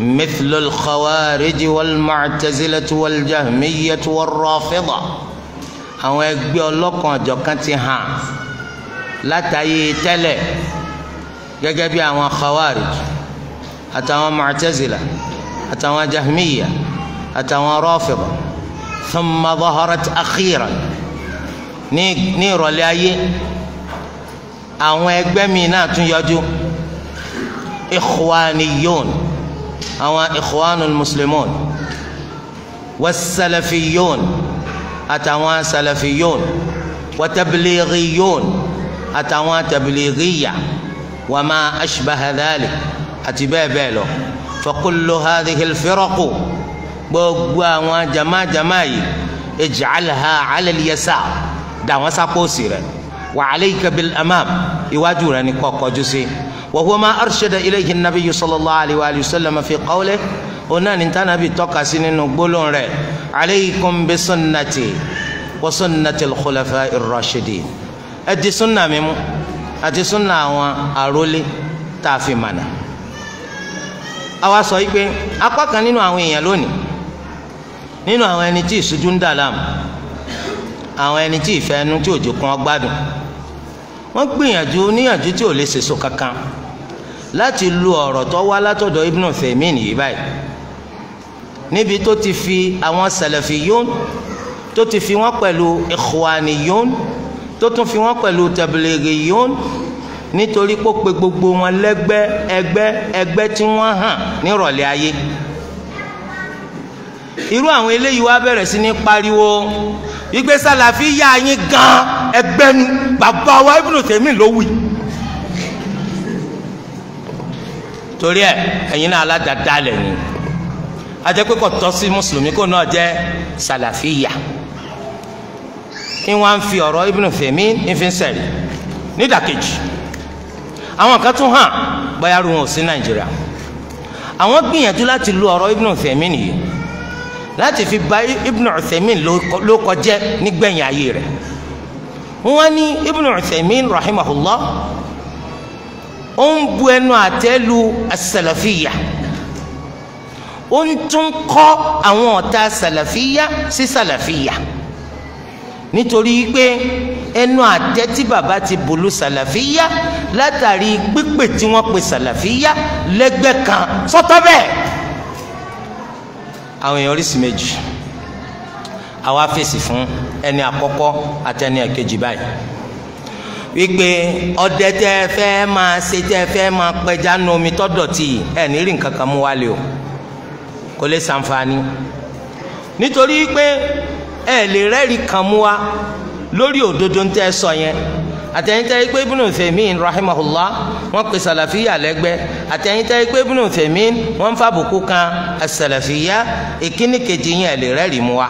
مثل الخوارج والمعتزلة والجهمية والرافضة هو يقول لك جوكتها لا تيتلي يجب أن خوارج حتى معتزلة حتى جهمية حتى رافضة ثم ظهرت أخيرا نيرو لأيه àwọn ẹgbẹ́ mi náà tún yọjú ikhwaniyun àwọn ikhwanul muslimun wasalafiyun àtàwọn salafiyun watabligiyun àtàwọn tabligiya wàmà ashbaha dhalik àti bẹ́ẹ̀ bẹ́ẹ̀ lọ fakulu hadi alfiraqu gbogbo àwọn jamajama yìí ij'alha ala alyasar dàwọn sápòsì rẹ̀. wa alayka bil amam iwájú rẹ ni kó kọjú sí wa huwa ma arshada ilayhi nabiyyu sallallahu alayhi wa alihi wa sallam fi qawlihi ona ni ta nabi tọ́ka sí nínú gbólóhùn rẹ̀ aleikum bi sunnati wa sunnati lukulafa irashidi ẹ di sunna mi mu àti sunna àwọn àrólé tá a fi sọ yìí pé apá kan nínú àwọn èèyàn lónìí ẹni tí ìṣújú ń dà ẹni tí ìfẹ́ ẹnu tí òjò wọ́n gbìyànjú níyànjú tí ò lè sèso kankan láti lu ọ̀rọ̀ tó wá látọ̀dọ̀ Ibn Uthaymeen yìí báyìí níbi tó ti fi àwọn Salafiyun tó ti fi wọ́n pẹ̀lú Ikhwaniyun tó tún fi wọ́n pẹ̀lú Tabligiyun nítorí pé ó pe gbogbo wọn lẹ́gbẹ́ ẹgbẹ́ ẹgbẹ́ tí wọ́n hàn nírọ̀lẹ́ ayé irú àwọn eléyìí wá bẹ̀rẹ̀ sí ní pariwo ìgbé sàlàfíà yín gan ẹgbẹ́nu bàbá wa ibùdó tèmi ló wì. torí ẹ ẹ̀yin náà aládàáda lẹ́yìn ajẹ́pẹ́ kò tọ́ sí mùsùlùmí kó náà jẹ́ sàlàfíà kí wọ́n á fi ọ̀rọ̀ ibùdó tèmi ìfínsẹ̀rì nídàkejì àwọn kan tún hàn báyà ru wọn ò sí nàìjíríà àwọn gbìyànjú láti lu ọ̀rọ̀ ibùdó tèmi nìyí láti fi bà Ibn Uthaymin ló kọjẹ́ nígbẹ̀yìn ayé rẹ̀ wọ́n ní Ibn Uthaymin rahimahullah ó ń bu ẹnu àtẹ́ lu as-salafiyya ó ń tún kọ́ àwọn ọ̀tá salafiyya sí salafiyya nítorí pé ẹnu àtẹ́ tí bàbá ti bùlù salafiyya látàrí pípè tí wọ́n pe salafiyya lẹ́gbẹ́ kan sọ́tọ̀ bẹ́ẹ̀ àwọn èèyàn oríṣi méjì àwa fèsì fún ẹni àkọ́kọ́ àti ẹni ẹ̀kejì báyìí wípé ọdẹ tẹ fẹ́ máa ṣe tẹ fẹ́ máa pẹja nu omi tọ́dọ̀ tì ẹ̀ ní rí nǹkan kan mú wálé o kò lè ṣàǹfààní nítorí pé ẹ lè rẹ́rìí kan mú wa lórí òdodo ń tẹ́ sọ yẹn àtẹ̀yìntẹ́ ikpe Ibn Uthaymeen rahimahullah wọ́n pe sàlàfíyà lẹ́gbẹ́ àtẹ̀yìntẹ́ ikpe Ibn Uthaymeen wọ́n fa àbùkù kan àsàlàfíyà ìkíní kejì yẹn lè rẹ́rìí mu wa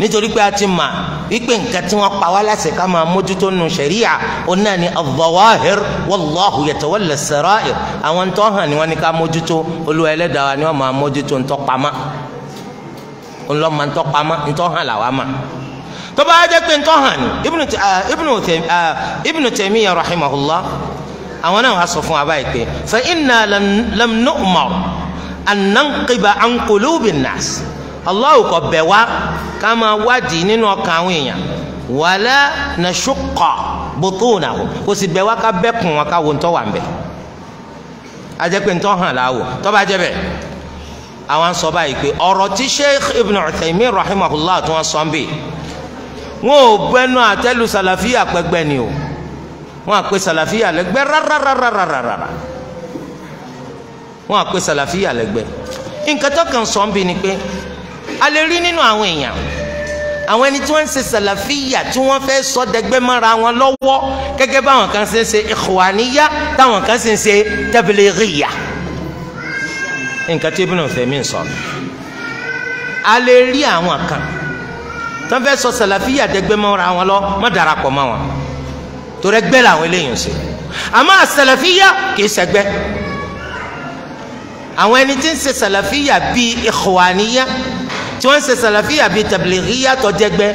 nítorí pé a ti mà wípé nǹkan tí wọ́n pa wá láṣẹ ká máa mójútó nu sẹ̀ríà òun náà ni al-zawahir wallahu yatawalla as-sarair àwọn ń tọ́ hàn ni wọ́n ní ká mójútó Olúwa ẹlẹ́dàá tó bá jẹ́ pé ntọ́ hàn Ibnu ah, ah, Taymiyyah rahimahullah àwọn náà wà sọ fún wa báyìí pé fa inna lam nu'mar an nanqiba an qulubin nas Allahu kò bẹ̀ wá ká máa wádìí nínú ọkàn àwọn èèyàn wàlá nashuqqa butunahum kò sì bẹ̀ wá ká bẹ́kùn wọn ká wo ntọ́ wà ń bẹ̀ ajẹ́pẹ́ ntọ́ hàn láwò tó bá jẹ́ àwọn sọ báyìí pé ọ̀rọ̀ tí Sheikh Ibn Uthaymin rahimahullah tó wọn sọ ń bẹ́ẹ̀ wọn ò bẹnu àtẹ́lu sàlàfíà pẹ́gbẹ́ ni o wọn àpè sàlàfíà lẹ́gbẹ́ rárárárárárá wọn àpè sàlàfíà lẹ́gbẹ́ nǹkan tó kàn sọ ń bi ni pé a lè rí nínú àwọn èèyàn àwọn ẹni tí wọ́n ń ṣe sàlàfíà tí wọ́n fẹ́ sọ dẹgbẹ́ mọ́ra wọn lọ́wọ́ gẹ́gẹ́ báwọn kan ṣe ń ṣe ikhwaniyya táwọn kan ṣe ń ṣe tablighiyya nǹkan tí Ibn Uthaymeen sọ a lè rí àwọn kan tó fẹ́ sọ sàlàfíà dẹgbẹ́ mọ́ra wọn lọ má darapọ̀ mọ́ wọn torí ẹgbẹ́ làwọn eléyìí ṣe àmọ́ sàlàfíà kìí ṣẹgbẹ́ àwọn ẹni tí ń ṣe sàlàfíà bíi ikhwaniyya tí wọ́n ń ṣe sàlàfíà bíi tablighiya tó jẹgbẹ́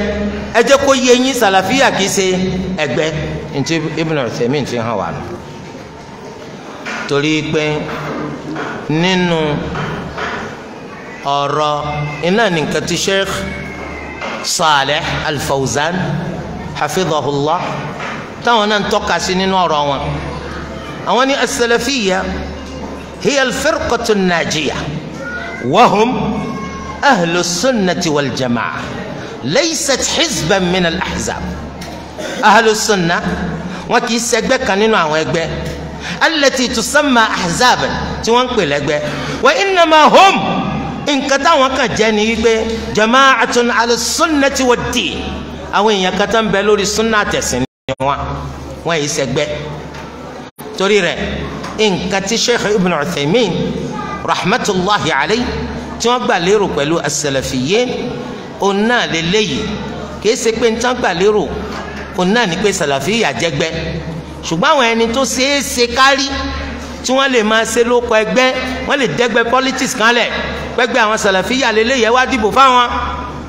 ẹ jẹ́ kó yé yín sàlàfíà kìí ṣe ẹgbẹ́ ntí Ibn Uthaymin ti hàn wà lọ torí pé nínú ọ̀rọ̀ iná nìkan ti Sheikh. صالح الفوزان حفظه الله تونا نتوقع سنين ورا أواني السلفية هي الفرقة الناجية وهم أهل السنة والجماعة ليست حزبا من الأحزاب أهل السنة وكي سيكبك نينو التي تسمى أحزابا وإنما هم nǹkan táwọn kan jẹ́ ni wípé jama'atun ala sunnati wa din àwọn èèyàn kan tó ń bẹ lórí sunna àtẹ̀sìn ni wọn wọn yìí ṣẹgbẹ́ torí rẹ̀ nǹkan tí sheikh ibn Uthaymin rahmatulahi alayhi tí wọ́n gbà lérò pẹ̀lú as-salafiyyin òun náà lélẹ́yìí kìí ṣe pé nǹkan gbà lérò òun ni pé salafiyya jẹ́gbẹ́ ṣùgbọ́n àwọn ẹni tó ṣeé ṣe kárí tí wọ́n lè máa ṣe lóko ẹgbẹ́ wọ́n lè dẹ́gbẹ́ politics kan lẹ̀ pẹ́gbẹ́ àwọn sàlàfíà lélẹ́yẹ wá dìbò fáwọn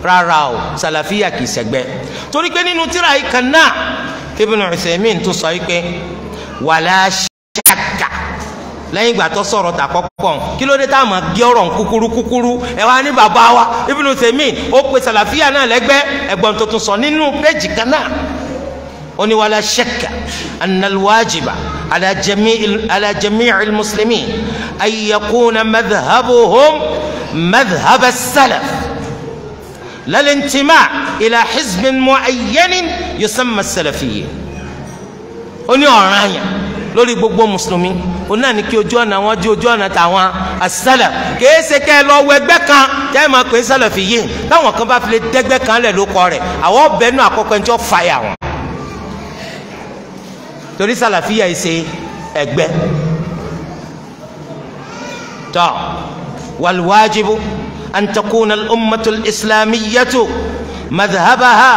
rárá o sàlàfíà kì í ṣẹgbẹ́ torí pé nínú tíra yìí kan náà Ibn Uthaymeen tún sọ wípé wàlá ṣáàkà lẹ́yìn ìgbà tó sọ̀rọ̀ tà kọ́kọ́ kí ló dé tá a máa gé ọ̀rọ̀ kúkúrú kúkúrú ẹ wá ní bàbá wa Ibn Uthaymeen ó pe sàlàfíà náà lẹ́gbẹ́ ẹ̀gbọ́n tuntun sọ nínú péjì kan náà ó ní wàlá ṣáàkà annal على جميع على جميع المسلمين ان يكون مذهبهم مذهب السلف لا الانتماء الى حزب معين يسمى السلفيه اونيورايا لولي غوغو مسلمين اونا ني كي اوجو انا وان جوجو انا تاوان السلف كيسه كان لو وغبه كان تي ما كو سلفيه تاوان كان با فلي دغبه كان له لوكو ري اوا بينو اكوكو انجو فاير torí sàlàfíà yìí ṣe ẹgbẹ́ tọ́ wàlúwájibu antakuna ummatu islamiyatu madhabaha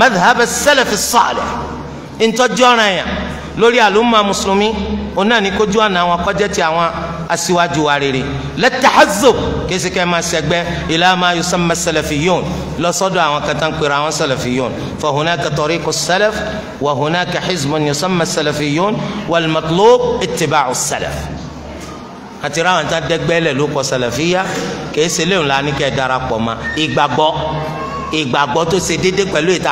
madhaba salafi salih ntọ́jọ́ra yẹn. lórí àlùmọ́ mùsùlùmí òun náà ní kójú àná àwọn kọjá ti àwọn aṣíwájú wa rere lẹ́tàhazub kéṣìkẹ́ máa ṣẹgbẹ́ ila ma yusamma salafiyun lọ́sọ́dọ̀ àwọn kẹta ń pèrè àwọn salafiyun fa hunaka tariqu salaf wa hunaka hizbun yusamma salafiyun wal matlub ittiba'u salaf àti ráwọn tá dẹgbẹ́lẹ̀ ló kọ salafiya kéṣe léwọn la ní darapọ̀ ma ìgbàgbọ́ ìgbàgbọ́ tó ṣe déédéé pẹ̀lú ìta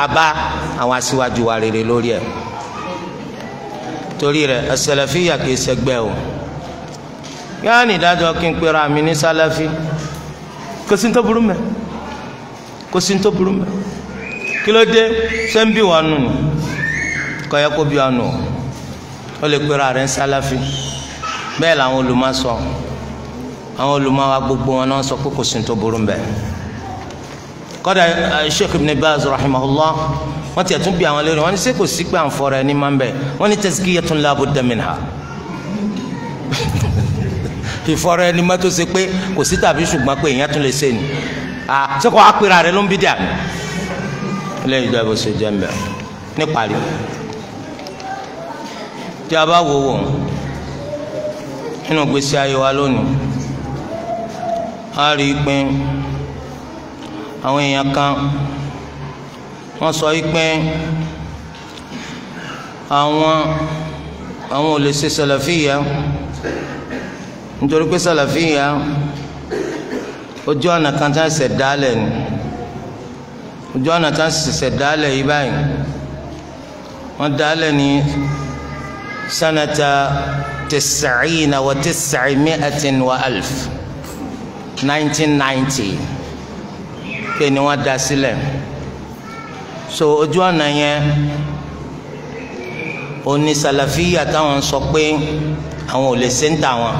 àwọn aṣíwájú wa lórí ẹ̀ torí rẹ̀ as-salafiyya kì í ṣẹgbẹ́ o yáà ní ìdájọ́ kí n pera mi ní salafi kò sí ní tó burú mẹ́ kò sí ní tó burú mẹ́ kí ló dé ṣé ń bí wọn nù ní kò yẹ kó bí wọn nù ó lè pera rẹ̀ ń salafi bẹ́ẹ̀ làwọn olùmọ̀ sọ àwọn olùmọ̀ wa gbogbo wọn náà sọ pé kò sí ní tó burú mẹ́ kódà eh, Sheikh Ibn Baz rahimahullah wọ́n ti ẹ̀tún bí àwọn lérò wọ́n ní ṣé kò sí pé à ẹni máa ń bẹ̀ wọ́n ní tazkiyatun la budda minha ìfọra ẹni máa tó ṣe pé kò sí tàbí ṣùgbọ́n pé èèyàn tún lè ṣe ni à ṣé kò ápèrà rẹ ló ń bí dà lẹ́yìn ìjọba ṣe jẹ́ mbẹ́ níparí tí a bá wò wò nínú gbèsè ayé wa lónìí a rí i pé àwọn èèyàn kan wọ́n sọ pé àwọn àwọn ò lè ṣe sàlàfíà nítorí pé sàlàfíà ojú ọ̀nà kan tá ṣẹ̀ dálẹ̀ ni ojú ọ̀nà tá ṣẹ̀ dálẹ̀ yìí báyìí wọ́n dálẹ̀ ni sanata tisacina wa tisacimiatin wa alf nineteen ninety pé ni wọ́n dá sílẹ̀. Si so ojú ọ̀nà yẹn òní sàlàfíà táwọn sọ pé àwọn ò lè ṣe ń tà wọn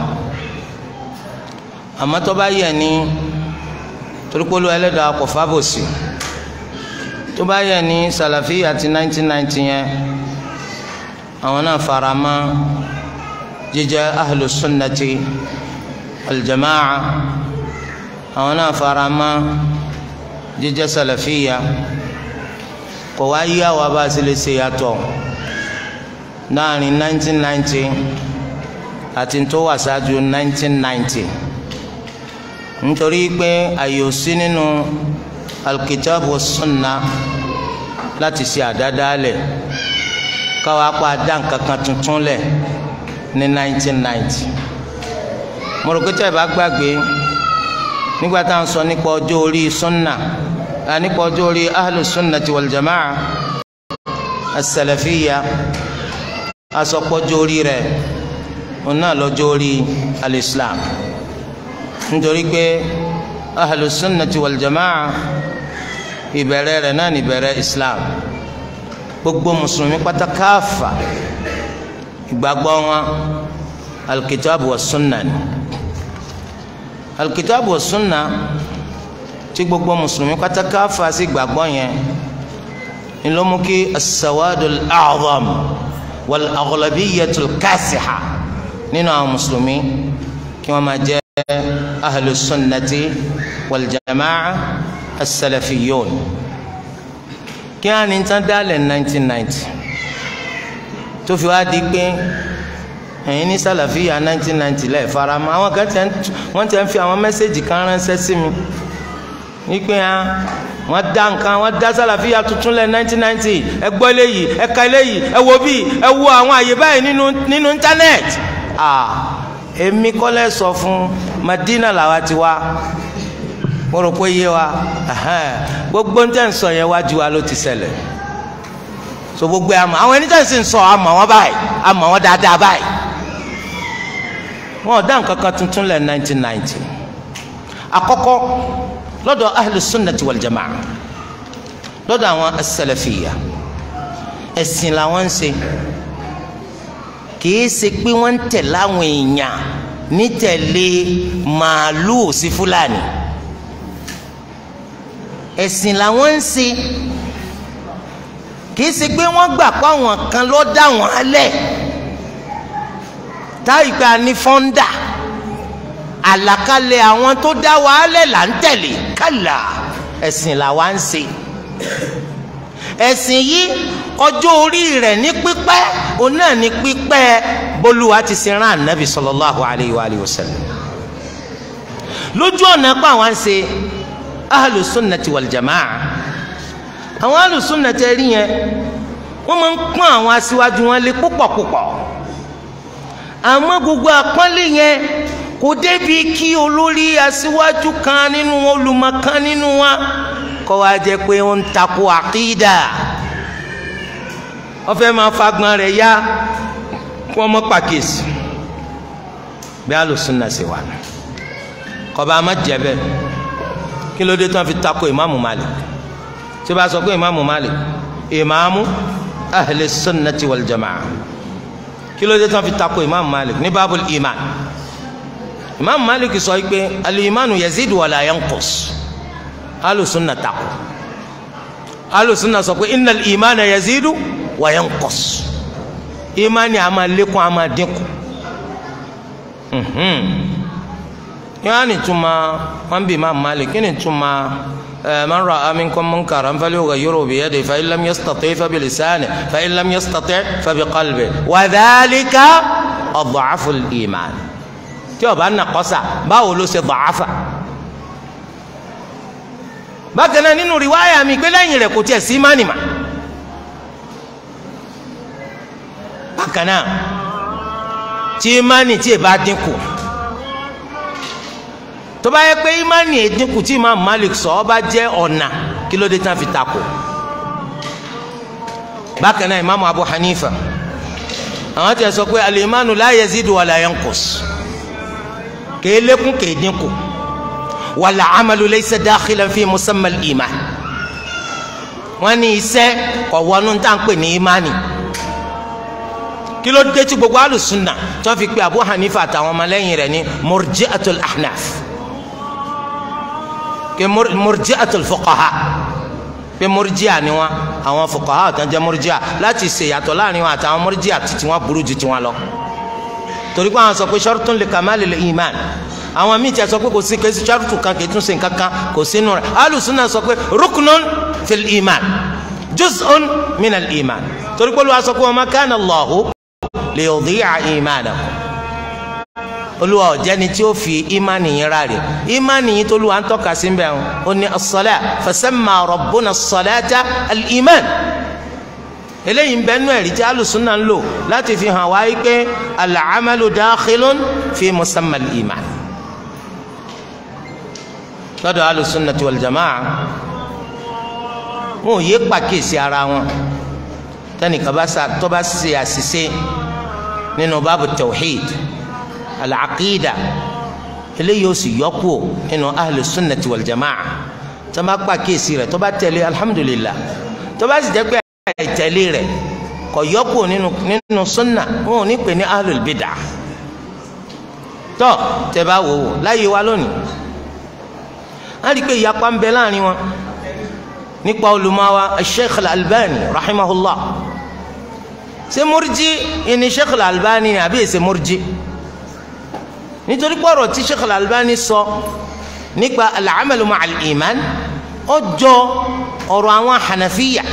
àmọ́ tó bá yẹ ni torípolú ẹlẹ́dàá kò fábòsì tó bá yẹ ni sàlàfíà ti 1990 yẹn àwọn náà fara mọ́ jíjẹ́ ahlu aljamaa àwọn náà fara mọ́ jíjẹ́ sàlàfíà. kò wá yí àwa bá a ṣe lè ṣe yàtọ̀ láàrin 1990 àti tó wà ṣáájú 1990 nítorí pé àyè ò sí nínú alkitabu sunna láti ṣe àdádálẹ̀ káwa pa dá tuntun lẹ̀ ní 1990 mo rò pé tẹ́ ẹ bá gbàgbé nígbà tá sọ nípa ọjọ́ orí sunna. nípa ọjọ́ orí ahlu sunnati wal jama'a as-salafiyya asọpọjọ orí rẹ̀ òun náà lọ́jọ́ orí al-islam nítorí pé ahlu sunnati wal jama'a ìbẹ̀rẹ̀ rẹ̀ náà níbẹ̀rẹ̀ islam gbogbo mùsùlùmí pátákáfà ìgbàgbọ́ wọn alkitabu wa sunna ni wa sunna tí gbogbo mùsùlùmí pátákà fà sí gbàgbọ́ yẹn ni ló mú kí as-sawadul a'zam wal aghlabiyyatul kasiha nínú àwọn mùsùlùmí kí wọ́n máa jẹ́ ahlus sunnati wal jama'a as-salafiyyun kí á ní tán dálẹ̀ 1990 tó fi wá di pé ẹ̀yin ní sàlàfíà 1990 lẹ́ẹ̀ faramọ́ àwọn kan tẹ̀ ń fi àwọn mẹ́sẹ̀gì kan ránṣẹ́ sí mi wípé hàn ah, wọ́n dá nǹkan wọ́n dá sálàfíà tuntun lẹ̀ 1990 ẹ gbọ́ eléyìí ẹ ka eléyìí ẹ wo bíi ẹ wo àwọn àyè báyìí nínú nínú íńtánẹ́ẹ̀tì ah èmi kọ́lẹ́ sọ fún Madina làwa ti wá mo rò pé yé wa gbogbo ń tẹ̀ ń sọ yẹn wájú wa ló ti ṣẹlẹ̀ so gbogbo ẹ àmọ́ àwọn ẹni tẹ̀ ń sì ń sọ àmọ́ wọn báyìí àmọ́ wọn dáadáa báyìí wọn ò dá nǹkan kan tuntun lẹ̀ 1990 àkọ́kọ́ lọ́dọ̀ ahlus sunnati wal jama'a lọ́dọ̀ àwọn as-salafiyya ẹ̀sìn làwọn ń ṣe kìí ṣe pé wọ́n ń tẹ̀ láwọn èèyàn nítẹ̀lé màálùú sí fúlàní ẹ̀sìn làwọn ń ṣe kìí ṣe pé wọ́n gbà pé àwọn kan ló dá wọn alẹ̀ táyì pé fọ́ńdà àlàkalẹ̀ àwọn tó dá wàhálẹ̀ là ń tẹ̀lé kálá ẹ̀sìn là wá ń ṣe ẹ̀sìn yìí ọjọ́ orí rẹ̀ ní pípẹ́ òun náà ní pípẹ́ bólúwa ti ṣe rán ànábì sallallahu alayhi wa alihi wa sallam lójú ọ̀nà pé àwọn ń ṣe ahlu sunnati wal jamaa àwọn ahlu sunnati rí yẹn wọ́n máa ń pọ́n àwọn aṣíwájú wọn lé púpọ̀ àmọ́ gbogbo àpọ́nlé yẹn kò débi kí olórí aṣíwájú kan nínú olùmọ̀ kan nínú wa kọ́ wa jẹ́ pé ó ń takò àkídà wọ́n fẹ́ máa fagbọn rẹ̀ yá kí wọ́n mọ́ pàkíyèsí bí alùsùnà sì wà nù kọba ama jẹ bẹ́ẹ̀ kí ló dé tí wọ́n fi takò ìmáàmù Malik tí wọ́n bá sọ pé ìmáàmù Malik ìmáàmù ahli sunnati wal jamaa kí ló dé tí wọ́n fi takò ìmáàmù Malik ní bábùl ìmáàmù. imam malik sọ pé pé alimanu yazid wala yanqus al-sunna alusunna tako sunna sọ pé innal imana yazidu wa yanqus imani a máa lékún ama dínkù mhm yani tuma wọn bí imam malik ni tuma من راى منكم منكرا فليغيره بيده فان لم يستطع فبلسانه فان لم يستطع فبقلبه وذلك اضعف الايمان tí ọba nàkọ́sà báwo ló ṣe dọ̀áfà bákan náà nínú riwaya mi pé lẹ́yìn rẹ̀ kò tiẹ̀ sí mánìmá bákan náà tí mánì tí ì bá dínkù tó bá yẹ pé ìmánì ìdínkù tí Imam Malik sọ ọ bá jẹ́ ọ̀nà kí ló dé tán fi takò bákan náà Imam Abu Hanifa àwọn tí sọ pé al-imanu la yazidu wa kèé lékún kèé dínkù wàlà amalu laysa dakhilan fi musamma al-iman wọ́n ní iṣẹ́ kò wọnú tá à ń pè ní imani kí ló dé tí gbogbo alùsùnà tó fi pe Abu Hanifa àtàwọn ọmọlẹ́yìn rẹ̀ ní murji'atul ahnaf ke murji'atul fuqaha pé murji'a ni wọn àwọn fuqaha tó ń jẹ́ murji'a láti ṣèyàtọ̀ láàrin wọn àtàwọn murji'a tí wọn burú ju tiwọn lọ torí pé àwọn sọ pé shartun li kamalil iman àwọn míì tí a sọ pé kò sí kò sí shartu kan kì í tún ṣe nǹkan kan kò sí nù rẹ̀ alùsùn náà sọ pé ruknun fil iman juz'un minal iman torí pé olùwà sọ pé wa ma kana Allahu li yudi'a imanakum olùwà ọ̀jẹ́ni tí ó fi ìmánì yín rárẹ̀ ìmánì yín tó lùwà ń tọ́ka sí bẹ́ẹ̀ ó ní as-salat fasamma rabbuna as-salata eléyìí ń bẹ nú ẹ̀rí tí alùsùnà ń lò láti fi hàn wáyé pé al-amalu dakhilun fi musamma al-iman lọ́dọ̀ alùsùnàtì wal jama'a wọn ò yé pàkíyèsí ara wọn tẹnìkan bá sa tó bá ṣe àṣìṣe nínú báàbù tawhid al-aqida eléyìí ó sì yọkù nínú alùsùnàtì wal jama'a tó bá pàkíyèsí rẹ̀ tó bá tẹ̀lé alhamdulillah tó bá sì jẹ́ pé ìtẹ̀lé rẹ̀ kò yọkù nínú nínú sunna wọn ò ní pè ní ahlul bidà tọ́ tẹ bá wò wò láyé wa lónìí a rí i pé ìyapa ń bẹ láàrin wọn nípa olùmọ̀wá sheikh al-albani rahimahullah ṣé murji ni sheikh al-albani ni àbí ṣe murji nítorí pé tí sheikh albani sọ nípa al-amalu iman ó ọ̀rọ̀ àwọn hanafiya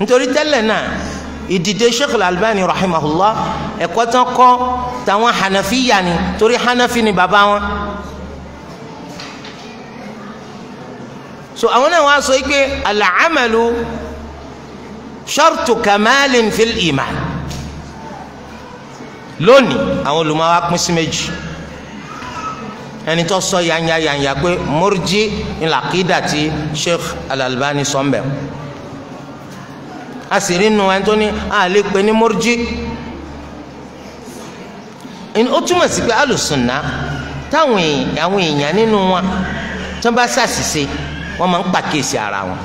nítorí tẹ́lẹ̀ náà ìdìde sheikh albani rahimahullah ẹ̀kọ́ tán kọ́ táwọn hanafiya ni torí hanafi ni bàbá wọn. so àwọn náà wàá sọ yìí pé alaamalu shartu kamalin fil iman lónìí àwọn olùmọ̀ wa pín sí méjì ẹni tó sọ yanya yanya pé murji ńlá kí dàtí sheikh alalbani sọmbẹ a sì rí nu ẹni tó ní a lè pè ní mọ́rjí ó túmọ̀ sí pé alùsùnà táwọn àwọn èèyàn nínú wọn tó bá ṣàṣìṣe wọn máa ń pàkíyèsí ara wọn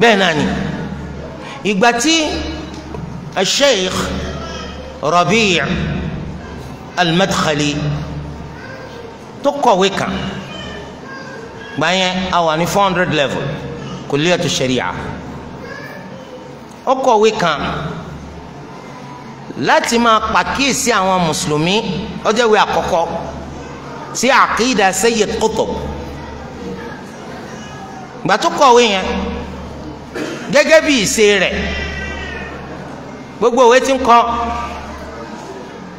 bẹ́ẹ̀ náà ni ìgbà tí sheikh Rabi' al tó kọ̀wé kan gbàyẹn a ní four hundred level kulliyatu sharia ó kọ̀wé kan láti máa pàkíyèsí àwọn mùsùlùmí ó jẹ́ ìwé àkọ́kọ́ sí àkídà Sayyid Qutb gbà tó kọ̀wé yẹn gẹ́gẹ́ bí ìṣe rẹ̀ gbogbo òwe ti ń kọ́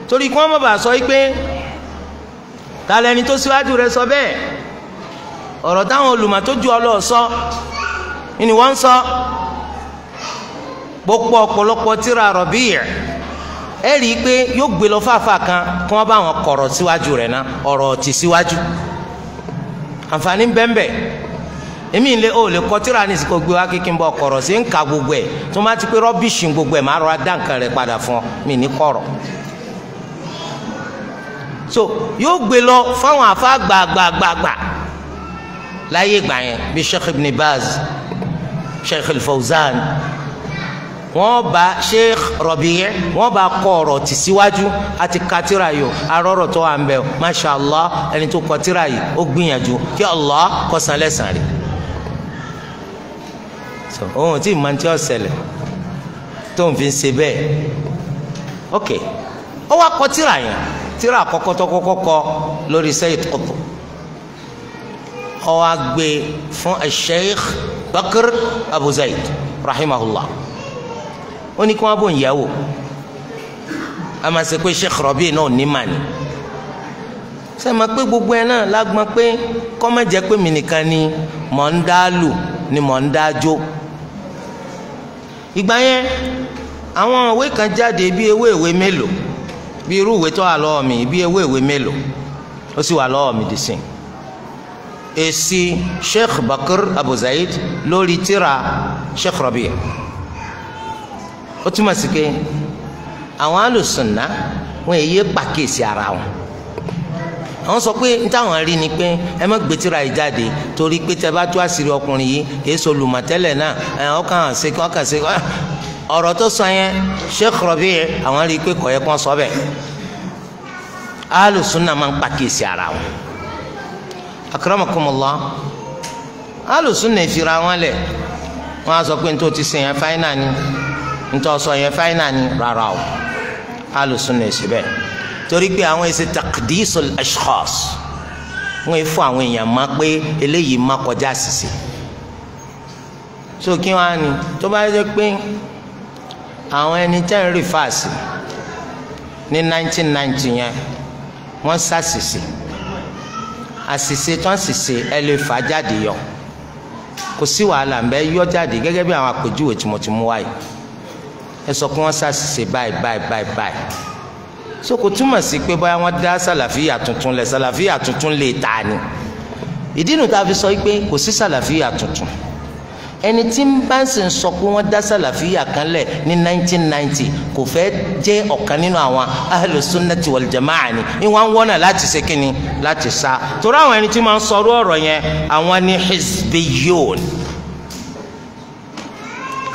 torí kí wọ́n má bàa sọ pé talẹ̀ ni tó síwájú rẹ̀ sọ bẹ́ẹ̀ ọ̀rọ̀ táwọn olùmọ̀ tó ju ọ lọ sọ ni wọ́n ń sọ. So gbogbo ọ̀pọ̀lọpọ̀ tíra Rabi' ẹ rí i pé yóò gbé lọ fàáfà kan kí wọ́n bá wọn kọ̀rọ̀ síwájú rẹ̀ ná ọ̀rọ̀ ti síwájú àǹfààní bẹ́ẹ̀nbẹ́ èmi ìlé o lè kọ tíra ní ìsìnkú gbé wá kíkí ń bọ kọ̀rọ̀ sí ń ka gbogbo ẹ̀ tó má ti pé rọ́bìṣì gbogbo ẹ̀ má rọra dá nǹkan rẹ̀ padà fún ọ mi ní kọ̀rọ̀ so yóò gbé lọ fáwọn àfa gbàgbàgbàgbà láyé ìgbà yẹn bíi Sheikh Ibn Baz Sheikh al wọ́n bá sheikh Rabi' wọ́n bá kọ ọ̀rọ̀ tì síwájú àti katira yìí o arọ́rọ̀ tó wà ń bẹ̀ o masha allah ẹni tó kọ yìí ó gbìyànjú kí allah kó san lẹ́san rẹ̀ so ohun tí màá tí ó ṣẹlẹ̀ tó ń fi ṣe bẹ́ẹ̀ ok ó wá kọ tira yẹn tira àkọ́kọ́ tó kọ́kọ́ kọ lórí Sayyid Qutb ó wá gbé fún sheikh Bakr Abu Zayd rahimahullah ó ní kí wọ́n bò ń yẹ̀wò a máa ṣe pé Sheikh Rabi náà ní màní ṣe máa pé gbogbo ẹ náà lágbọn pé kọ́ má jẹ́ pé mi nìkan ni mò ń dá lù ni mò ń dá jó ìgbà yẹn àwọn ìwé kan jáde bí ewé ìwé mélòó bí irú ìwé tó wà lọ́wọ́ mi bí ewé ìwé mélòó ó sì wà lọ́wọ́ mi dìsìn èsì Sheikh Bakr Abu Zaid lórí tírà Sheikh Rabi. ó túmọ̀ sí pé àwọn alùsùnà wọn èyí pàkíyèsí ara wọn àwọn sọ pé táwọn rí ni pé ẹ má gbé yìí jáde torí pé tẹ bá tú àṣírí ọkùnrin yìí kì í so lùmọ̀tẹ́lẹ̀ náà ẹ ọkàn ṣe ọkàn ṣe ọ̀rọ̀ tó sọ yẹn Sheikh Rabi àwọn rí i pé kọ̀yẹ́ kan sọ bẹ́ẹ̀ alùsùnà máa ń pàkíyèsí ara wọn alùsùnà ìfira wọn ntọ́sọ yẹn fáínà ni rárá o alùsùn èsì bẹ́ẹ̀ torí pé àwọn èsì takdisul ashkhas wọ́n yẹn fún àwọn èèyàn máa pé eléyìí má kọjá àṣìṣe so kí wọ́n á ní tó bá yẹ pé àwọn ẹni tẹ́ ń rí fáàsì ní 1990 yẹn wọ́n ṣàṣìṣe àṣìṣe tó ń ṣìṣe ẹ jáde yọ kò sí wàhálà ń bẹ yọ jáde gẹ́gẹ́ bí àwọn àpèjúwe tí wáyé ẹ sọ pé wọ́n ṣàṣìṣe báyìí báyìí báyìí báyìí so kò túmọ̀ sí pé báyà wọ́n dá sàlàfíà tuntun lẹ̀ sàlàfíà tuntun lè ta ni ìdí nu tá a fi sọ pé kò sí sàlàfíà tuntun ẹni tí ń bá ń sì ń sọ pé wọ́n dá sàlàfíà kan lẹ̀ ní 1990 kò fẹ́ jẹ́ ọ̀kan nínú àwọn ahlùsúnnàtì wàlìjàmáà ni ìwọ̀n wọ́nà láti ṣe kínni láti sá torí àwọn ẹni tí máa ń sọ ọ̀rọ̀ yẹn àwọn ni hizbiyun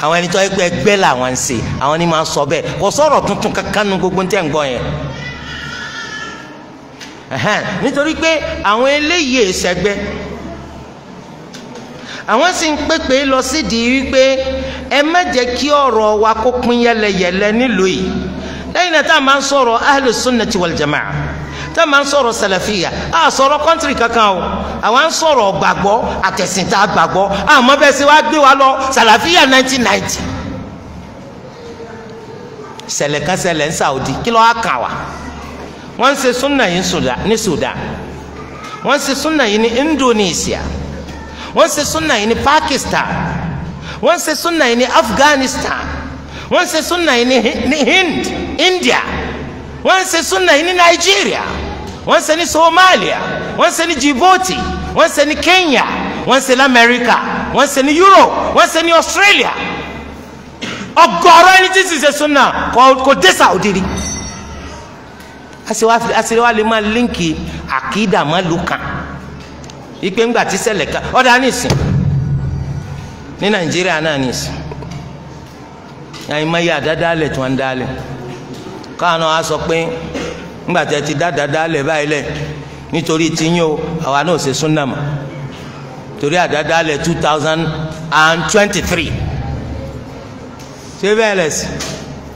àwọn ẹni tó ẹgbẹ́ ẹgbẹ́ làwọn ń ṣe àwọn ni máa sọ bẹ́ẹ̀ kò sọ̀rọ̀ tuntun kankan nu gbogbo tẹ̀ ń gbọ́ yẹn nítorí pé àwọn eléyìí èsẹ̀gbẹ́ àwọn sì ń pèpè lọ sídìí wípé ẹ má jẹ́ kí ọ̀rọ̀ wa kó pín yẹlẹyẹlẹ nílùú yìí lẹ́yìn náà tá a máa ń sọ̀rọ̀ ahlus sunnati wal jama'a tá a máa ń sọ̀rọ̀ sẹlẹ̀fìyà a sọ̀rọ̀ kọ́ńtìrì kankan o àwa ń sọ̀rọ̀ gbàgbọ́ àtẹ̀sìntà gbàgbọ́ àmọ́ bẹ́ẹ̀ ṣe wá gbé wa lọ sẹlẹ̀fìyà 1990 ṣẹlẹ̀ kan ṣẹlẹ̀ ní Saudi kí ló wá kàn wá wọ́n ń ṣe súnà yìí ní Sudan wọ́n ń ṣe súnà yìí ní Indonesia wọ́n ń ṣe súnà yìí ní Pakistan wọ́n ń ṣe súnà yìí ní Afghanistan wọ́n ń ṣe súnà yìí ní Hind India wọ́n ń ṣe súnà yìí ní Nàìjíríà wọ́n ṣe ní Somalia wọ́n ṣe ní Djibouti wọ́n ṣe ní Kenya wọ́n ṣe ní America wọ́n ṣe ní Europe wọ́n ṣe ní Australia ọ̀gọ̀rọ̀ ẹni tí sì ṣe súnà kò dé Saudi rí aṣèwà lè máa líǹkì àkídà máa lù kàn ipe ńgbà tí ṣẹlẹ̀ kan ọ̀dà nìsín ní Nàìjíríà náà nìsín àyìnbáyé àdádálẹ̀ tí wọ́n ń dálẹ̀ káwọn náà á sọ pé ńgbàtẹ́ ti dá dáadáa lẹ̀ báyìí lẹ̀ nítorí tiyín o àwa náà ṣe súnà mọ́ torí àdáadáa lẹ̀ two thousand and twenty-three ṣé bẹ́ẹ̀ lẹ̀sìn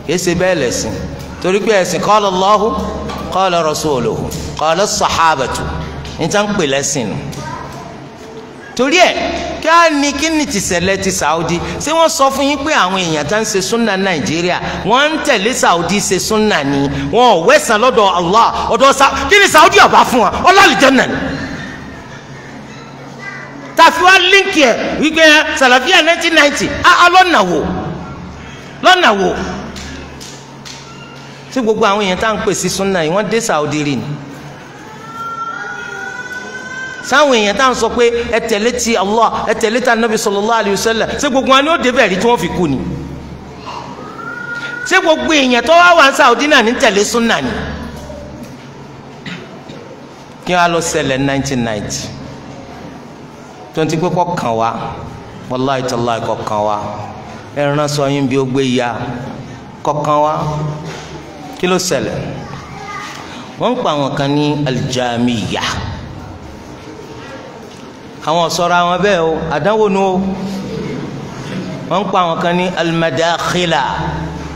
kìí ṣe bẹ́ẹ̀ lẹ̀sìn torí pé ẹ̀sìn qala Allahu qala rasuluhu qala sahabatu níta ń pè lẹ́sìn torí ẹ̀ ká ní kí ni tìṣẹ̀lẹ̀ ti Saudi ṣé wọ́n sọ fún yín pé àwọn èèyàn tá ń ṣe súnà Nàìjíríà wọ́n ń tẹ̀lé Saudi ṣe súnà ni wọn ò wẹ̀sán lọ́dọ̀ Allah ọ̀dọ̀ sa kí ni Saudi ọba fún wa ọlọ́ọ̀lìjẹ́nà ni tàfi wá líǹkì ẹ̀ wípé Salafia 1990 alọ́nà wò lọ́nà wò tí gbogbo àwọn èèyàn tá ń pè sí súnà yìí wọ́n dé Saudi rí ni. sáwọn èèyàn tá à ń sọ pé ẹ tẹ̀lé ti Allah ẹ ta nabi sallallahu alayhi ṣé gbogbo wọn ni ó débẹ̀ rí tí wọ́n fi kú ni ṣé gbogbo èèyàn tó wá wà ń náà ní kí wọ́n á lọ 1990 tó ń ti pé kọ́ kàn wá kàn ya kọ́ kàn wá kí àwọn sọra wọn bẹ́ẹ̀ o àdánwò nu o wọ́n ń pa àwọn kan ní alimadakhila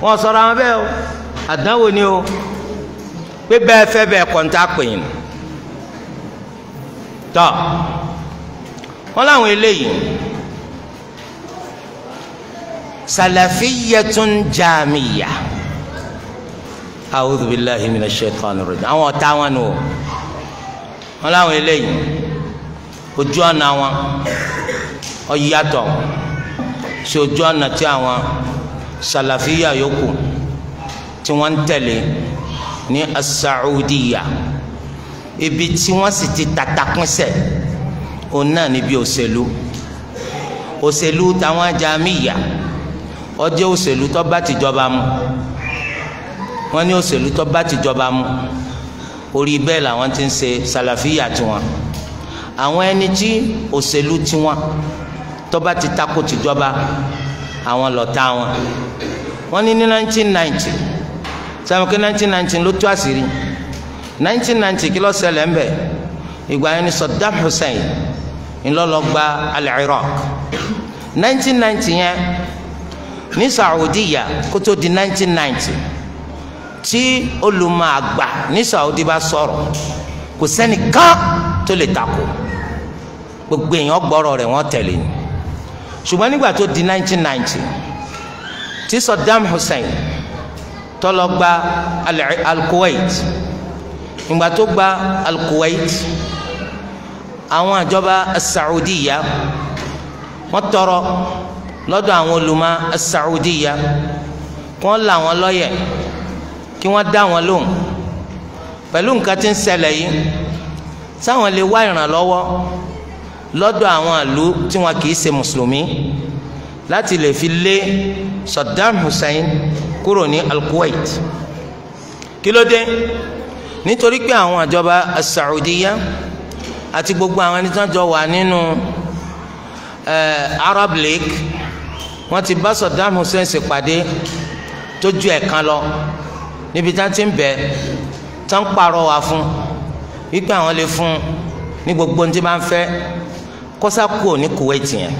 wọ́n sọra wọn bẹ́ẹ̀ o àdánwò ni o pé bẹ́ẹ̀ fẹ́ bẹ́ẹ̀ kọ́ńtà pèyìn tọ́ wọ́n láwọn eléyìí salafiyatun jaamiya awudu àwọn ọ̀tá wọn nu o wọ́n láwọn eléyìí ojú ọ̀nà wọn ó yàtọ̀ sí ojú ọ̀nà tí àwọn sàlàfíà yòókù tí wọ́n ń tẹ̀lé ní asaudiya ibi tí wọ́n sì ti tata pínsẹ̀ òun náà níbi òṣèlú òṣèlú táwọn jamiya ó jẹ́ òṣèlú tó bá tìjọba mu wọ́n ní òṣèlú tó bá tìjọba mu orí bẹ́ẹ̀ làwọn ti ń ṣe sàlàfíà tiwọn àwọn ẹni tí òṣèlú tiwọn tó bá ti tako tìjọba àwọn lọ́tà wọn wọ́n ní ní 1990 sẹ́wọ̀n kí 1990 ló tú àṣírí 1990 kí ló ṣẹlẹ̀ ńbẹ̀ ìgbà yẹn ni Saddam Hussein ńlọ́lọ́gba al-Iraq 1990 yẹn ní Saudiya kó tó di 1990 tí olùmọ̀ àgbà ní Saudi bá sọ̀rọ̀ kò sẹ́nìkan tó lè takò gbogbo èèyàn gbọ́rọ̀ rẹ̀ wọ́n tẹ̀lé ni ṣùgbọ́n nígbà tó di 1990 tí Saddam Hussein tó lọ gba al-Kuwait ìgbà tó gba al-Kuwait àwọn àjọba Saudiya wọ́n tọrọ lọ́dọ̀ àwọn olùmọ̀ Saudiya kí wọ́n là wọ́n lọ́yẹ̀ kí wọ́n dá wọn lóhùn pẹ̀lú nǹkan tí ń ṣẹlẹ̀ yìí sáwọn lè wá ìrànlọ́wọ́ lọ́dọ̀ àwọn àlù tí wọn kì í ṣe mùsùlùmí láti lè fi lé Saddam Hussein kúrò ní Al-Kuwait kí ló dé nítorí pé àwọn àjọba Saudiya àti gbogbo àwọn ẹni tí wọn jọ wà nínú eh, Arab League wọn ti bá Saddam Hussein ṣèpàdé tó ju ẹ̀kan lọ níbi tá ti ń bẹ tá ń pàrọwà fún wípé àwọn lè fún ní gbogbo ní ti máa ń fẹ́ kọ́sá kú ò ní Kuwait yẹn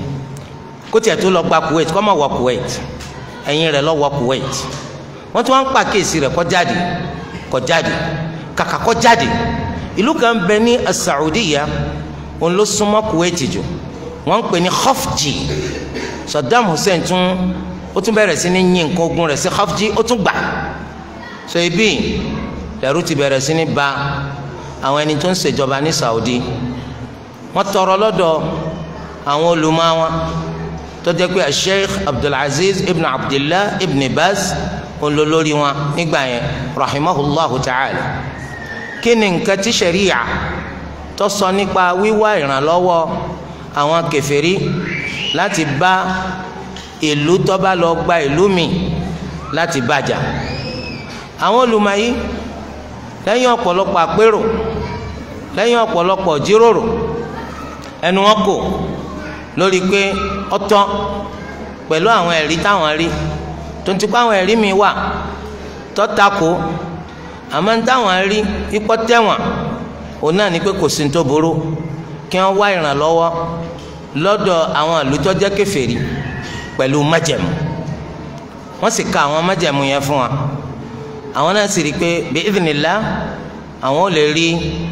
kó tiẹ̀ tó lọ gba Kuwait kọ́ mọ̀ wọ Kuwait ẹ̀yìn rẹ̀ lọ wọ Kuwait wọ́n ti wá ń pa kéèsì rẹ̀ kó jáde kó jáde kàkà kó jáde ìlú kan bẹ ní Saudiya òun ló súnmọ́ Kuwait jù wọ́n ń pè ní Khafji Saddam Hussein tún ó tún bẹ̀rẹ̀ sí ní yín nǹkan ogun rẹ̀ sí Khafji ó tún gbà so ibi lẹ́rú ti bẹ̀rẹ̀ sí ní ba àwọn ẹni tó ń ṣèjọba ní Saudi wọ́n tọrọ lọ́dọ̀ àwọn olùmọ̀ wọn tó jẹ́ pé sheikh abdulaziz ibn abdillah ibn baz olólórí wọn nígbà yẹn rahimahullahu ta'ala kí ni nǹkan tí sẹ̀ríyà tó sọ nípa wíwá ìrànlọ́wọ́ àwọn kèfèrí láti bá ìlú tó bá lọ gba ìlú mi láti bàjà àwọn olùmọ̀yí lẹ́yìn ọ̀pọ̀lọpọ̀ àpérò lẹ́yìn ọ̀pọ̀lọpọ̀ jíròrò ẹnu wọn kò lórí pé ọ̀tọ̀ pẹ̀lú àwọn ẹ̀rí táwọn rí tó ń tipa àwọn ẹ̀rí mi wà tọ́tako àmọ́ táwọn rí ipò tẹ̀wọ̀n òun náà ni pé kò sí ní tó burú kí wọ́n wá ìrànlọ́wọ́ lọ́dọ̀ àwọn àlùtọ́jẹ́ kèfèrí pẹ̀lú májẹ̀mú wọ́n sì ka àwọn májẹ̀mú yẹn fún wa àwọn náà sì rí i pé bí ìdìnnìlá àwọn ò lè rí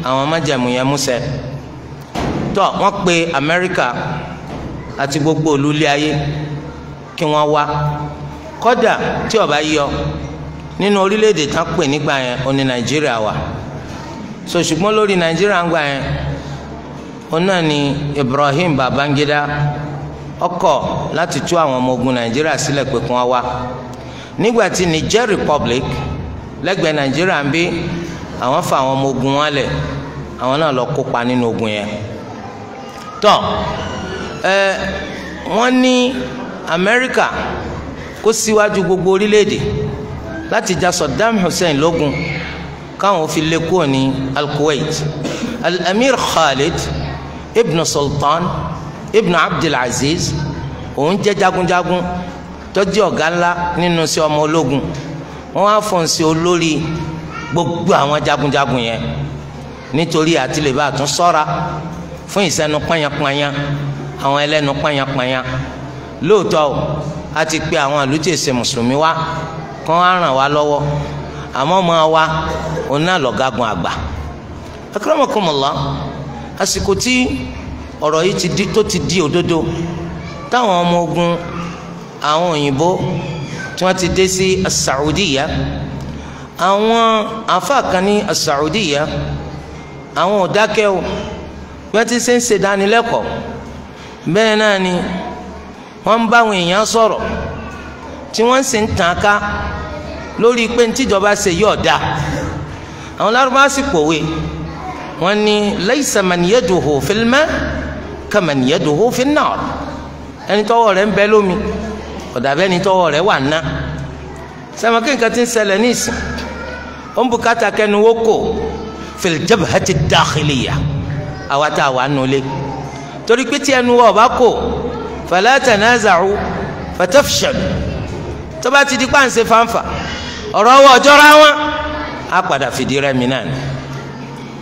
àwọn májẹ̀mú yẹn mú ṣẹ tọ́ wọ́n pe Amẹ́ríkà àti gbogbo olúlé ayé kí wọ́n wá kọ́dà tí ó bá yọ nínú orílẹ̀-èdè tán pè nígbà yẹn ó ní Nàìjíríà wà so ṣùgbọ́n lórí Nàìjíríà ń gbà yẹn òun náà ni Ibrahim Babangida ọkọ̀ láti tú àwọn ọmọ ogun Nàìjíríà sílẹ̀ pé kí wọ́n wá nígbà tí Niger Republic lẹ́gbẹ̀ẹ́ Nàìjíríà ń bí àwọn fa àwọn ọmọ ogun wọn lẹ̀ àwọn náà lọ kópa nínú ogun yẹn tọ́ ẹ wọ́n ní Amẹ́ríkà kó síwájú gbogbo orílẹ̀-èdè láti ja Saddam Hussein lógun káwọn fi lé kúrò ní Al-Kuwait Al-Amir Khalid ibn Sultan ibn Abdulaziz òun jẹ́ jagunjagun tó jẹ́ ọ̀gá ńlá nínú sí ọmọ ológun wọ́n á fọ́n sí olórí gbogbo àwọn jagunjagun yẹn nítorí àti lè bá fún ìsẹnu pányápányá àwọn ẹlẹ́nu pányápányá lóòótọ́ o a ti pe àwọn àlùjẹsẹ mùsùlùmí wa kán á ràn wá lọ́wọ́ àmọ́ ọmọ wa òun náà lọ́gàgùn àgbà akramakumullah àsìkò tí ọ̀rọ̀ yìí ti di tó ti di òdodo táwọn ọmọ ogun àwọn òyìnbó tí wọ́n ti dé sí Saudiya àwọn àfa kan ní Saudiya àwọn ò dákẹ́ o wọ́n ti ṣe ń ṣe dánilẹ́kọ̀ọ́ bẹ́ẹ̀ náà ni wọ́n ń báwọn èèyàn sọ̀rọ̀ tí wọ́n sì ń tàn ká lórí pé ní tíjọba ṣe yí ọ̀dà àwọn lárúbá sì pòwe wọ́n ní laysa man yaduhu fil ma kaman yaduhu ẹni tọ́wọ́ rẹ̀ ń bẹ lómi ọ̀dà bẹ́ẹ̀ ni tọ́wọ́ rẹ̀ wà ná sẹ́mi nǹkan ti ń ṣẹlẹ̀ ní ìsìn ó ń bùkátà kẹ́nu wó kò fil jabhati dakhiliyah àwa tá a wà nulẹ̀ torí pé tí ẹnu wa ọba kò fala tanaza'u fatafshalu tó bá ti di pàǹsẹ̀ fanfa ọ̀rọ̀ wọ ọjọ́ra wọn á padà fìdí rẹmi náà ni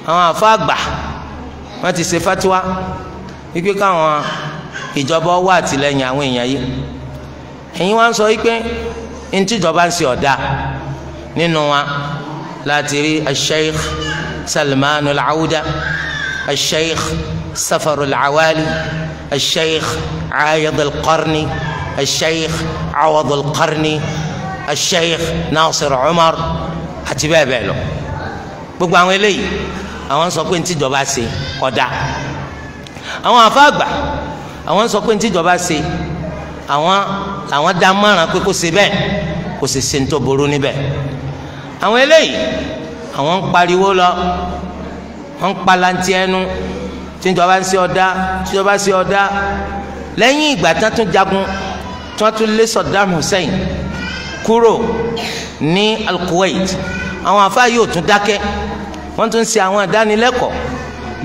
àwọn àfa àgbà wọn ti ṣe fatiwa wípé káwọn ìjọba wà àtìlẹ́yìn àwọn èèyàn yìí ẹ̀yin wá sọ wípé ntíjọba ń ṣe ọ̀dà nínú wa láti rí Sheikh Salman al الشيخ سفر العوالي الشيخ عايض القرني الشيخ عوض القرني الشيخ ناصر عمر àti bẹ́ẹ̀ bẹ́ẹ̀ lọ gbogbo àwọn eléyìí àwọn sọ pé ntíjọba ṣe kódà àwọn àfáàgbà àwọn sọ pé ntíjọba ṣe àwọn àwọn dá márùn pé kó ṣe bẹ́ẹ̀ kó ṣe ṣe ń tó burú níbẹ̀ àwọn eléyìí àwọn ń pariwo lọ ń kpalanti ẹnu tíjọba ń ṣe ọ̀dá tíjọba ń ṣe ọ̀dá lẹ́yìn ìgbà tán tún jagun tí wọ́n tún lé Saddam Hussein kúrò ní Al-Kuwait àwọn afa yóò tún dákẹ́ wọ́n tún ṣe àwọn ìdánilẹ́kọ̀ọ́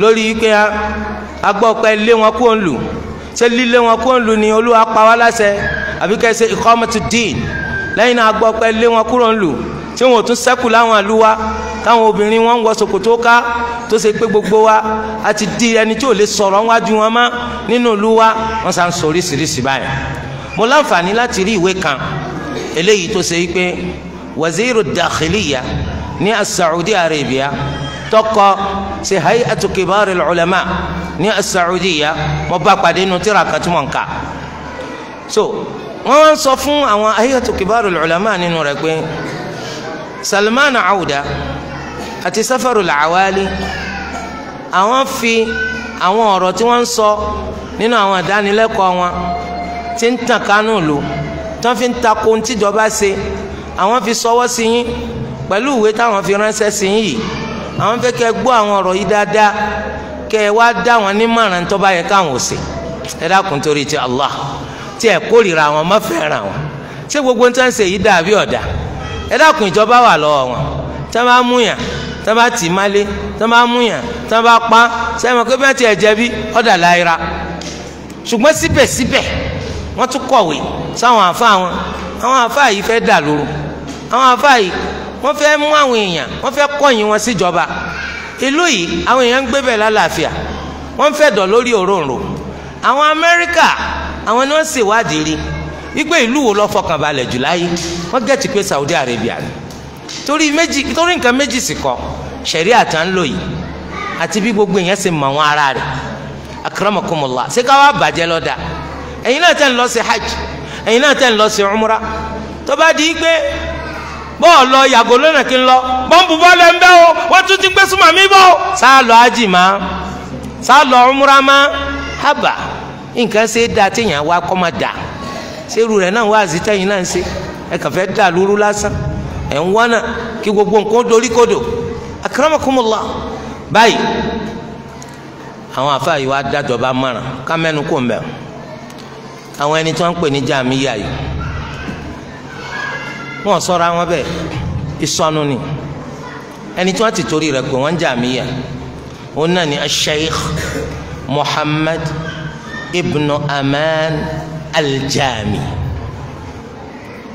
lórí wípé agbọ́pẹ́ lé wọn kó ń ṣé lílé wọn kó ń ni Olúwa pa wá láṣẹ àbíkẹ́ ṣe iqamatu din lẹ́yìn náà agbọ́pẹ́ lé wọn kúrò ń tí wọn ò tún sẹ́kù láwọn ìlú wa táwọn obìnrin wọn ń wọ ṣòkòtò ká tó ṣe pé gbogbo wa a ti di ẹni tí ò lè sọ̀rọ̀ wájú wọn mọ́ nínú ìlú wa wọn sá ń sọ oríṣiríṣi báyìí mo láǹfààní láti rí ìwé kan eléyìí tó ṣe pé waziru dakhiliya ní Saudi Arabia tọkọ ṣe hay'atu kibaril ulama ní Saudiya mo bá pàdé inú tíra kan so wọn wá ń sọ fún àwọn hay'atu kibaril ulama nínú rẹ pé. Salman Awda àti Safarul Awali àwọn fi àwọn ọ̀rọ̀ tí wọ́n ń sọ nínú àwọn ìdánilẹ́kọ̀ọ́ wọn ti ń tàn kánú lò tí wọ́n fi ń tako ohun tíjọba ṣe àwọn fi sọwọ́ sí yín pẹ̀lú ìwé táwọn fi ránṣẹ́ sí yín yìí àwọn fẹ́ kẹ́ gbọ́ àwọn ọ̀rọ̀ yìí dáadáa kẹ́ ẹ wá dá wọn ní mọ̀ràn tó bá yẹ káwọn ò ṣe ẹ dákun torí ti Allah tí ẹ kórìíra wọn má fẹ́ràn wọn ṣé gbogbo ń tán ṣe yìí dàbí ọ̀dà ẹ dákun ìjọba wà lọ́wọ́ wọn tí wọ́n bá mú yàn tí wọ́n bá tì málé tí wọ́n bá mú yàn tí wọ́n bá pa sẹ́wọ̀n pé bẹ́ẹ̀ tiẹ̀ jẹ̀bi ọ̀dà láyira ṣùgbọ́n síbẹ̀síbẹ̀ wọ́n tún kọ̀wé sáwọn àfa wọn àwọn àfa yìí fẹ́ dà lóru àwọn àfa yìí wọ́n fẹ́ mú àwọn èèyàn wọ́n fẹ́ kọ̀yìn wọn síjọba ìlú yìí àwọn èèyàn ń gbé bẹ̀ lálàáfíà wọ́n fẹ́ dọ̀ lórí òróǹro àwọn Amẹ́ríkà àwọn ni wọ́n ṣèwádìí rí wípé ìlú wo ló fọkàn balẹ̀ jù láyé gẹ̀tì pé Saudi Arabia ni torí méjì torí nǹkan méjì sì kọ ṣẹ̀rí àtà ń lò yìí àti bí gbogbo èèyàn ṣe mọ̀ wọn ara rẹ̀ akramakumullah ṣé ká wá bàjẹ́ lọ́dà ẹ̀yin náà tẹ̀ ń lọ sí hajj ẹ̀yin náà tẹ̀ ń lọ sí umra tó bá di pé bọ́ọ̀ yàgò lọ́nà kí n lọ bọ́ǹbù bọ́ lẹ́ ń bẹ́ o wọ́n tún ti gbé súnmọ́ mi bọ́ o. sáà lọ ma sáà umra ma haba nǹkan ṣe dáa téèyàn wá kọ́ máa dáa sẹ́rù rẹ̀ náà wáàzí tẹ́yìn náà ń ṣe ẹ kàn fẹ́ dà lóru lásán ẹ̀ ń wánà kí gbogbo nǹkan dorí kodò akramakumullah báyìí àwọn àfáà yìí wá dájọba márùn ká mẹ́nu kò ń bẹ̀ àwọn ẹni tí wọ́n ń pè ní jàmíyà yìí wọ́n sọ́ra wọn bẹ́ẹ̀ ìsọnù ni ẹni tí wọ́n ti torí rẹ̀ pé wọ́n ń jàmíyà òun náà ni Sheikh Muhammad ibn Aman aljami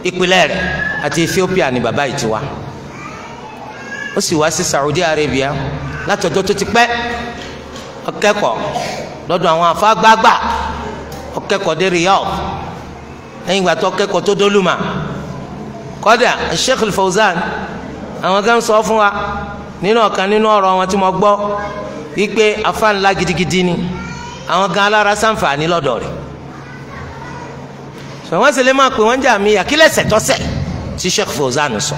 ìpìlẹ̀ rẹ̀ àti Ethiopia ni bàbá yìí ti wá ó sì wá sí Saudi Arabia látọjọ́ tó ti pẹ́ ó kẹ́kọ̀ọ́ lọ́dọ̀ àwọn afágbágbà ó kẹ́kọ̀ọ́ dé Riyadh lẹ́yìn ìgbà tó kẹ́kọ̀ọ́ tó dólùmà kódà Sheikh Al-Fawzan àwọn kan sọ fún wa nínú ọ̀kan nínú ọ̀rọ̀ wọn tí mo gbọ́ wípé afáńlá gidigidi ni àwọn kan alára sáǹfà ní lọ́dọ̀ rẹ̀ sọ wọn sì lè máa pè wọn jà mí àkílẹ̀ sẹ̀tọ́sẹ̀ tí Sheikh Fawzan sọ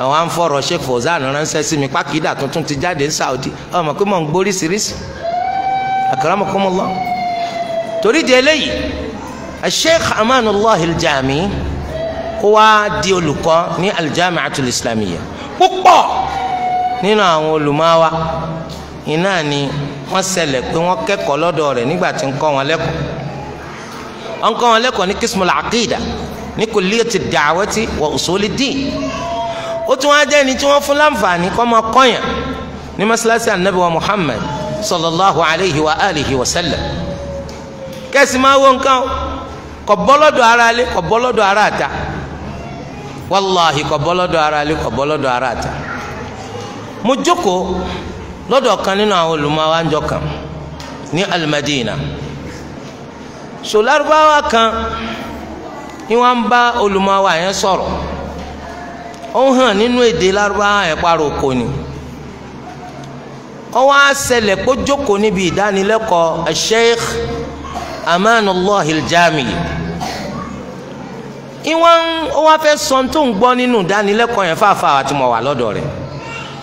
àwọn à ń fọ̀rọ̀ Sheikh Fawzan ránṣẹ́ sí mi pákídà tuntun ti jáde ní Saudi ọmọ pé mò ń gbórí sírísì akramakumullah torí di eléyìí Sheikh Amanullah al-Jami ó wá di olùkọ́ ní al-Jami'atul Islamiyya púpọ̀ nínú àwọn olùmọ́wá iná ni wọ́n ṣẹlẹ̀ pé wọ́n kẹ́kọ̀ọ́ lọ́dọ̀ rẹ̀ nígbà tí ń kọ́ wọn lẹ́kọ̀ọ́ wọn kọ́ wọn lẹ́kọ̀ọ́ ní kismul aqida ní kulliyati da'wati wa usuli din ó tún wá jẹ́ ẹni tí wọ́n fún láǹfààní kọ́ máa kọ́yàn ní masalasi anabi wa muhammad sallallahu alayhi wa alihi wa sallam kẹ́sì máa wo nǹkan kọ́ bọ́lọ́dọ̀ ara lé kọ́ bọ́lọ́dọ̀ ara ta wàláhi kọ́ bọ́lọ́dọ̀ ara lé kọ́ bọ́lọ́dọ̀ ara ta mo jókòó lọ́dọ̀ kan nínú àwọn olùmọ̀ àwọn àjọ kan ní alimadina so Lárúbáwá kan ni wọ́n ń bá olùmọ̀wá yẹn sọ̀rọ̀ ó hàn nínú èdè Lárúbáwá yẹn paroko ni ó wá ṣẹlẹ̀ kó jókòó níbi ìdánilẹ́kọ̀ọ́ Sheikh Amanullahi Al-Jami ìwọ́n ó wá fẹ́ sọ tó ń gbọ́ nínú ìdánilẹ́kọ̀ọ́ yẹn fàáfàá àti mọ̀ wà lọ́dọ̀ rẹ̀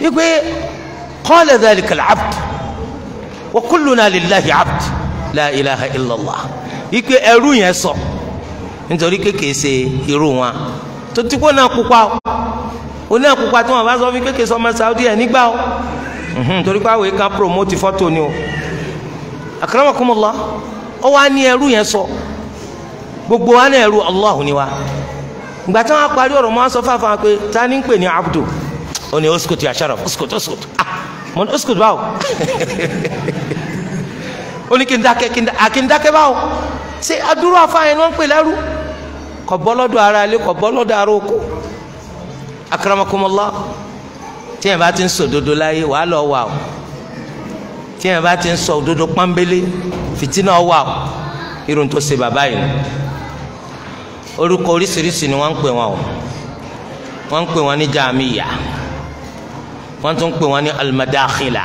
wípé qala dhalika al-abd wa kulluna lillahi abd la illallah. ikpe ẹrú yẹn sọ nítorí kékeré ṣe irú wọn tó ti kó náà pupa o ó náà pupa tí wọn bá sọ fún kékeré sọmọ Saudi ẹ nígbà o torí pé àwọn èèkàn promote fọ́tò ni o akramakumullah Ọ wá ní ẹrú yẹn sọ gbogbo wa náà ẹrú ni wa ìgbà tí wọn parí ọ̀rọ̀ wọn sọ fáfá pé ta ni ń pè ní abdu ó ní oskutu asharaf oskut ah báwo ó ní kí ṣé adúrú afáyẹn náà ń pè lẹ́rú kò bọ́ lọ́dọ̀ ara ilé kò bọ́ lọ́dọ̀ ara oko akaramakomola tí yẹn bá ti ń sọ òdodo láyé wàá lọ wà o tí yẹn bá ti ń sọ òdodo pọ́nbélé fìtínà wà o irun tó ṣe bàbá yìí orúkọ oríṣiríṣi ni wọ́n ń pè wọ́n o wọ́n ń pè wọ́n ní jaamiya wọ́n tún ń pè wọ́n ní almadakhila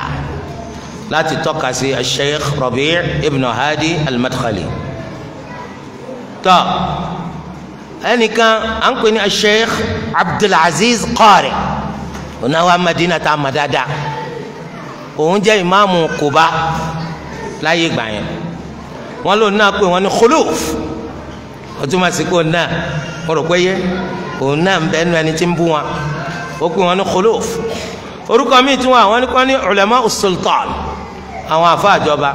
láti tọ́ka sí sheikh rabi' ibn hadi almadkhali. Al tọ́ ẹnìkan à ń pè ní Sheikh Abdulaziz Qari onáwó amadina tá a mọ̀ dáadáa òun jẹ́ ìmáàmù Kuba láyé gbà yẹn wọ́n lòun náà pè wọ́n ní khuluf ó túmọ̀ sí pé òun náà wọ́n rò pé yẹ òun náà ń bẹ́ẹ̀ nu ẹni tí ń bú wọn ó pè wọ́n ní khuluf orúkọ míì tún wà wọ́n ní kọ́ ní ulama sultan àwọn àfa àjọba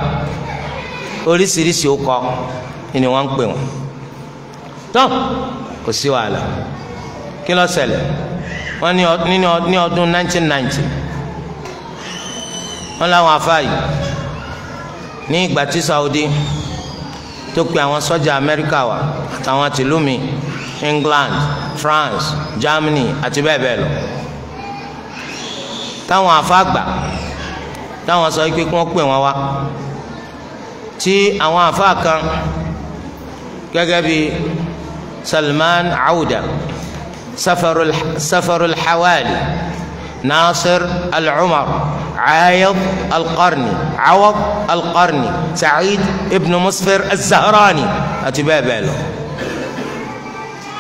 oríṣiríṣi ó kọ́ ni wọ́n ń pè wọ́n tán kò sí wàhálà kí ló ṣẹlẹ̀ wọ́n ní ọdún 1990 wọ́n láwọn afáàyè ní ìgbà tí Saudi tó pe àwọn sọ́jà Amẹ́ríkà wá àtàwọn tìlú mi England France Germany àti bẹ́ẹ̀ bẹ́ẹ̀ lọ táwọn afáàgbà táwọn sọ pé kí wọ́n pè wọ́n wá tí àwọn afáà kan gẹ́gẹ́ bíi. سلمان عودة سفر, الح... سفر الحوالي ناصر العمر عايض القرني عوض القرني سعيد ابن مصفر الزهراني أتباه بالو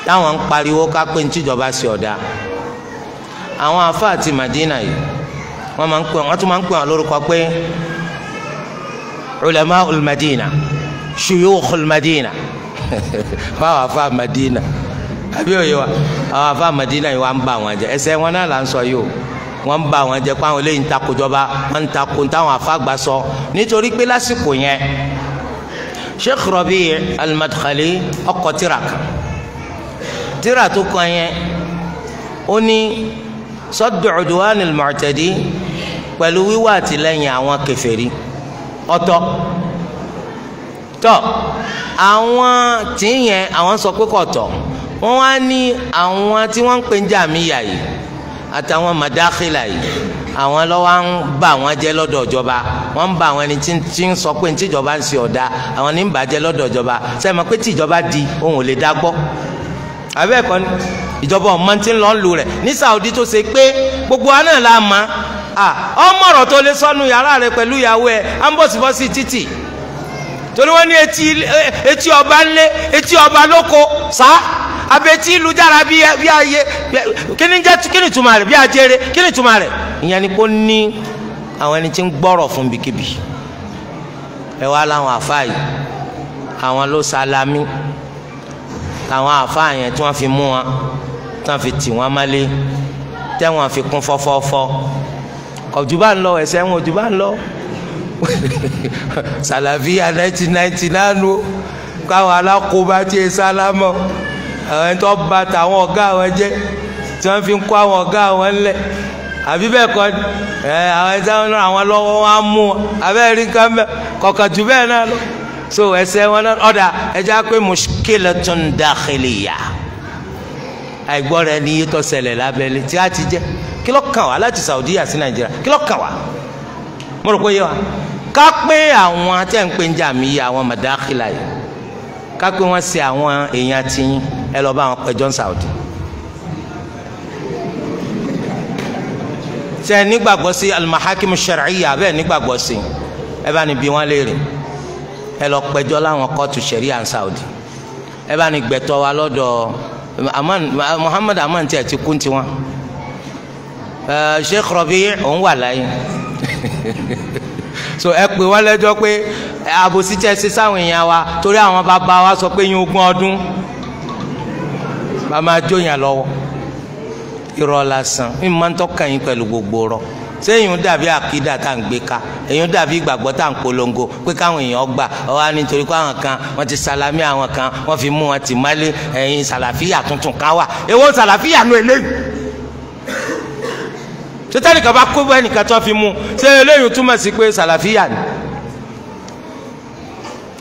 تاوان قاليوكا كنتي جباسي ودا أوان فاتي مدينة ومن كون أتو من كون لوركو علماء المدينة شيوخ المدينة fáwọn afá Madina àbí òye wa àwọn afá Madina yìí wà ń bà wọn jẹ ẹsẹ wọn náà là ń sọ yìí o wọn ń bà wọn jẹ pé àwọn eléyìí ń takojọba wọn ń tako táwọn afá gbà sọ nítorí pé lásìkò yẹn Sheikh Rabi' al-Madkhali ọkọ tírà kan tírà tó kàn yẹn ó ní saddu udwanil mu'tadi pẹ̀lú wíwá àtìlẹ́yìn àwọn kèfèrí ọ̀tọ̀ tọ́ àwọn tí yẹn àwọn sọ pé kọ̀tọ̀ wọ́n wá ní àwọn tí wọ́n ń pè ń jà mí yà yìí àtàwọn màdákìlà yìí àwọn lọ́wọ́ ń bà wọ́n jẹ́ lọ́dọ̀ ìjọba wọ́n ń bà àwọn ẹni tí ń sọ pé tíjọba ń ṣe ọ̀dà àwọn ní ń bàjẹ́ lọ́dọ̀ ìjọba sẹ́mi pé tíjọba di òun ò lè dá gbọ́ àbẹ́ ẹ̀kọ́ ni ìjọba ọ̀mọ tí ń lọ ń lu rẹ̀ ní Saudi tó ṣe pé gbogbo wa náà la mọ̀ ọmọ ọ̀rọ̀ tó lè sọnù yàrá rẹ̀ pẹ̀lú ìyàwó ẹ̀ à títì torí wọ́n ní eh, etí ọba ńlé etí ọba lóko sá abetí ìlú dára bí ayé kí ni jẹ́ kí ni túmọ̀ rẹ̀ bí ajere kí ni túmọ̀ ìyẹn ni kò ní àwọn ẹni tí ń gbọ́rọ̀ fún bikibi ẹ wá láwọn àfáà yìí àwọn ló salami àwọn àfáà yẹn tí wọ́n fi mú wọn tí wọ́n fi tì wọ́n mọ́lé tẹ́wọ̀n fi kún fọ́fọ́fọ́ ọ̀jùbá ń lọ ẹ̀sẹ̀ wọn ọ̀jùbá ń sàlàfíà nineteen ninety nine o káwọn alákóbá tí e sálámọ àwọn ẹni tó ba tàwọn ọ̀gá àwọn jẹ́ tí wọ́n fi ń kó àwọn ọ̀gá àwọn ńlẹ̀ àbí bẹ́ẹ̀ kọ́ ẹ àwọn ẹni táwọn náà àwọn lọ́wọ́ wọn á mú wọn abẹ́rẹ́ rí nǹkan bẹ́ẹ̀ kọ̀ọ̀kan jù bẹ́ẹ̀ náà lọ so ẹsẹ̀ wọn náà ọ̀dà ẹja pé mushkilatun dakhiliya àìgbọ́ra ẹni yìí tó ṣẹlẹ̀ lábẹ́lẹ̀ tí a ti jẹ́ kí ló kàn wá láti Saudiya sí Nàìjíríà kí ló kàn wá mo rò pé yé wa ká pé àwọn atẹ́ǹpéjà mi yìí àwọn mọ̀dákìlá yìí ká pé wọ́n ṣe àwọn èèyàn tiyín ẹ lọ́ọ́ bá wọn pẹjọ́ Saudi. ṣe nígbàgbọ́ sí al-mahakim shar'iyya bẹ́ẹ̀ nígbàgbọ́ sí ẹ bá ní bí wọ́n léèrè ẹ lọ́ọ́ pẹjọ́ láwọn kóòtù sẹ̀ríà Saudi ẹ bá ní gbẹ̀tọ́ wa lọ́dọ̀ Muhammad aman tiẹ̀ ti kún tiwọn Sheikh Rabi' òun wà láyé. so ẹ pè wọ́n lẹ́jọ́ pé àbòsí tẹ́ ṣe sáwọn èèyàn wa torí àwọn bàbá wa sọ pé yín ogún ọdún bàmá jóyàn lọ́wọ́ irọ́ lásán ń máa ń tọ́ka yín pẹ̀lú gbogbo rọ sẹ́yìn dàbí àkídà tá à ń gbé ká èyàn dàbí ìgbàgbọ́ tá à ń polongo pé káwọn èèyàn gbà ọwọ́ nítorí pé kan wọ́n ti salami àwọn kan wọ́n fi mú wọn tì mọ́lé ẹ̀yìn sàlàfíà tuntun kan wà èwo sàlàfíà nu eléyìí tẹ́tẹ́lì kan bá kó bá ẹnìkan tó fi mú ṣé eléyìí túmọ̀ sí pé sàlàfíà ni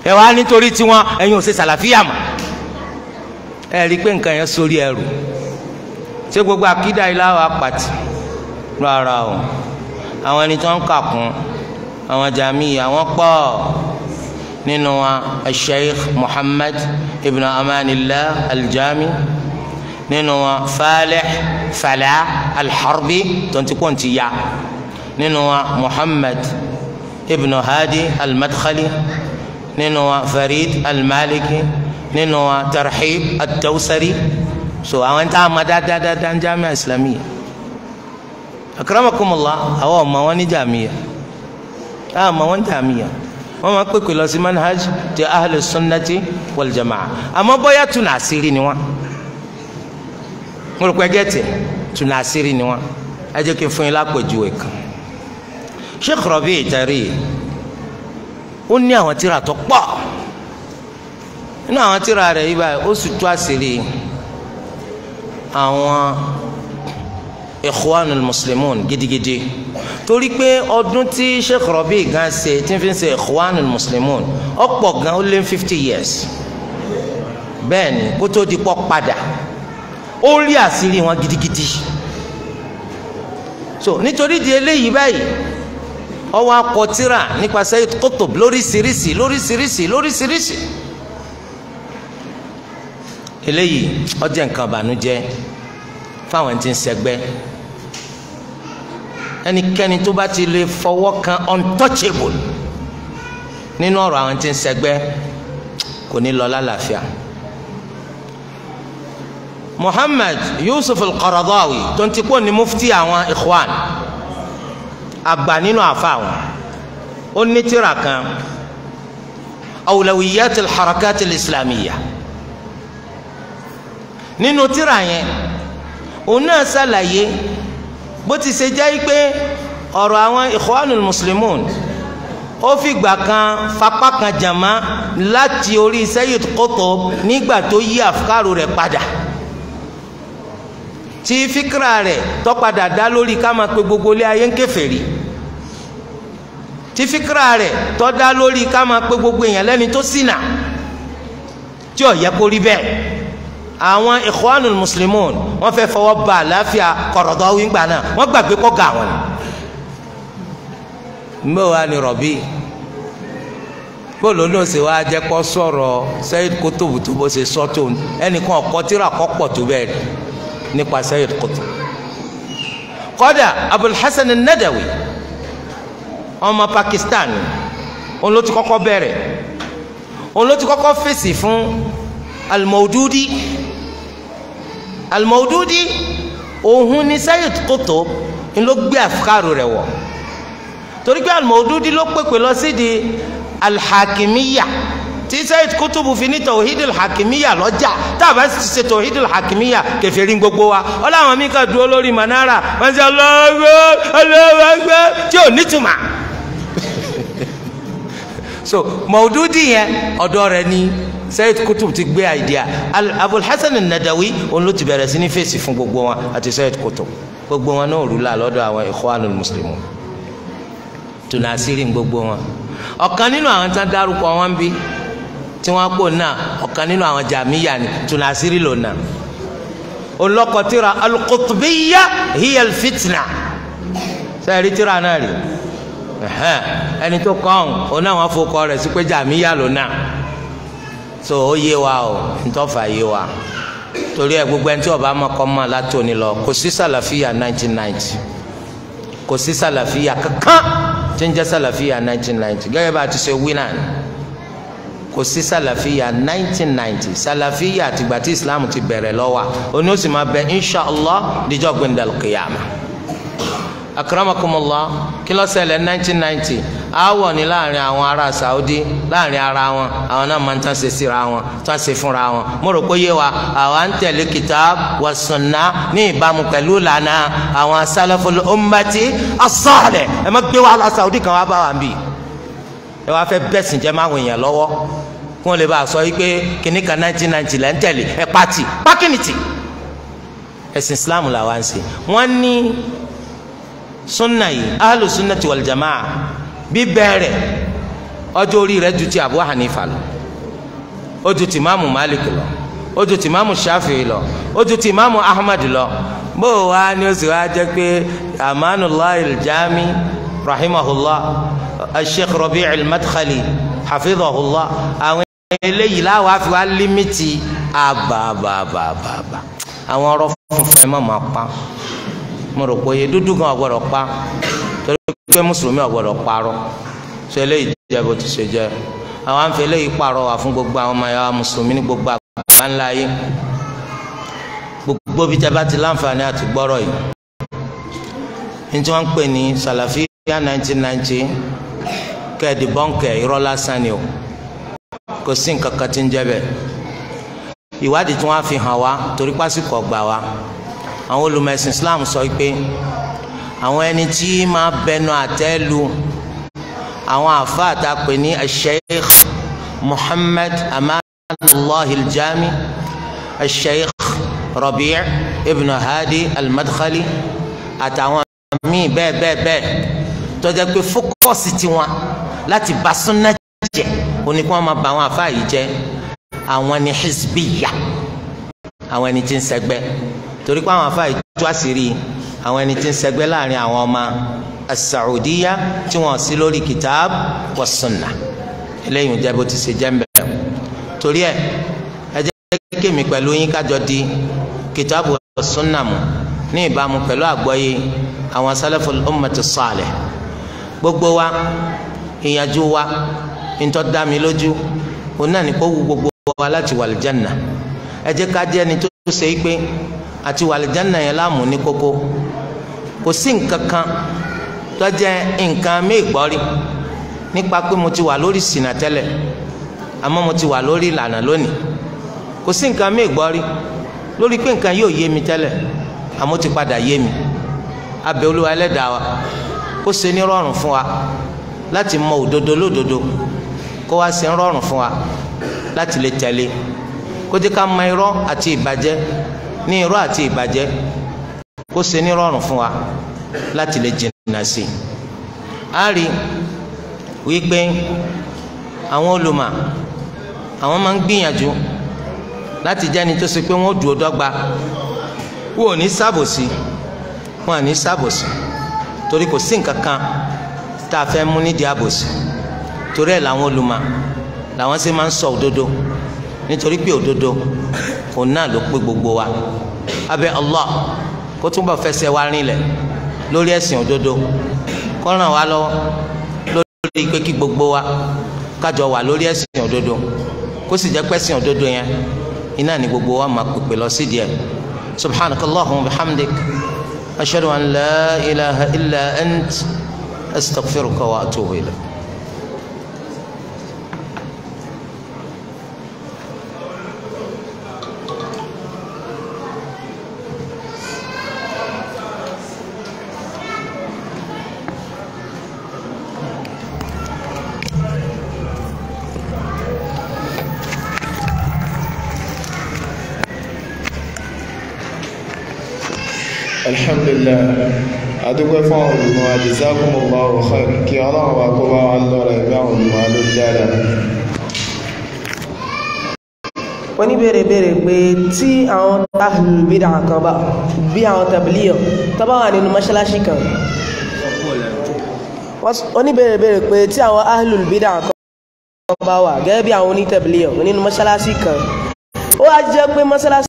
ẹ wá nítorí tiwọn ẹ̀yin ò ṣe sàlàfíà mọ́ ẹ rí i pé nǹkan yẹn sórí ẹrù ṣé gbogbo akídà ilá wa pàtì rárá o àwọn ẹni tó ń kà kún àwọn jamiu àwọn pọ̀ nínú wa Sheikh Muhammad ibn Amanillah Al-Jami. Al nínú wọn Salih Falah Al-Harbi tontikun ti ya nínú wọn Muhammad ibn Hadi Al-Madkhali nínú wọn Farid Al-Maliki nínú wọn Tarhib At-Tawsari so àwọn tá a ma dáadáa ń jamiya islamiyya akramakumullah àwọn ọmọ wọn ní jamiya àwọn ọmọ wọn ní jamiya wọn máa pèpè lọ sí manhaj ti ahlu sunnati wal jama'a àmọ́ bóyá tún àṣírí ni wọn. mo rò pé gẹ́tì tùnà àṣírí ni wọn ẹ jẹ́ kí n fún yín lápèjúwe kan Sheikh Rabi' Tahrir ó ní àwọn tíra tó pọ̀ nínú àwọn tíra rẹ̀ yìí báyìí ó sì tú àṣírí àwọn Ikhwanul Muslimun gidigidi torí pé ọdún tí Sheikh Rabi' gan ṣe tí n fi ṣe Ikhwanul Muslimun ó pọ̀ gan ó lé fifty years bẹ́ẹ̀ ni kó tó padà ó rí àṣírí wọn gidigidi so nítorí di eléyìí báyìí ọwọ́ akọtira nípa Sayyid Qutb lóríṣiríṣi lóríṣiríṣi lóríṣiríṣi eléyìí ó jẹ́ nǹkan ìbànújẹ́ fáwọn tí ń ṣẹgbẹ́ ẹnikẹ́ni tó bá ti lè fọwọ́ kan untouchable nínú ọ̀rọ̀ àwọn tí ń ṣẹgbẹ́ kò ní lọ lálàáfíà. La Muhammad Yusuf al-Qaradawi tó ń ti kó ní mufti àwọn Ikhwan àgbà nínú àfa àwọn ó ní tírà kan awulawiyat al-harakat al-islamiyya nínú tírà yẹn òun náà ṣàlàyé bó ti ṣe jẹ́ pé ọ̀rọ̀ àwọn Ikhwanul Muslimun ó fìgbà kan fapá kan jàmá láti orí Sayyid Qutb nígbà tó yí àfikàrò rẹ̀ padà tí fíkra rẹ̀ tó padà dá lórí ká máa pe gbogbo ilé ayé ń kèfèrí tí fíkra rẹ̀ tó dá lórí ká máa pe gbogbo èèyàn lẹ́ni tó ṣìnà tí ò yẹ kó rí bẹ́ẹ̀ àwọn Ikhwanul Muslimun wọ́n fẹ́ fọwọ́ ba àlàáfíà Qaradawi ńgbà náà wọ́n gbàgbé kọ́ ga wọn. mbẹ́ wa ni rọ̀bì bóòlù náà ṣe wá jẹ́ kó sọ̀rọ̀ Sayyid Qutb tó bó ṣe sọ́ tó ẹnìkan ọ̀kọ́ tíra kọ́ pọ̀ tó bẹ́ẹ̀ nípa Sayyid Qutb kọ́dà Abul Hasan Nadawi ọmọ Pakistan òun ló ti kọ́kọ́ bẹ̀rẹ̀ òun ló ti kọ́kọ́ fèsì fún Al-Mawdudi Al-Mawdudi òun ni Sayyid Qutb ń ló gbé àfikàrò rẹ̀ wọ̀ torí pé al ló pèpè lọ sí di Al-Hakimiyya. al tí Sayyid Kutubu fi ní tòhídìl hakimiya lọ́jà tábà sì ṣe tòhídìl hakimiya kèfèrí gbogbo wa ọlọ́run mi ka dúró lórí manara wọ́n ti ọlọ́gbẹ́ ọlọ́gbẹ́ tí ò nítumà so mọ̀ọ́dúndì yẹn ọ̀dọ́ rẹ ni Sayyid Kutub ti gbé àìdíà Abul Hasan Nadawi òun ló ti bẹ̀rẹ̀ sí ní fèsì fún gbogbo wọn àti Sayyid Kutub gbogbo wọn náà rúlà lọ́dọ̀ àwọn Ikhwanul Muslimun tùnà sírìn gbogbo wọn ọ̀kan nínú àwọn tán dárúkọ wọn bí tí wọ́n pò náà ọ̀kan nínú àwọn jàmíyà ni tunasiri lò náà olókọtìrà alukutubiyya hiya alfitna sẹ́ẹ̀rí tìrà náà rí ẹni tó kọ́ ọ̀hún ọ̀nà àwọn afọkọ rẹ̀ sí pé jàmíyà lò náà so ó yé wa o ntọ́fà yé wa torí ẹ gbogbo ẹni tí ọba ama kọ́ láti òní lọ kò sí sàlàfíà 1990 kò sí sàlàfíà kankan tí ń jẹ́ sàlàfíà 1990 gẹ́gẹ́ bá a ti ṣe wí náà ni kò sí sàlàfíà 1990 sàlàfíà àtìgbà tí islam ti bẹ̀rẹ̀ lọ́wọ́ oní ó sì máa bẹ inshàlá díjọ́ gbẹ̀ndàl kìyàmà akramakumullah kí 1990 aáwọ̀ ni láàrin àwọn ará Saudi láàrin ara wọn àwọn náà máa ń tán ṣe síra wọn tán ṣe fúnra wọn mo rò pé yé wa àwa ń tẹ̀lé kitab wa sunnah ní ìbámu pẹ̀lú ìlànà àwọn salaful ummati as-salih ẹ má gbé wàhálà Saudi kan wá bá wa ń bì ẹ wá fẹ́ bẹ́sìn jẹ́ máa wọ èèyàn lọ́wọ́ kí wọ́n lè bá a sọ wípé kìnnì kan náìtì náìtì là ń tẹ̀lé ẹ pati pákínìtì ẹ̀sìn Islam là wá ń ṣe wọ́n ní sunna yìí ahlu sunnati wal jamaa bíbẹ̀rẹ̀ ọjọ́ orí rẹ̀ ju ti Abu Hanifa lọ ó ju ti Imaamu Malik lọ ó ju ti Imaamu Shafi'i lọ ó ju ti Imaamu Ahmad lọ bó o wá ní o sì wá jẹ́ pé amanullahi al-jami rahimahullah. Sheikh Rabi' al-Madkhali hafidhahullah àwọn eléyìí láwọn afi wa límítì àbàbàbàbà àwọn ọ̀rọ̀ funfun ẹ má máa pa mo rò pé oye dúdú gan ọgbọ́dọ̀ pa torí pé mùsùlùmí ọgbọ́dọ̀ parọ́ so eléyìí jẹ bó ti ṣe jẹ àwọn àǹfẹ eléyìí pààrọ̀ wà fún gbogbo àwọn ọmọ ẹyà mùsùlùmí ní gbogbo àgbà ńlá yìí gbogbo bíi tẹ́lá ti láǹfààní àti gbọ́rọ̀ yìí ní tí wọ́n ń pè Salafia 1990 kẹ́ẹ̀dì bọ́ǹkẹ̀ irọ́ lásán ni o kò sí nǹkan kan tí ń jẹ́ bẹ́ẹ̀ ìwádìí tí wọ́n á fi hàn wá torí pásìkò ọgbà wa àwọn olùmọ̀ẹ̀sìn Islam sọ pé àwọn ẹni tí máa bẹnu àtẹ́ lu àwọn àfa àtàpè ní Sheikh Muhammad Amanullahi al-Jami Sheikh Rabi' ibn Hadi al-Madkhali àtàwọn míì bẹ́ẹ̀ bẹ́ẹ̀ bẹ́ẹ̀ tọ́jà pé fókọ́sì tiwọn láti bá súnà jẹ́ òní kí wọ́n máa bá àwọn àfáà yìí jẹ́ àwọn ni hizbiya àwọn ẹni tí ń ṣẹgbẹ́ torí pé àwọn àfáà yìí tú àṣírí àwọn ẹni tí ń ṣẹgbẹ́ láàrin àwọn ọmọ asaudiya tí wọ́n sí lórí kitab wa sunna eléyìí jẹ́ bó ti ṣe jẹ́ mbẹ́ torí ẹ ẹ jẹ́ kémi pẹ̀lú yín kájọ di kitab wa sunna mu ní ìbámu pẹ̀lú àgbọ́yé àwọn salaful ummati salih. gbogbo wa ìyànjú wa ntọ́ da mi lójú òun náà ní kó wu gbogbo wa láti wà lìjánà ẹ jẹ́ ká jẹ́ ẹni tó ṣe é pé àti wà lìjánà yẹn láàmú ní kókó kò sí nǹkan kan tó jẹ́ nǹkan méègbọ́rí nípa pé mo ti wà lórí ṣìnà tẹ́lẹ̀ àmọ́ mo ti wà lórí ìlànà lónìí kò sí nǹkan méègbọ́rí lórí pé nǹkan yóò yé mi tẹ́lẹ̀ àmọ́ ti padà yé mi abẹ́ olúwa ẹlẹ́dàá wa. kó ṣe ní rọrùn fún wa láti mọ òdodo lódodo kó wá ṣe ń rọrùn fún wa láti lè tẹ̀lé kó jẹ́ ká mọ irọ́ àti ìbàjẹ́ ní irọ́ àti ìbàjẹ́ kó ṣe ní rọrùn fún wa láti lè jìnnà sí i. a rí wípé àwọn olùmọ̀ àwọn máa ń gbìyànjú láti jẹ́ni tó ṣe pé wọ́n dúró dọ́gba wọn ò ní ṣàbòsí wọn à ní ṣàbòsí torí kò sí nǹkan kan tá a fẹ́ mú nídìí àbòsí torí ẹ̀ làwọn olùmọ̀ làwọn sì máa ń sọ òdodo nítorí pé òdodo òun náà ló pé gbogbo wa abẹ́ Allah kó túbọ̀ fẹsẹ̀ wa rinlẹ̀ lórí ẹ̀sìn òdodo kó ràn wá lọ́wọ́ lórí pé kí gbogbo wa kájọ wà lórí ẹ̀sìn òdodo kó sì jẹ́ pé ẹ̀sìn òdodo yẹn iná ni gbogbo wa máa pèpè lọ sídìí ẹ̀ subhanakallahumma wa bihamdik. أشهد أن لا إله إلا أنت أستغفرك وأتوب إليك alhamdulillah adúgbẹ́ fún àwọn olùmọ̀ àdìsákùnmọ̀ bá ọ̀kọ́ kí ọlọ́run wa kó bá wa lọ́rọ̀ ẹgbẹ́ àwọn olùmọ̀ lórí wọ́n ní bèèrè bèèrè pé tí àwọn tàbílù bídà kan bá bí àwọn tàbílìyàn tó bá wà nínú mọ́ṣáláṣí kan wọ́n ní bèèrè bèèrè pé tí àwọn ahlul bídà kan bá wà gẹ́gẹ́ bí àwọn onítàbílìyàn nínú mọ́ṣáláṣí kan ó wá jẹ́ pé mọ́ṣáláṣí